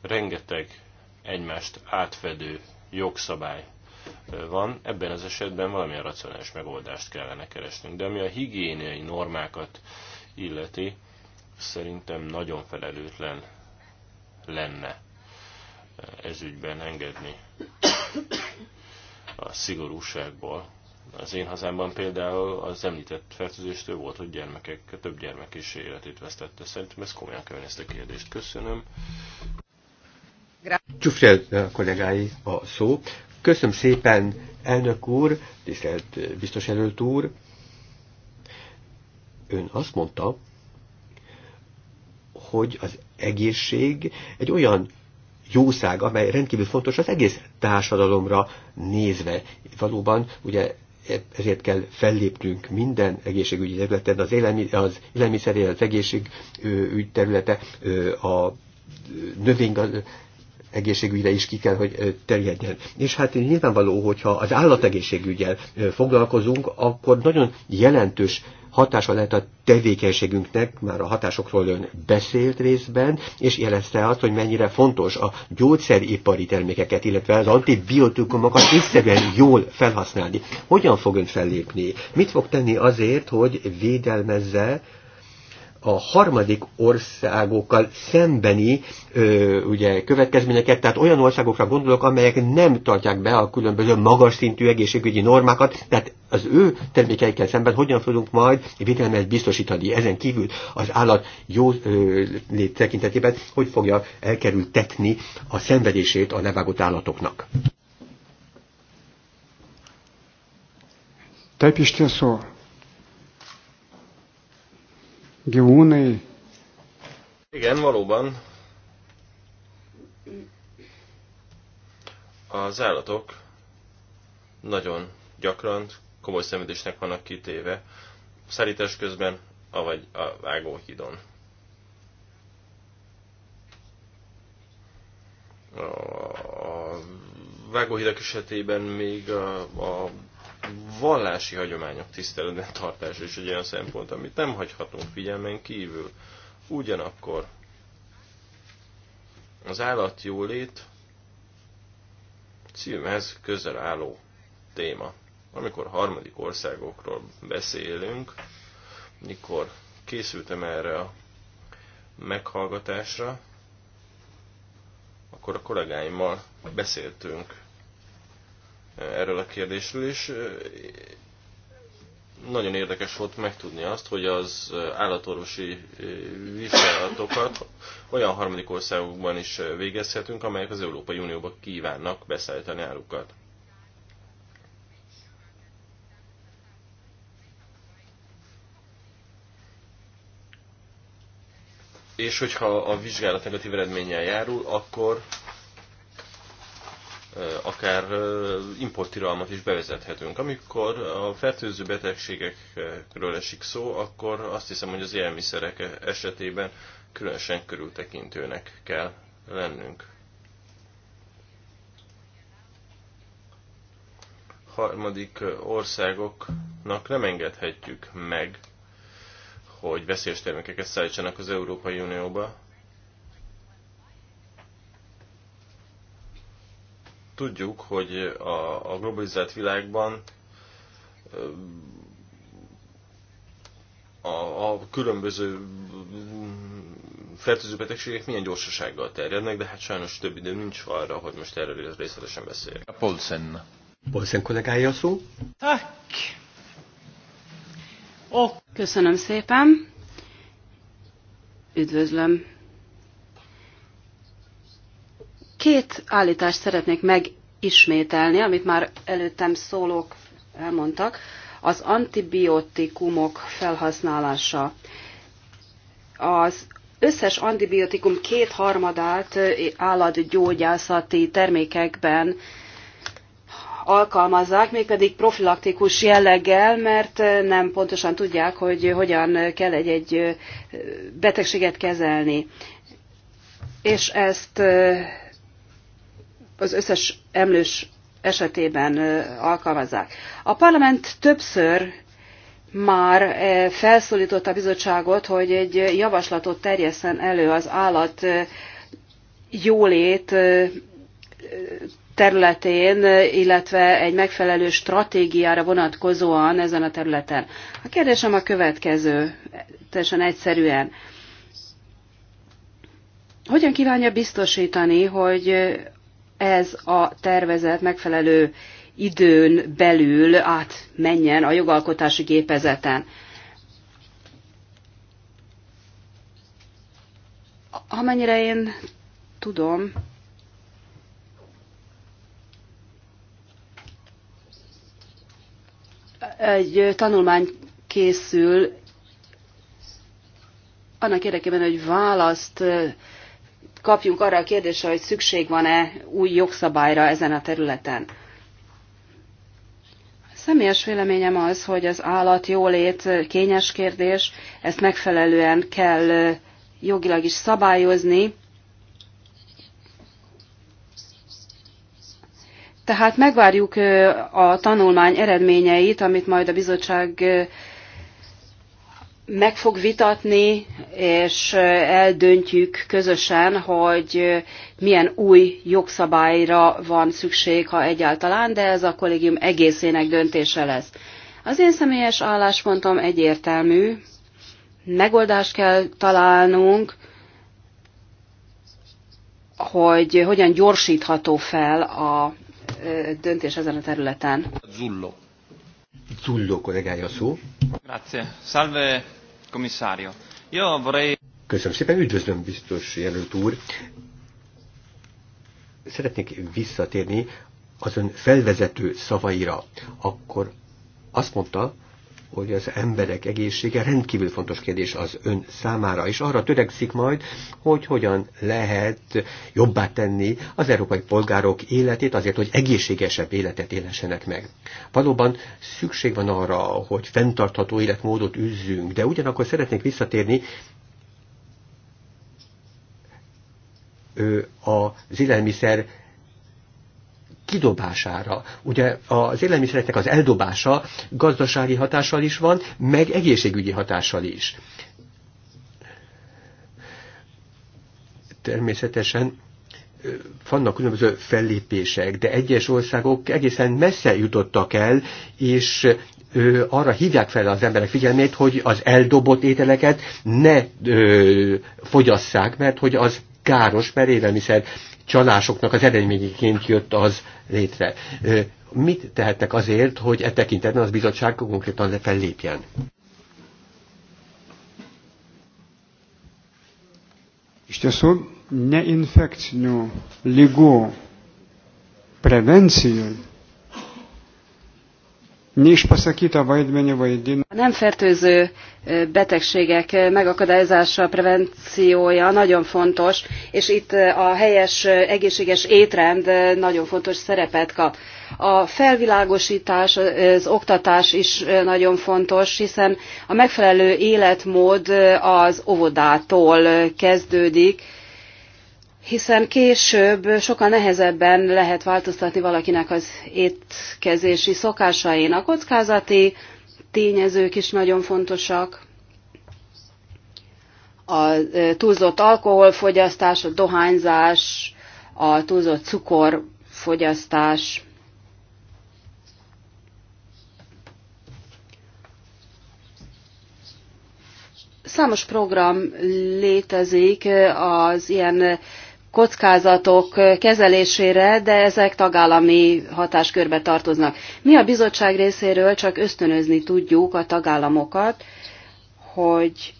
Rengeteg egymást átfedő jogszabály van, ebben az esetben valamilyen racionális megoldást kellene keresnünk. De ami a higiéniai normákat illeti, szerintem nagyon felelőtlen lenne eh, ezügyben engedni a szigorúságból. Az én hazámban például az említett fertőzéstől volt, hogy gyermekek, több gyermek is életét vesztette. Szerintem ez komolyan kell ezt a kérdést. Köszönöm. Csufrel eh, kollégái a szó. Köszönöm szépen, elnök úr, tisztelt eh, biztos előtt úr. Ön azt mondta, hogy az egészség egy olyan jószág, amely rendkívül fontos az egész társadalomra nézve. Valóban ugye ezért kell fellépnünk minden egészségügyi területen, az, élelmi, az élelmiszeré, az egészségügy területe, a növénygaz, egészségügyre is ki kell, hogy terjedjen. És hát nyilvánvaló, hogyha az állategészségügyel foglalkozunk, akkor nagyon jelentős hatása lehet a tevékenységünknek, már a hatásokról ön beszélt részben, és jelezte azt, hogy mennyire fontos a gyógyszeripari termékeket, illetve az antibiotikumokat észszerűen jól felhasználni. Hogyan fog ön fellépni? Mit fog tenni azért, hogy védelmezze a harmadik országokkal szembeni ö, ugye, következményeket, tehát olyan országokra gondolok, amelyek nem tartják be a különböző magas szintű egészségügyi normákat, tehát az ő termékeikkel szemben hogyan tudunk majd védelmet biztosítani. Ezen kívül az állat jó ö, lét tekintetében hogy fogja elkerültetni a szenvedését a levágott állatoknak. Taip szó gyúni. Igen, valóban. Az állatok nagyon gyakran komoly szemedésnek vannak kitéve, szerítés közben, avagy a vágóhidon. A vágóhidak esetében még a, a vallási hagyományok tiszteletben tartása is egy olyan szempont, amit nem hagyhatunk figyelmen kívül. Ugyanakkor az állatjólét címhez közel álló téma. Amikor harmadik országokról beszélünk, mikor készültem erre a meghallgatásra, akkor a kollégáimmal beszéltünk erről a kérdésről, is nagyon érdekes volt megtudni azt, hogy az állatorvosi vizsgálatokat olyan harmadik országokban is végezhetünk, amelyek az Európai Unióba kívánnak beszállítani árukat. És hogyha a vizsgálat negatív eredménnyel járul, akkor akár importiralmat is bevezethetünk. Amikor a fertőző betegségekről esik szó, akkor azt hiszem, hogy az élmiszerek esetében különösen körültekintőnek kell lennünk. Harmadik országoknak nem engedhetjük meg, hogy veszélyes termékeket szállítsanak az Európai Unióba, Tudjuk, hogy a, a globalizált világban a, a különböző mm, fertőző betegségek milyen gyorsasággal terjednek, de hát sajnos több idő nincs arra, hogy most erről részletesen beszéljek. A Polsen. Polsen kollégája a szó. Tak. Oh. Köszönöm szépen. Üdvözlöm Két állítást szeretnék megismételni, amit már előttem szólók elmondtak. Az antibiotikumok felhasználása. Az összes antibiotikum kétharmadát állatgyógyászati termékekben alkalmazzák, mégpedig profilaktikus jelleggel, mert nem pontosan tudják, hogy hogyan kell egy-egy betegséget kezelni. És ezt az összes emlős esetében alkalmazzák. A parlament többször már felszólította a bizottságot, hogy egy javaslatot terjeszen elő az állat jólét területén, illetve egy megfelelő stratégiára vonatkozóan ezen a területen. A kérdésem a következő, teljesen egyszerűen. Hogyan kívánja biztosítani, hogy ez a tervezet megfelelő időn belül átmenjen a jogalkotási gépezeten. Amennyire én tudom, egy tanulmány készül annak érdekében, hogy választ kapjunk arra a kérdésre, hogy szükség van-e új jogszabályra ezen a területen. Személyes véleményem az, hogy az állat jólét kényes kérdés, ezt megfelelően kell jogilag is szabályozni. Tehát megvárjuk a tanulmány eredményeit, amit majd a bizottság meg fog vitatni, és eldöntjük közösen, hogy milyen új jogszabályra van szükség, ha egyáltalán, de ez a kollégium egészének döntése lesz. Az én személyes álláspontom egyértelmű, megoldást kell találnunk, hogy hogyan gyorsítható fel a döntés ezen a területen. Zullo. Zullo kollégája szó. Grazie. Salve commissario. Io vorrei... Köszönöm szépen, üdvözlöm biztos jelölt úr. Szeretnék visszatérni az ön felvezető szavaira. Akkor azt mondta, hogy az emberek egészsége rendkívül fontos kérdés az ön számára, és arra törekszik majd, hogy hogyan lehet jobbá tenni az európai polgárok életét azért, hogy egészségesebb életet élessenek meg. Valóban szükség van arra, hogy fenntartható életmódot üzzünk, de ugyanakkor szeretnék visszatérni az élelmiszer kidobására. Ugye az élelmiszereknek az eldobása gazdasági hatással is van, meg egészségügyi hatással is. Természetesen vannak különböző fellépések, de egyes országok egészen messze jutottak el, és arra hívják fel az emberek figyelmét, hogy az eldobott ételeket ne ö, fogyasszák, mert hogy az káros, mert élelmiszer csalásoknak az eredményeként jött az létre. Mit tehettek azért, hogy e tekintetben az bizottság konkrétan fellépjen? Iš tiesų, neinfekcinių lygų prevencijai a nem fertőző betegségek megakadályozása, prevenciója nagyon fontos, és itt a helyes, egészséges étrend nagyon fontos szerepet kap. A felvilágosítás, az oktatás is nagyon fontos, hiszen a megfelelő életmód az óvodától kezdődik, hiszen később sokkal nehezebben lehet változtatni valakinek az étkezési szokásain. A kockázati tényezők is nagyon fontosak. A e, túlzott alkoholfogyasztás, a dohányzás, a túlzott cukorfogyasztás. Számos program létezik e, az ilyen kockázatok kezelésére, de ezek tagállami hatáskörbe tartoznak. Mi a bizottság részéről csak ösztönözni tudjuk a tagállamokat, hogy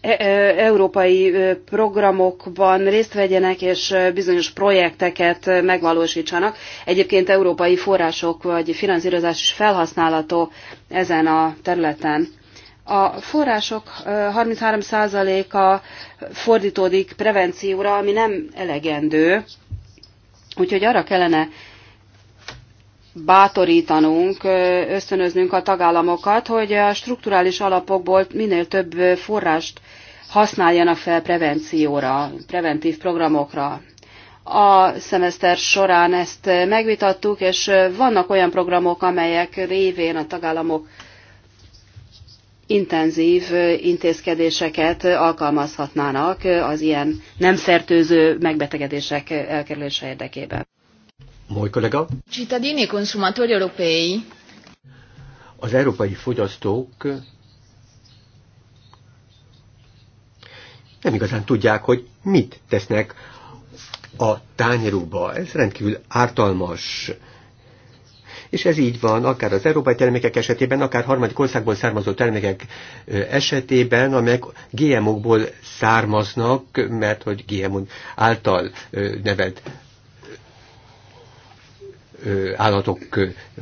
e- e- európai programokban részt vegyenek és bizonyos projekteket megvalósítsanak. Egyébként európai források vagy finanszírozás felhasználató ezen a területen. A források 33%-a fordítódik prevencióra, ami nem elegendő, úgyhogy arra kellene bátorítanunk, ösztönöznünk a tagállamokat, hogy a strukturális alapokból minél több forrást használjanak fel prevencióra, preventív programokra. A szemeszter során ezt megvitattuk, és vannak olyan programok, amelyek révén a tagállamok intenzív intézkedéseket alkalmazhatnának az ilyen nem fertőző megbetegedések elkerülése érdekében. Moly kollega. Cittadini e consumatori europei. Az európai fogyasztók nem igazán tudják, hogy mit tesznek a tányérukba. Ez rendkívül ártalmas és ez így van, akár az európai termékek esetében, akár harmadik országból származó termékek esetében, amelyek GMO-kból származnak, mert hogy GMO által nevelt állatok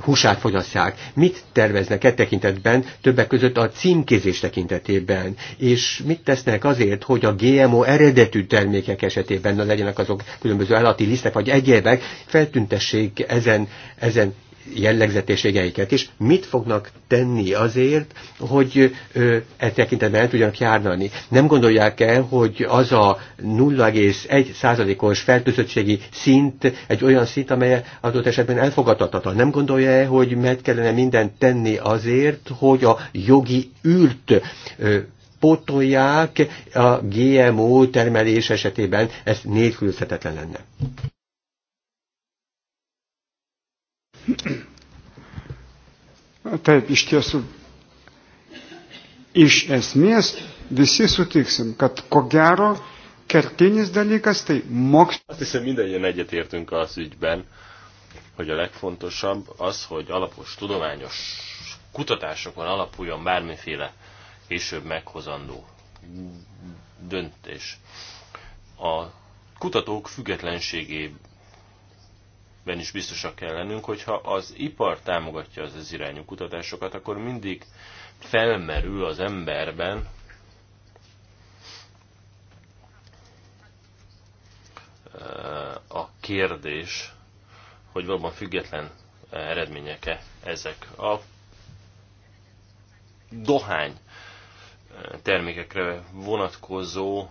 húsát fogyasztják. Mit terveznek e tekintetben, többek között a címkézés tekintetében, és mit tesznek azért, hogy a GMO eredetű termékek esetében na legyenek azok különböző állati lisztek vagy egyébek, feltüntessék ezen, ezen jellegzetéségeiket is, mit fognak tenni azért, hogy ö, e tekintetben el tudjanak járnani. Nem gondolják el, hogy az a 0,1 százalékos fertőzöttségi szint egy olyan szint, amely adott esetben elfogadhatatlan. Nem gondolja el, hogy meg kellene mindent tenni azért, hogy a jogi ült ö, pótolják a GMO termelés esetében, ez nélkülözhetetlen lenne. Taip, iš tiesų, iš esmės visi sutiksim, kad ko gero kertinis dalykas tai mokslas. Azt visi mindannyian egyetértünk az ügyben, hogy a legfontosabb az, hogy alapos tudományos kutatásokon alapuljon bármiféle később meghozandó döntés. A kutatók függetlenségét ben is biztosak kell lennünk, hogyha az ipar támogatja az ez irányú kutatásokat, akkor mindig felmerül az emberben a kérdés, hogy valóban független eredményeke ezek. A dohány termékekre vonatkozó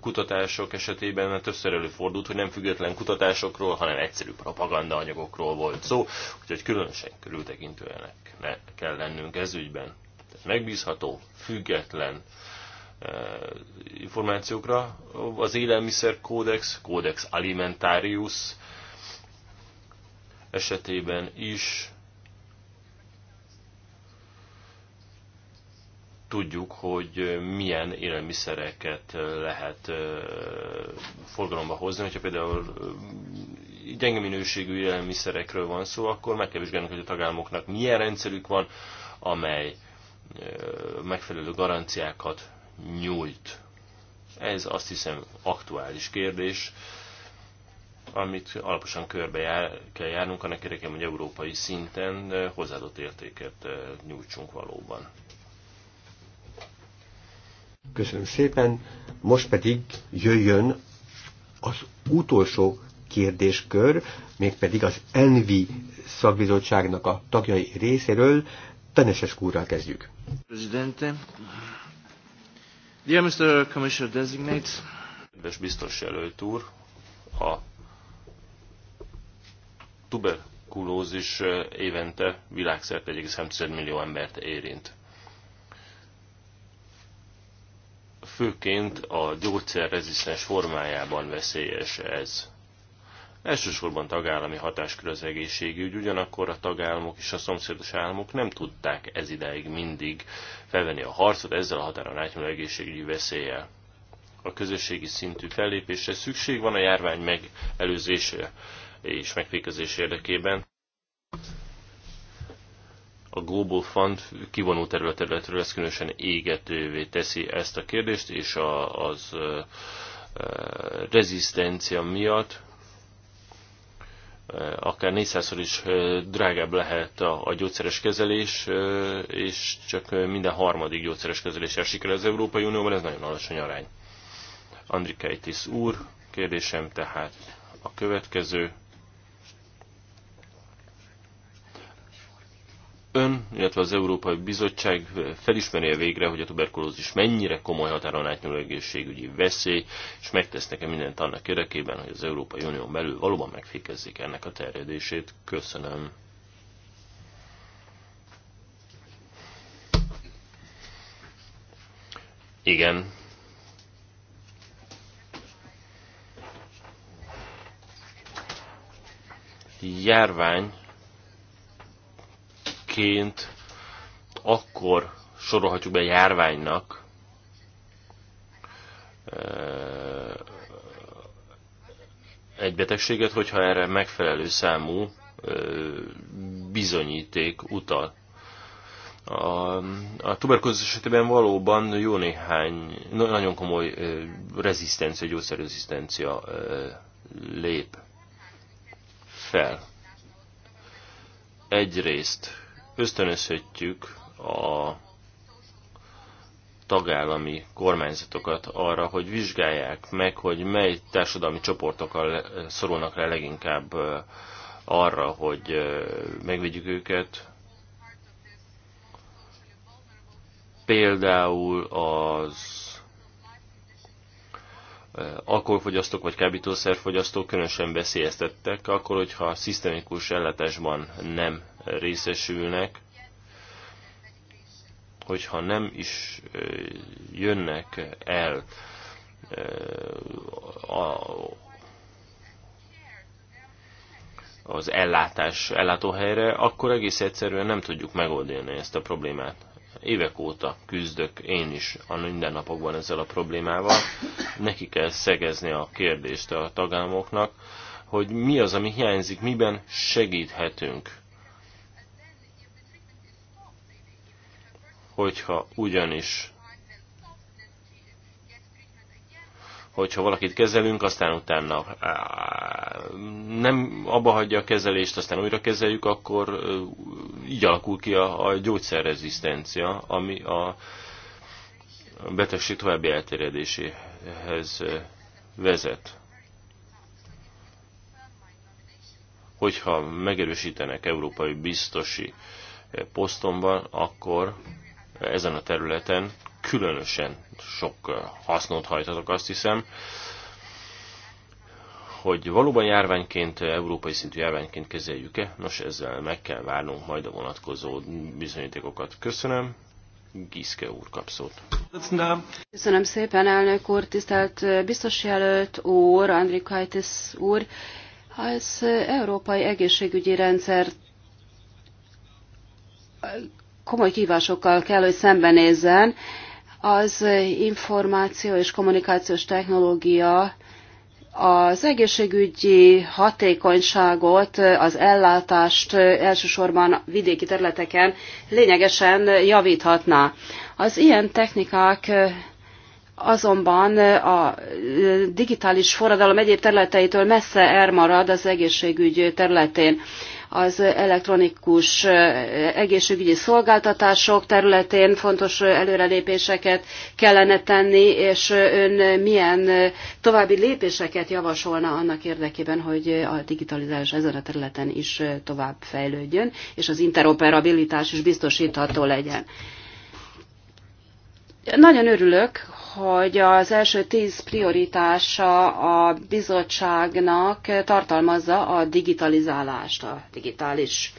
kutatások esetében mert többször előfordult, hogy nem független kutatásokról, hanem egyszerű anyagokról volt szó, úgyhogy különösen körültekintőenek ne kell lennünk ez ügyben. Tehát megbízható, független információkra. Az élelmiszer kódex, kódex alimentarius esetében is tudjuk, hogy milyen élelmiszereket lehet forgalomba hozni. Hogyha például gyenge minőségű élelmiszerekről van szó, akkor meg kell vizsgálnunk, hogy a tagállamoknak milyen rendszerük van, amely megfelelő garanciákat nyújt. Ez azt hiszem aktuális kérdés, amit alaposan körbe jár, kell járnunk, annak érdekében, hogy európai szinten hozzáadott értéket nyújtsunk valóban. Köszönöm szépen. Most pedig jöjjön az utolsó kérdéskör, mégpedig az Envi szakbizottságnak a tagjai részéről. Taneses úrral kezdjük. Presidente, dear Mr. Commissioner Designate, kedves biztos jelölt úr, a tuberkulózis eh, évente világszerte 1,5 millió embert érint főként a gyógyszerrezisztens formájában veszélyes ez. Elsősorban tagállami hatáskör az egészségügy, ugyanakkor a tagállamok és a szomszédos államok nem tudták ez ideig mindig felvenni a harcot ezzel a határon átnyúló egészségügyi veszéllyel. A közösségi szintű fellépésre szükség van a járvány megelőzése és megfékezés érdekében a Global Fund kivonó területről ez különösen égetővé teszi ezt a kérdést, és a, az e, e, rezisztencia miatt e, akár 400-szor is drágább lehet a, a gyógyszeres kezelés, és csak minden harmadik gyógyszeres kezelés esik el az Európai Unióban, ez nagyon alacsony arány. Andrikaitis úr, kérdésem tehát a következő ön, illetve az Európai Bizottság felismeri végre, hogy a tuberkulózis mennyire komoly határon átnyúló egészségügyi veszély, és megtesznek-e mindent annak érdekében, hogy az Európai Unión belül valóban megfékezzék ennek a terjedését. Köszönöm. Igen. Járvány egyébként akkor sorolhatjuk be járványnak, egy betegséget, hogyha erre megfelelő számú bizonyíték utal. A, a tuberkulózis esetében valóban jó néhány, nagyon komoly rezisztencia, gyógyszerrezisztencia lép fel. Egyrészt ösztönözhetjük a tagállami kormányzatokat arra, hogy vizsgálják meg, hogy mely társadalmi csoportokkal szorulnak rá leginkább arra, hogy megvédjük őket. Például az alkoholfogyasztók vagy kábítószerfogyasztók különösen veszélyeztettek, akkor, hogyha szisztemikus ellátásban nem részesülnek, hogyha nem is jönnek el az ellátás ellátóhelyre, akkor egész egyszerűen nem tudjuk megoldani ezt a problémát. Évek óta küzdök én is a mindennapokban ezzel a problémával. Neki kell szegezni a kérdést a tagállamoknak, hogy mi az, ami hiányzik, miben segíthetünk Hogyha ugyanis hogyha valakit kezelünk, aztán utána nem abba hagyja a kezelést, aztán újra kezeljük, akkor így alakul ki a, a gyógyszerrezisztencia, ami a betegség további elterjedéséhez vezet. Hogyha megerősítenek európai biztosi posztomban, akkor ezen a területen különösen sok uh, hasznot hajtatok, azt hiszem, hogy valóban járványként, uh, európai szintű járványként kezeljük-e? Nos, ezzel meg kell várnunk majd a vonatkozó bizonyítékokat. Köszönöm. Giszke úr kap szót. Köszönöm szépen, elnök úr, tisztelt uh, biztos jelölt úr, Kajtis úr. Az európai egészségügyi rendszer komoly kívásokkal kell, hogy szembenézzen. Az információ és kommunikációs technológia az egészségügyi hatékonyságot, az ellátást elsősorban vidéki területeken lényegesen javíthatná. Az ilyen technikák azonban a digitális forradalom egyéb területeitől messze elmarad az egészségügy területén az elektronikus egészségügyi szolgáltatások területén fontos előrelépéseket kellene tenni, és ön milyen további lépéseket javasolna annak érdekében, hogy a digitalizálás ezen a területen is tovább fejlődjön, és az interoperabilitás is biztosítható legyen. Nagyon örülök, hogy az első tíz prioritása a bizottságnak tartalmazza a digitalizálást, a digitális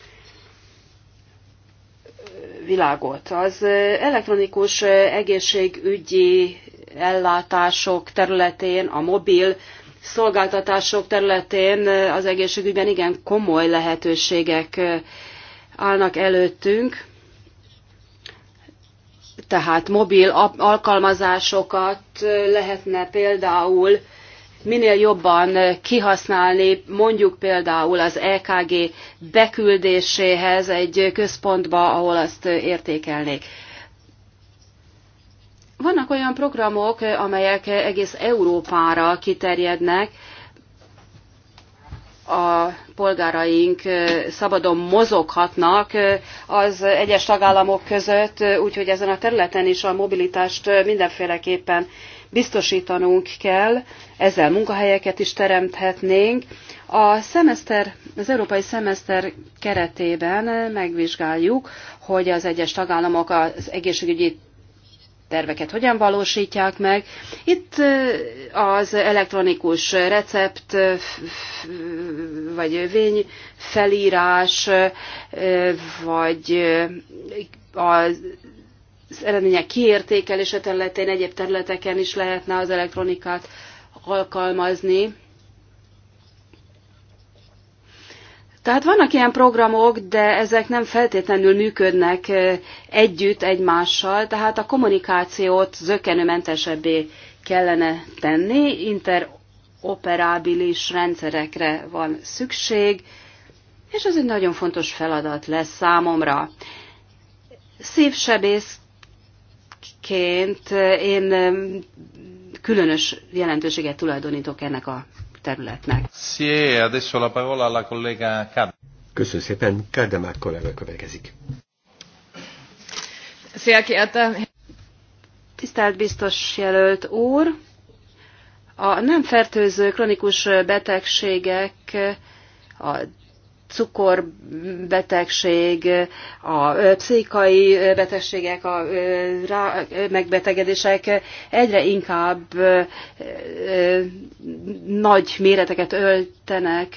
világot. Az elektronikus egészségügyi ellátások területén, a mobil szolgáltatások területén az egészségügyben igen komoly lehetőségek állnak előttünk tehát mobil alkalmazásokat lehetne például minél jobban kihasználni, mondjuk például az EKG beküldéséhez egy központba, ahol azt értékelnék. Vannak olyan programok, amelyek egész Európára kiterjednek, a polgáraink szabadon mozoghatnak az egyes tagállamok között, úgyhogy ezen a területen is a mobilitást mindenféleképpen biztosítanunk kell, ezzel munkahelyeket is teremthetnénk. A szemeszter, az európai szemeszter keretében megvizsgáljuk, hogy az egyes tagállamok az egészségügyi terveket hogyan valósítják meg. Itt az elektronikus recept, vagy vény felírás, vagy az eredmények kiértékelése területén, egyéb területeken is lehetne az elektronikát alkalmazni Tehát vannak ilyen programok, de ezek nem feltétlenül működnek együtt egymással, tehát a kommunikációt zökenőmentesebbé kellene tenni, interoperábilis rendszerekre van szükség, és ez egy nagyon fontos feladat lesz számomra. Szívsebészként én különös jelentőséget tulajdonítok ennek a területnek. Köszönöm szépen, Kardemák kollega következik. Szia, Tisztelt biztos jelölt úr! A nem fertőző kronikus betegségek a cukorbetegség, a pszichai betegségek, a megbetegedések egyre inkább nagy méreteket öltenek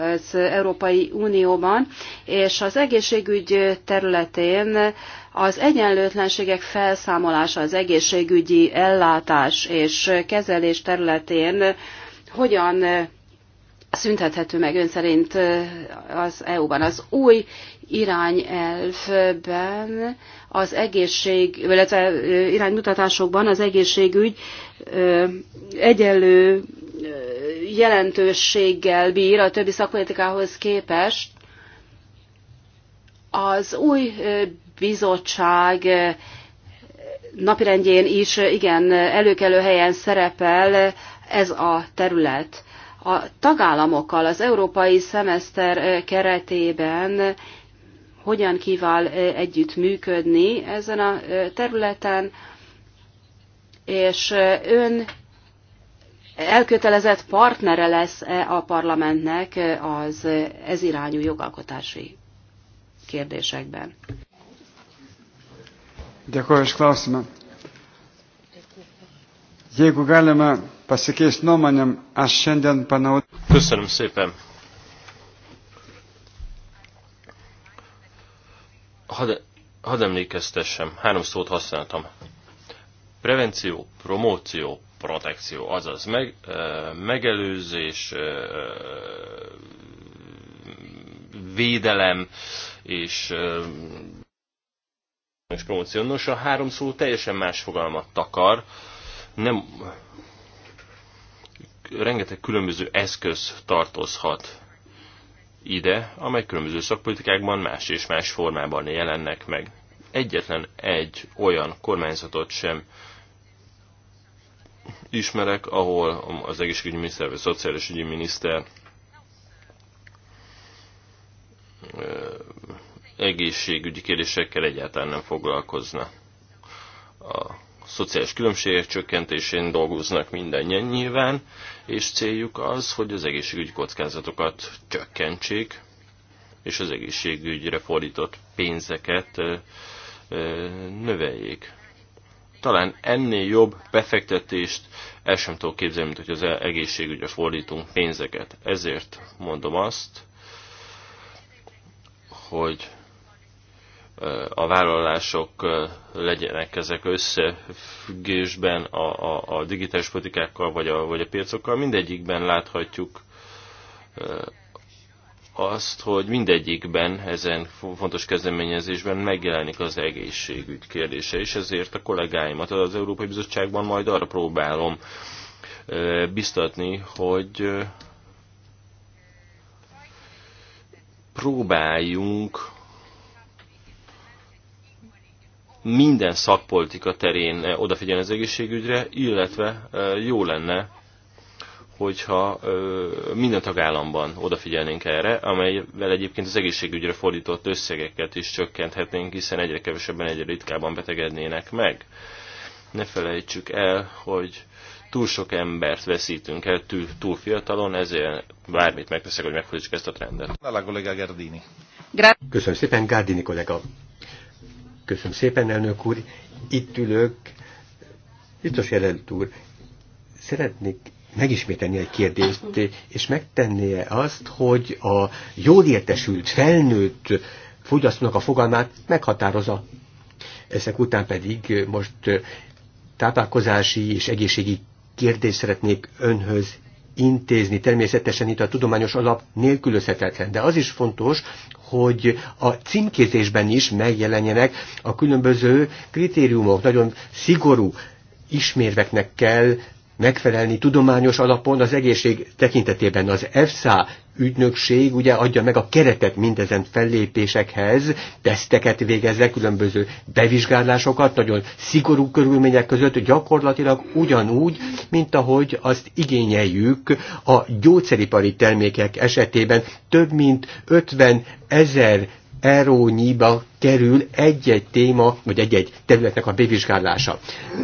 az Európai Unióban, és az egészségügy területén az egyenlőtlenségek felszámolása az egészségügyi ellátás és kezelés területén hogyan szüntethető meg ön szerint az EU-ban. Az új irányelvben az egészség, illetve iránymutatásokban az egészségügy egyenlő jelentőséggel bír a többi szakpolitikához képest. Az új bizottság napirendjén is igen előkelő helyen szerepel ez a terület a tagállamokkal az európai szemeszter eh, keretében hogyan kíván eh, együtt működni ezen a eh, területen, és ön elkötelezett partnere lesz -e a parlamentnek az ez irányú jogalkotási kérdésekben? Gyakorlás iš Jégu Jeigu Köszönöm szépen. Hadd, had emlékeztessem, három szót használtam. Prevenció, promóció, protekció, azaz meg, megelőzés, védelem és, és promóció. Nos, a három szó teljesen más fogalmat takar. Nem rengeteg különböző eszköz tartozhat ide, amely különböző szakpolitikákban más és más formában jelennek meg. Egyetlen egy olyan kormányzatot sem ismerek, ahol az miniszter vagy a szociális ügyi miniszter egészségügyi kérdésekkel egyáltalán nem foglalkozna. A szociális különbségek csökkentésén dolgoznak mindannyian nyilván, és céljuk az, hogy az egészségügyi kockázatokat csökkentsék, és az egészségügyre fordított pénzeket növeljék. Talán ennél jobb befektetést el sem tudok képzelni, mint hogy az egészségügyre fordítunk pénzeket. Ezért mondom azt, hogy a vállalások legyenek ezek összefüggésben a, a, a digitális politikákkal vagy a, vagy a piacokkal, mindegyikben láthatjuk azt, hogy mindegyikben ezen fontos kezdeményezésben megjelenik az egészségügy kérdése, és ezért a kollégáimat az Európai Bizottságban majd arra próbálom biztatni, hogy próbáljunk minden szakpolitika terén eh, odafigyelni az egészségügyre, illetve eh, jó lenne, hogyha eh, minden tagállamban odafigyelnénk erre, amelyvel egyébként az egészségügyre fordított összegeket is csökkenthetnénk, hiszen egyre kevesebben, egyre ritkábban betegednének meg. Ne felejtsük el, hogy túl sok embert veszítünk el túl, túl fiatalon, ezért bármit megteszek, hogy megfordítsuk ezt a trendet. Köszönöm szépen, Gárdini kollega. Köszönöm szépen, elnök úr. Itt ülök. Biztos jelent úr, szeretnék megismételni egy kérdést, és megtennie azt, hogy a jól értesült, felnőtt fogyasztónak a fogalmát meghatározza. Ezek után pedig most táplálkozási és egészségi kérdést szeretnék önhöz intézni. Természetesen itt a tudományos alap nélkülözhetetlen, de az is fontos, hogy a címkézésben is megjelenjenek a különböző kritériumok, nagyon szigorú ismérveknek kell megfelelni tudományos alapon az egészség tekintetében. Az EFSA ügynökség ugye adja meg a keretet mindezen fellépésekhez, teszteket végezze, különböző bevizsgálásokat, nagyon szigorú körülmények között, gyakorlatilag ugyanúgy, mint ahogy azt igényeljük a gyógyszeripari termékek esetében. Több mint 50 ezer erónyiba kerül egy-egy téma, vagy egy-egy területnek a bevizsgálása.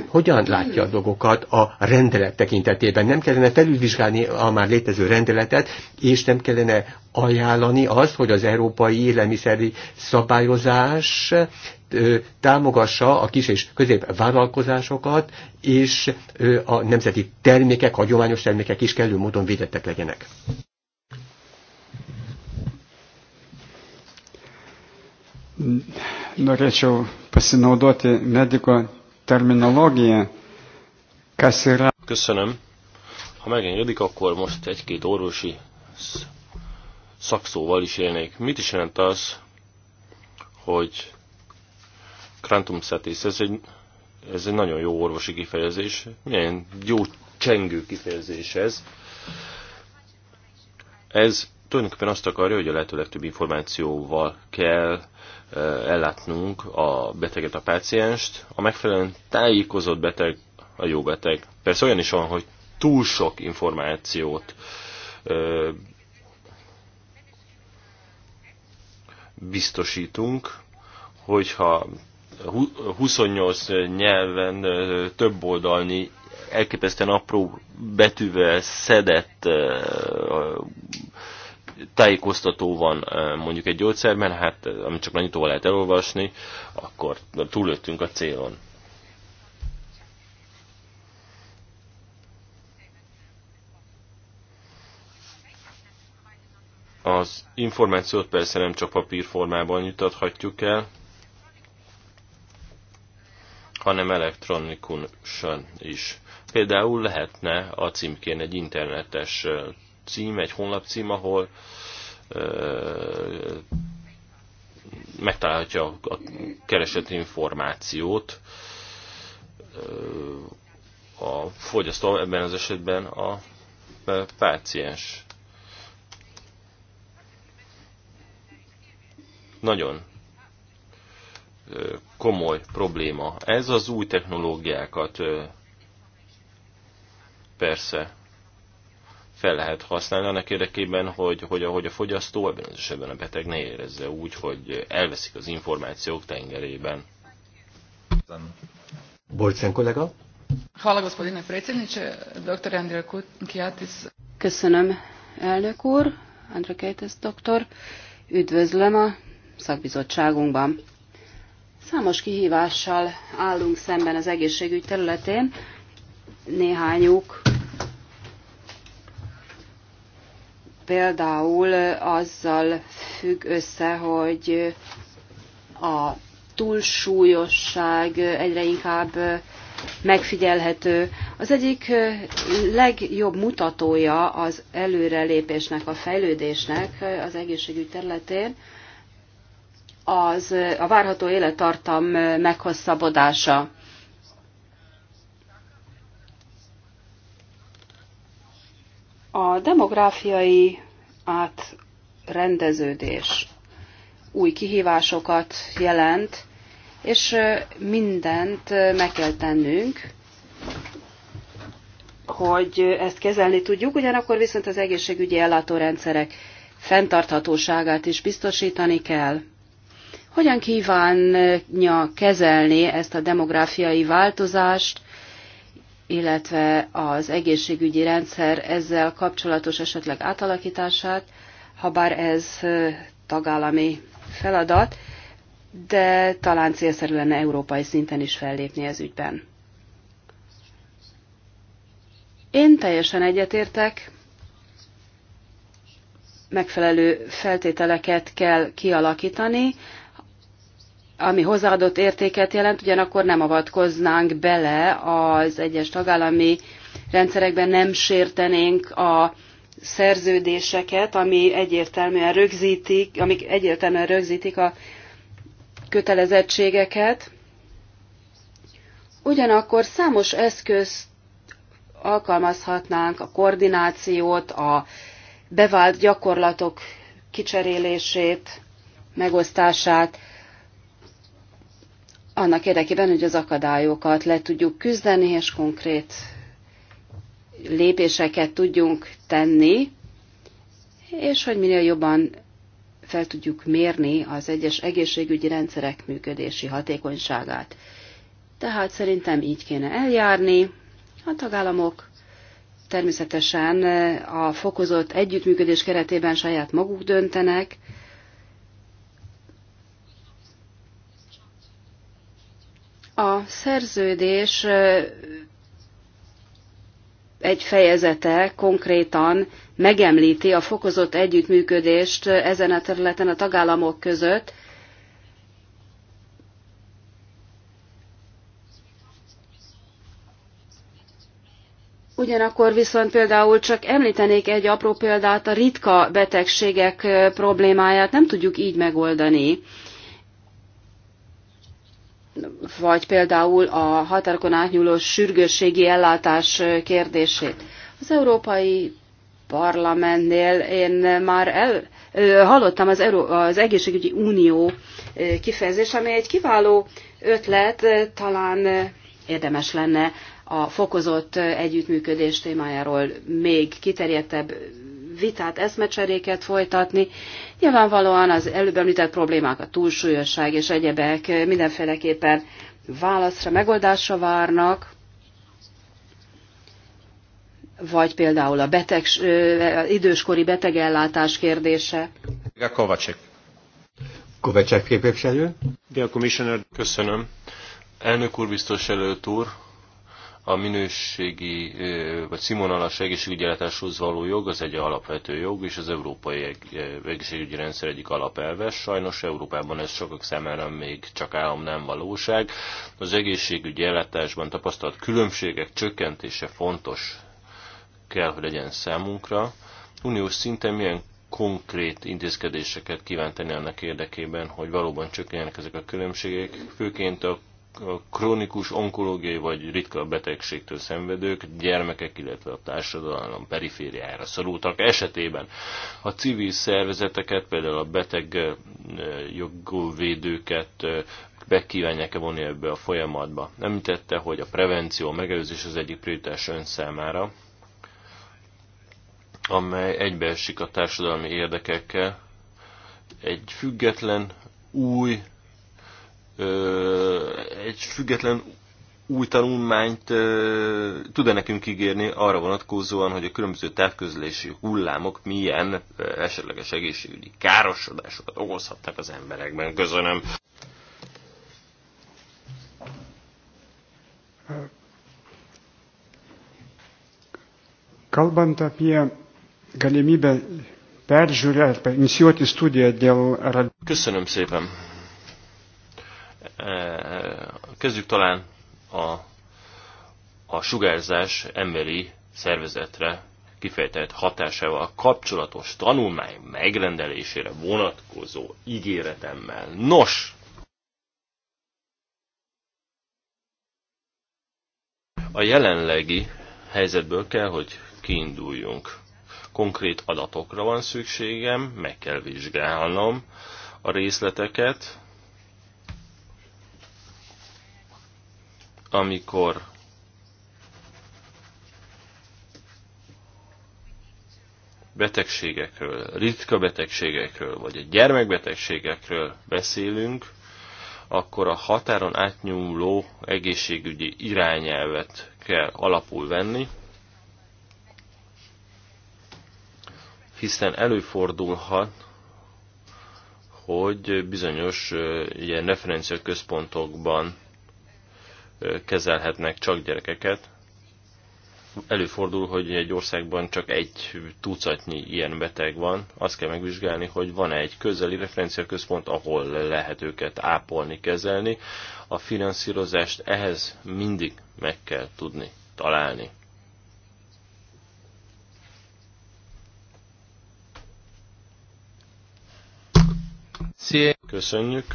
Hogyan látja a dolgokat a rendelet tekintetében? Nem kellene felülvizsgálni a már létező rendeletet, és nem kellene ajánlani azt, hogy az európai élelmiszeri szabályozás támogassa a kis és közép vállalkozásokat, és a nemzeti termékek, hagyományos termékek is kellő módon védettek legyenek. norėčiau pasinaudoti mediko terminologiją, kas yra. Köszönöm. Ha megengedik, akkor most egy-két orvosi szakszóval is élnék. Mit is jelent az, hogy krantum satis, ez egy, ez egy nagyon jó orvosi kifejezés, milyen jó csengő kifejezés ez. Ez tulajdonképpen azt akarja, hogy a lehető legtöbb információval kell eh, ellátnunk a beteget, a pácienst. A megfelelően tájékozott beteg a jó beteg. Persze olyan is van, hogy túl sok információt eh, biztosítunk, hogyha 28 nyelven eh, több oldalnyi elképesztően apró betűvel szedett tájékoztató van mondjuk egy gyógyszerben, hát amit csak nagyítóval lehet elolvasni, akkor túlöttünk a célon. Az információt persze nem csak papírformában nyitathatjuk el, hanem elektronikusan is. Például lehetne a címkén egy internetes cím, egy honlap cím, ahol ö, megtalálhatja a keresett információt a fogyasztó, ebben az esetben a páciens. Nagyon komoly probléma. Ez az új technológiákat persze fel lehet használni annak érdekében, hogy, hogy, hogy a fogyasztó, ebben az esetben a beteg ne érezze úgy, hogy elveszik az információk tengerében. Bolcen kollega? Hála, gospodine predsjedniče, dr. Andrej Kiatis. Köszönöm, elnök úr, Andrej Kiatis doktor. Üdvözlöm a szakbizottságunkban. Számos kihívással állunk szemben az egészségügy területén. Néhányuk például azzal függ össze, hogy a túlsúlyosság egyre inkább megfigyelhető. Az egyik legjobb mutatója az előrelépésnek, a fejlődésnek az egészségügy területén az a várható élettartam meghosszabbodása. A demográfiai átrendeződés új kihívásokat jelent, és mindent meg kell tennünk, hogy ezt kezelni tudjuk, ugyanakkor viszont az egészségügyi ellátórendszerek fenntarthatóságát is biztosítani kell. Hogyan kívánja kezelni ezt a demográfiai változást, illetve az egészségügyi rendszer ezzel kapcsolatos esetleg átalakítását, ha bár ez tagállami feladat, de talán célszerű lenne európai szinten is fellépni ez ügyben. Én teljesen egyetértek, megfelelő feltételeket kell kialakítani, ami hozzáadott értéket jelent, ugyanakkor nem avatkoznánk bele az egyes tagállami rendszerekben, nem sértenénk a szerződéseket, ami egyértelműen rögzítik, amik egyértelműen rögzítik a kötelezettségeket. Ugyanakkor számos eszközt alkalmazhatnánk, a koordinációt, a bevált gyakorlatok kicserélését, megosztását, annak érdekében, hogy az akadályokat le tudjuk küzdeni, és konkrét lépéseket tudjunk tenni, és hogy minél jobban fel tudjuk mérni az egyes egészségügyi rendszerek működési hatékonyságát. Tehát szerintem így kéne eljárni. A tagállamok természetesen a fokozott együttműködés keretében saját maguk döntenek, A szerződés egy fejezete konkrétan megemlíti a fokozott együttműködést ezen a területen a tagállamok között, Ugyanakkor viszont például csak említenék egy apró példát, a ritka betegségek problémáját nem tudjuk így megoldani vagy például a határokon átnyúló sürgősségi ellátás kérdését. Az Európai Parlamentnél én már el, hallottam az, Euró, az Egészségügyi Unió kifejezés, ami egy kiváló ötlet, talán érdemes lenne a fokozott együttműködés témájáról még kiterjedtebb vitát, eszmecseréket folytatni. Nyilvánvalóan az előbb említett problémák, a túlsúlyosság és egyebek mindenféleképpen válaszra, megoldásra várnak, vagy például a beteg, időskori betegellátás kérdése. Kovacsik. Kovacsik képviselő. Dear Commissioner, köszönöm. Elnök úr, biztos előtt úr, a minőségi vagy színvonalas egészségügyellátáshoz való jog az egy alapvető jog, és az európai egészségügyi rendszer egyik alapelve. Sajnos Európában ez sokak számára még csak állam nem valóság. Az egészségügyi ellátásban tapasztalt különbségek csökkentése fontos kell, hogy legyen számunkra. Uniós szinten milyen konkrét intézkedéseket kíván tenni annak érdekében, hogy valóban csökkenjenek ezek a különbségek, főként a krónikus, onkológiai vagy ritka betegségtől szenvedők, gyermekek, illetve a társadalom perifériára szorultak esetében. A civil szervezeteket, például a beteg jogvédőket be kívánják-e vonni ebbe a folyamatba. Nem tette, hogy a prevenció, a megelőzés az egyik prioritás ön számára, amely egybeesik a társadalmi érdekekkel. Egy független, új egy független új tanulmányt tud-e nekünk ígérni arra vonatkozóan, hogy a különböző távközlési hullámok milyen esetleges egészségügyi károsodásokat okozhatnak az emberekben? Köszönöm. Kalbant apie galimybę peržiūrėti arba inicijuoti studiją dėl... Köszönöm szépen kezdjük talán a, a sugárzás emberi szervezetre kifejtett hatásával kapcsolatos tanulmány megrendelésére vonatkozó ígéretemmel. Nos! A jelenlegi helyzetből kell, hogy kiinduljunk. Konkrét adatokra van szükségem, meg kell vizsgálnom a részleteket, amikor betegségekről, ritka betegségekről, vagy a gyermekbetegségekről beszélünk, akkor a határon átnyúló egészségügyi irányelvet kell alapul venni, hiszen előfordulhat, hogy bizonyos ilyen referencia központokban kezelhetnek csak gyerekeket. Előfordul, hogy egy országban csak egy tucatnyi ilyen beteg van. Azt kell megvizsgálni, hogy van-e egy közeli referenciaközpont, ahol lehet őket ápolni, kezelni. A finanszírozást ehhez mindig meg kell tudni találni. Köszönjük!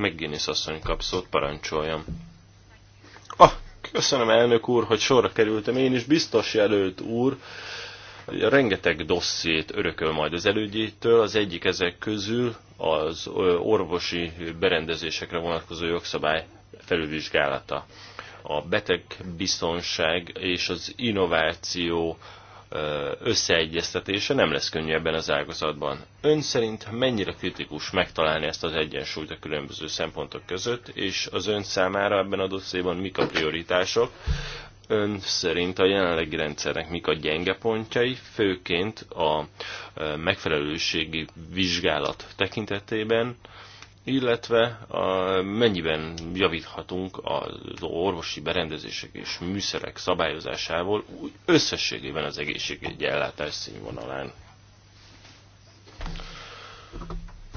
McGinnis asszony kap szót, parancsoljam. Ah, köszönöm elnök úr, hogy sorra kerültem. Én is biztos jelölt úr. Rengeteg dossziét örököl majd az elődjétől. Az egyik ezek közül az orvosi berendezésekre vonatkozó jogszabály felülvizsgálata. A betegbiztonság és az innováció összeegyeztetése nem lesz könnyű ebben az ágazatban. Ön szerint mennyire kritikus megtalálni ezt az egyensúlyt a különböző szempontok között, és az ön számára ebben a dosszéban mik a prioritások? Ön szerint a jelenlegi rendszernek mik a gyenge pontjai, főként a megfelelőségi vizsgálat tekintetében, illetve a, mennyiben javíthatunk az orvosi berendezések és műszerek szabályozásával úgy összességében az egészségügyi ellátás színvonalán.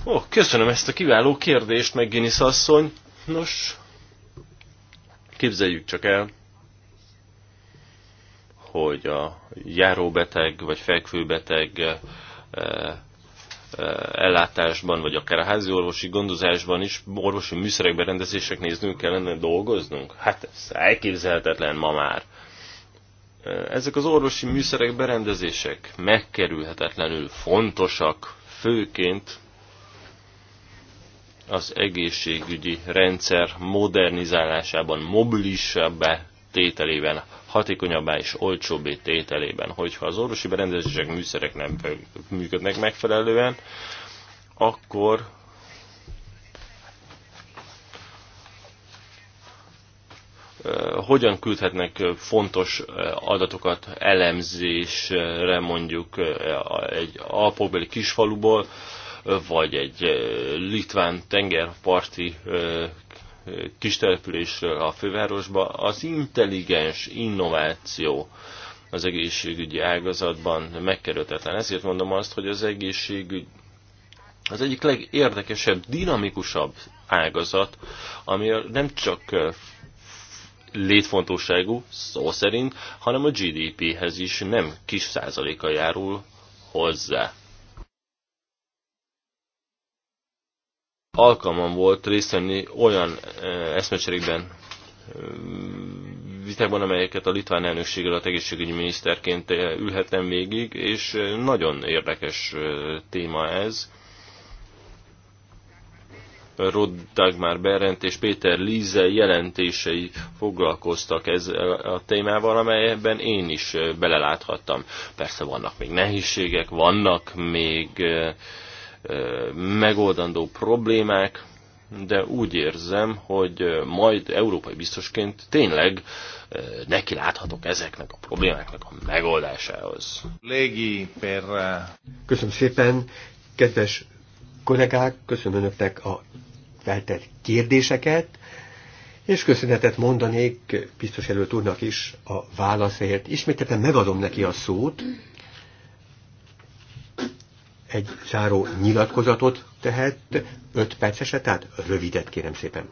Ó, köszönöm ezt a kiváló kérdést, Guinness asszony. Nos, képzeljük csak el, hogy a járóbeteg vagy fekvőbeteg eh, ellátásban, vagy akár a házi orvosi gondozásban is, orvosi műszerek berendezések néznünk kellene dolgoznunk? Hát ez elképzelhetetlen ma már. Ezek az orvosi műszerek berendezések megkerülhetetlenül fontosak, főként az egészségügyi rendszer modernizálásában, mobilisabbá tételében hatékonyabbá és olcsóbbé tételében. Hogyha az orvosi berendezések, műszerek nem működnek megfelelően, akkor eh, hogyan küldhetnek eh, fontos eh, adatokat elemzésre mondjuk egy alpokbeli kisfaluból, vagy egy litván tengerparti kistelepülésről a fővárosba, az intelligens innováció az egészségügyi ágazatban megkerülhetetlen. Ezért mondom azt, hogy az egészségügy az egyik legérdekesebb, dinamikusabb ágazat, ami nem csak létfontosságú, szó szerint, hanem a GDP-hez is nem kis százaléka járul hozzá. alkalmam volt részt venni olyan eszmecserékben, vitákban, amelyeket a litván elnökség alatt egészségügyi miniszterként ülhetem végig, és nagyon érdekes téma ez. Rod Dagmar Berent és Péter Líze jelentései foglalkoztak ez a témával, amelyben én is beleláthattam. Persze vannak még nehézségek, vannak még uh, megoldandó problémák, de úgy érzem, hogy majd európai biztosként tényleg neki láthatok ezeknek a problémáknak a megoldásához. Légi perre. Köszönöm szépen, kedves kollégák, köszönöm önöknek a feltett kérdéseket, és köszönetet mondanék biztos előtt úrnak is a válaszért. Ismételten megadom neki a szót egy záró nyilatkozatot tehet, öt perceset, tehát rövidet kérem szépen.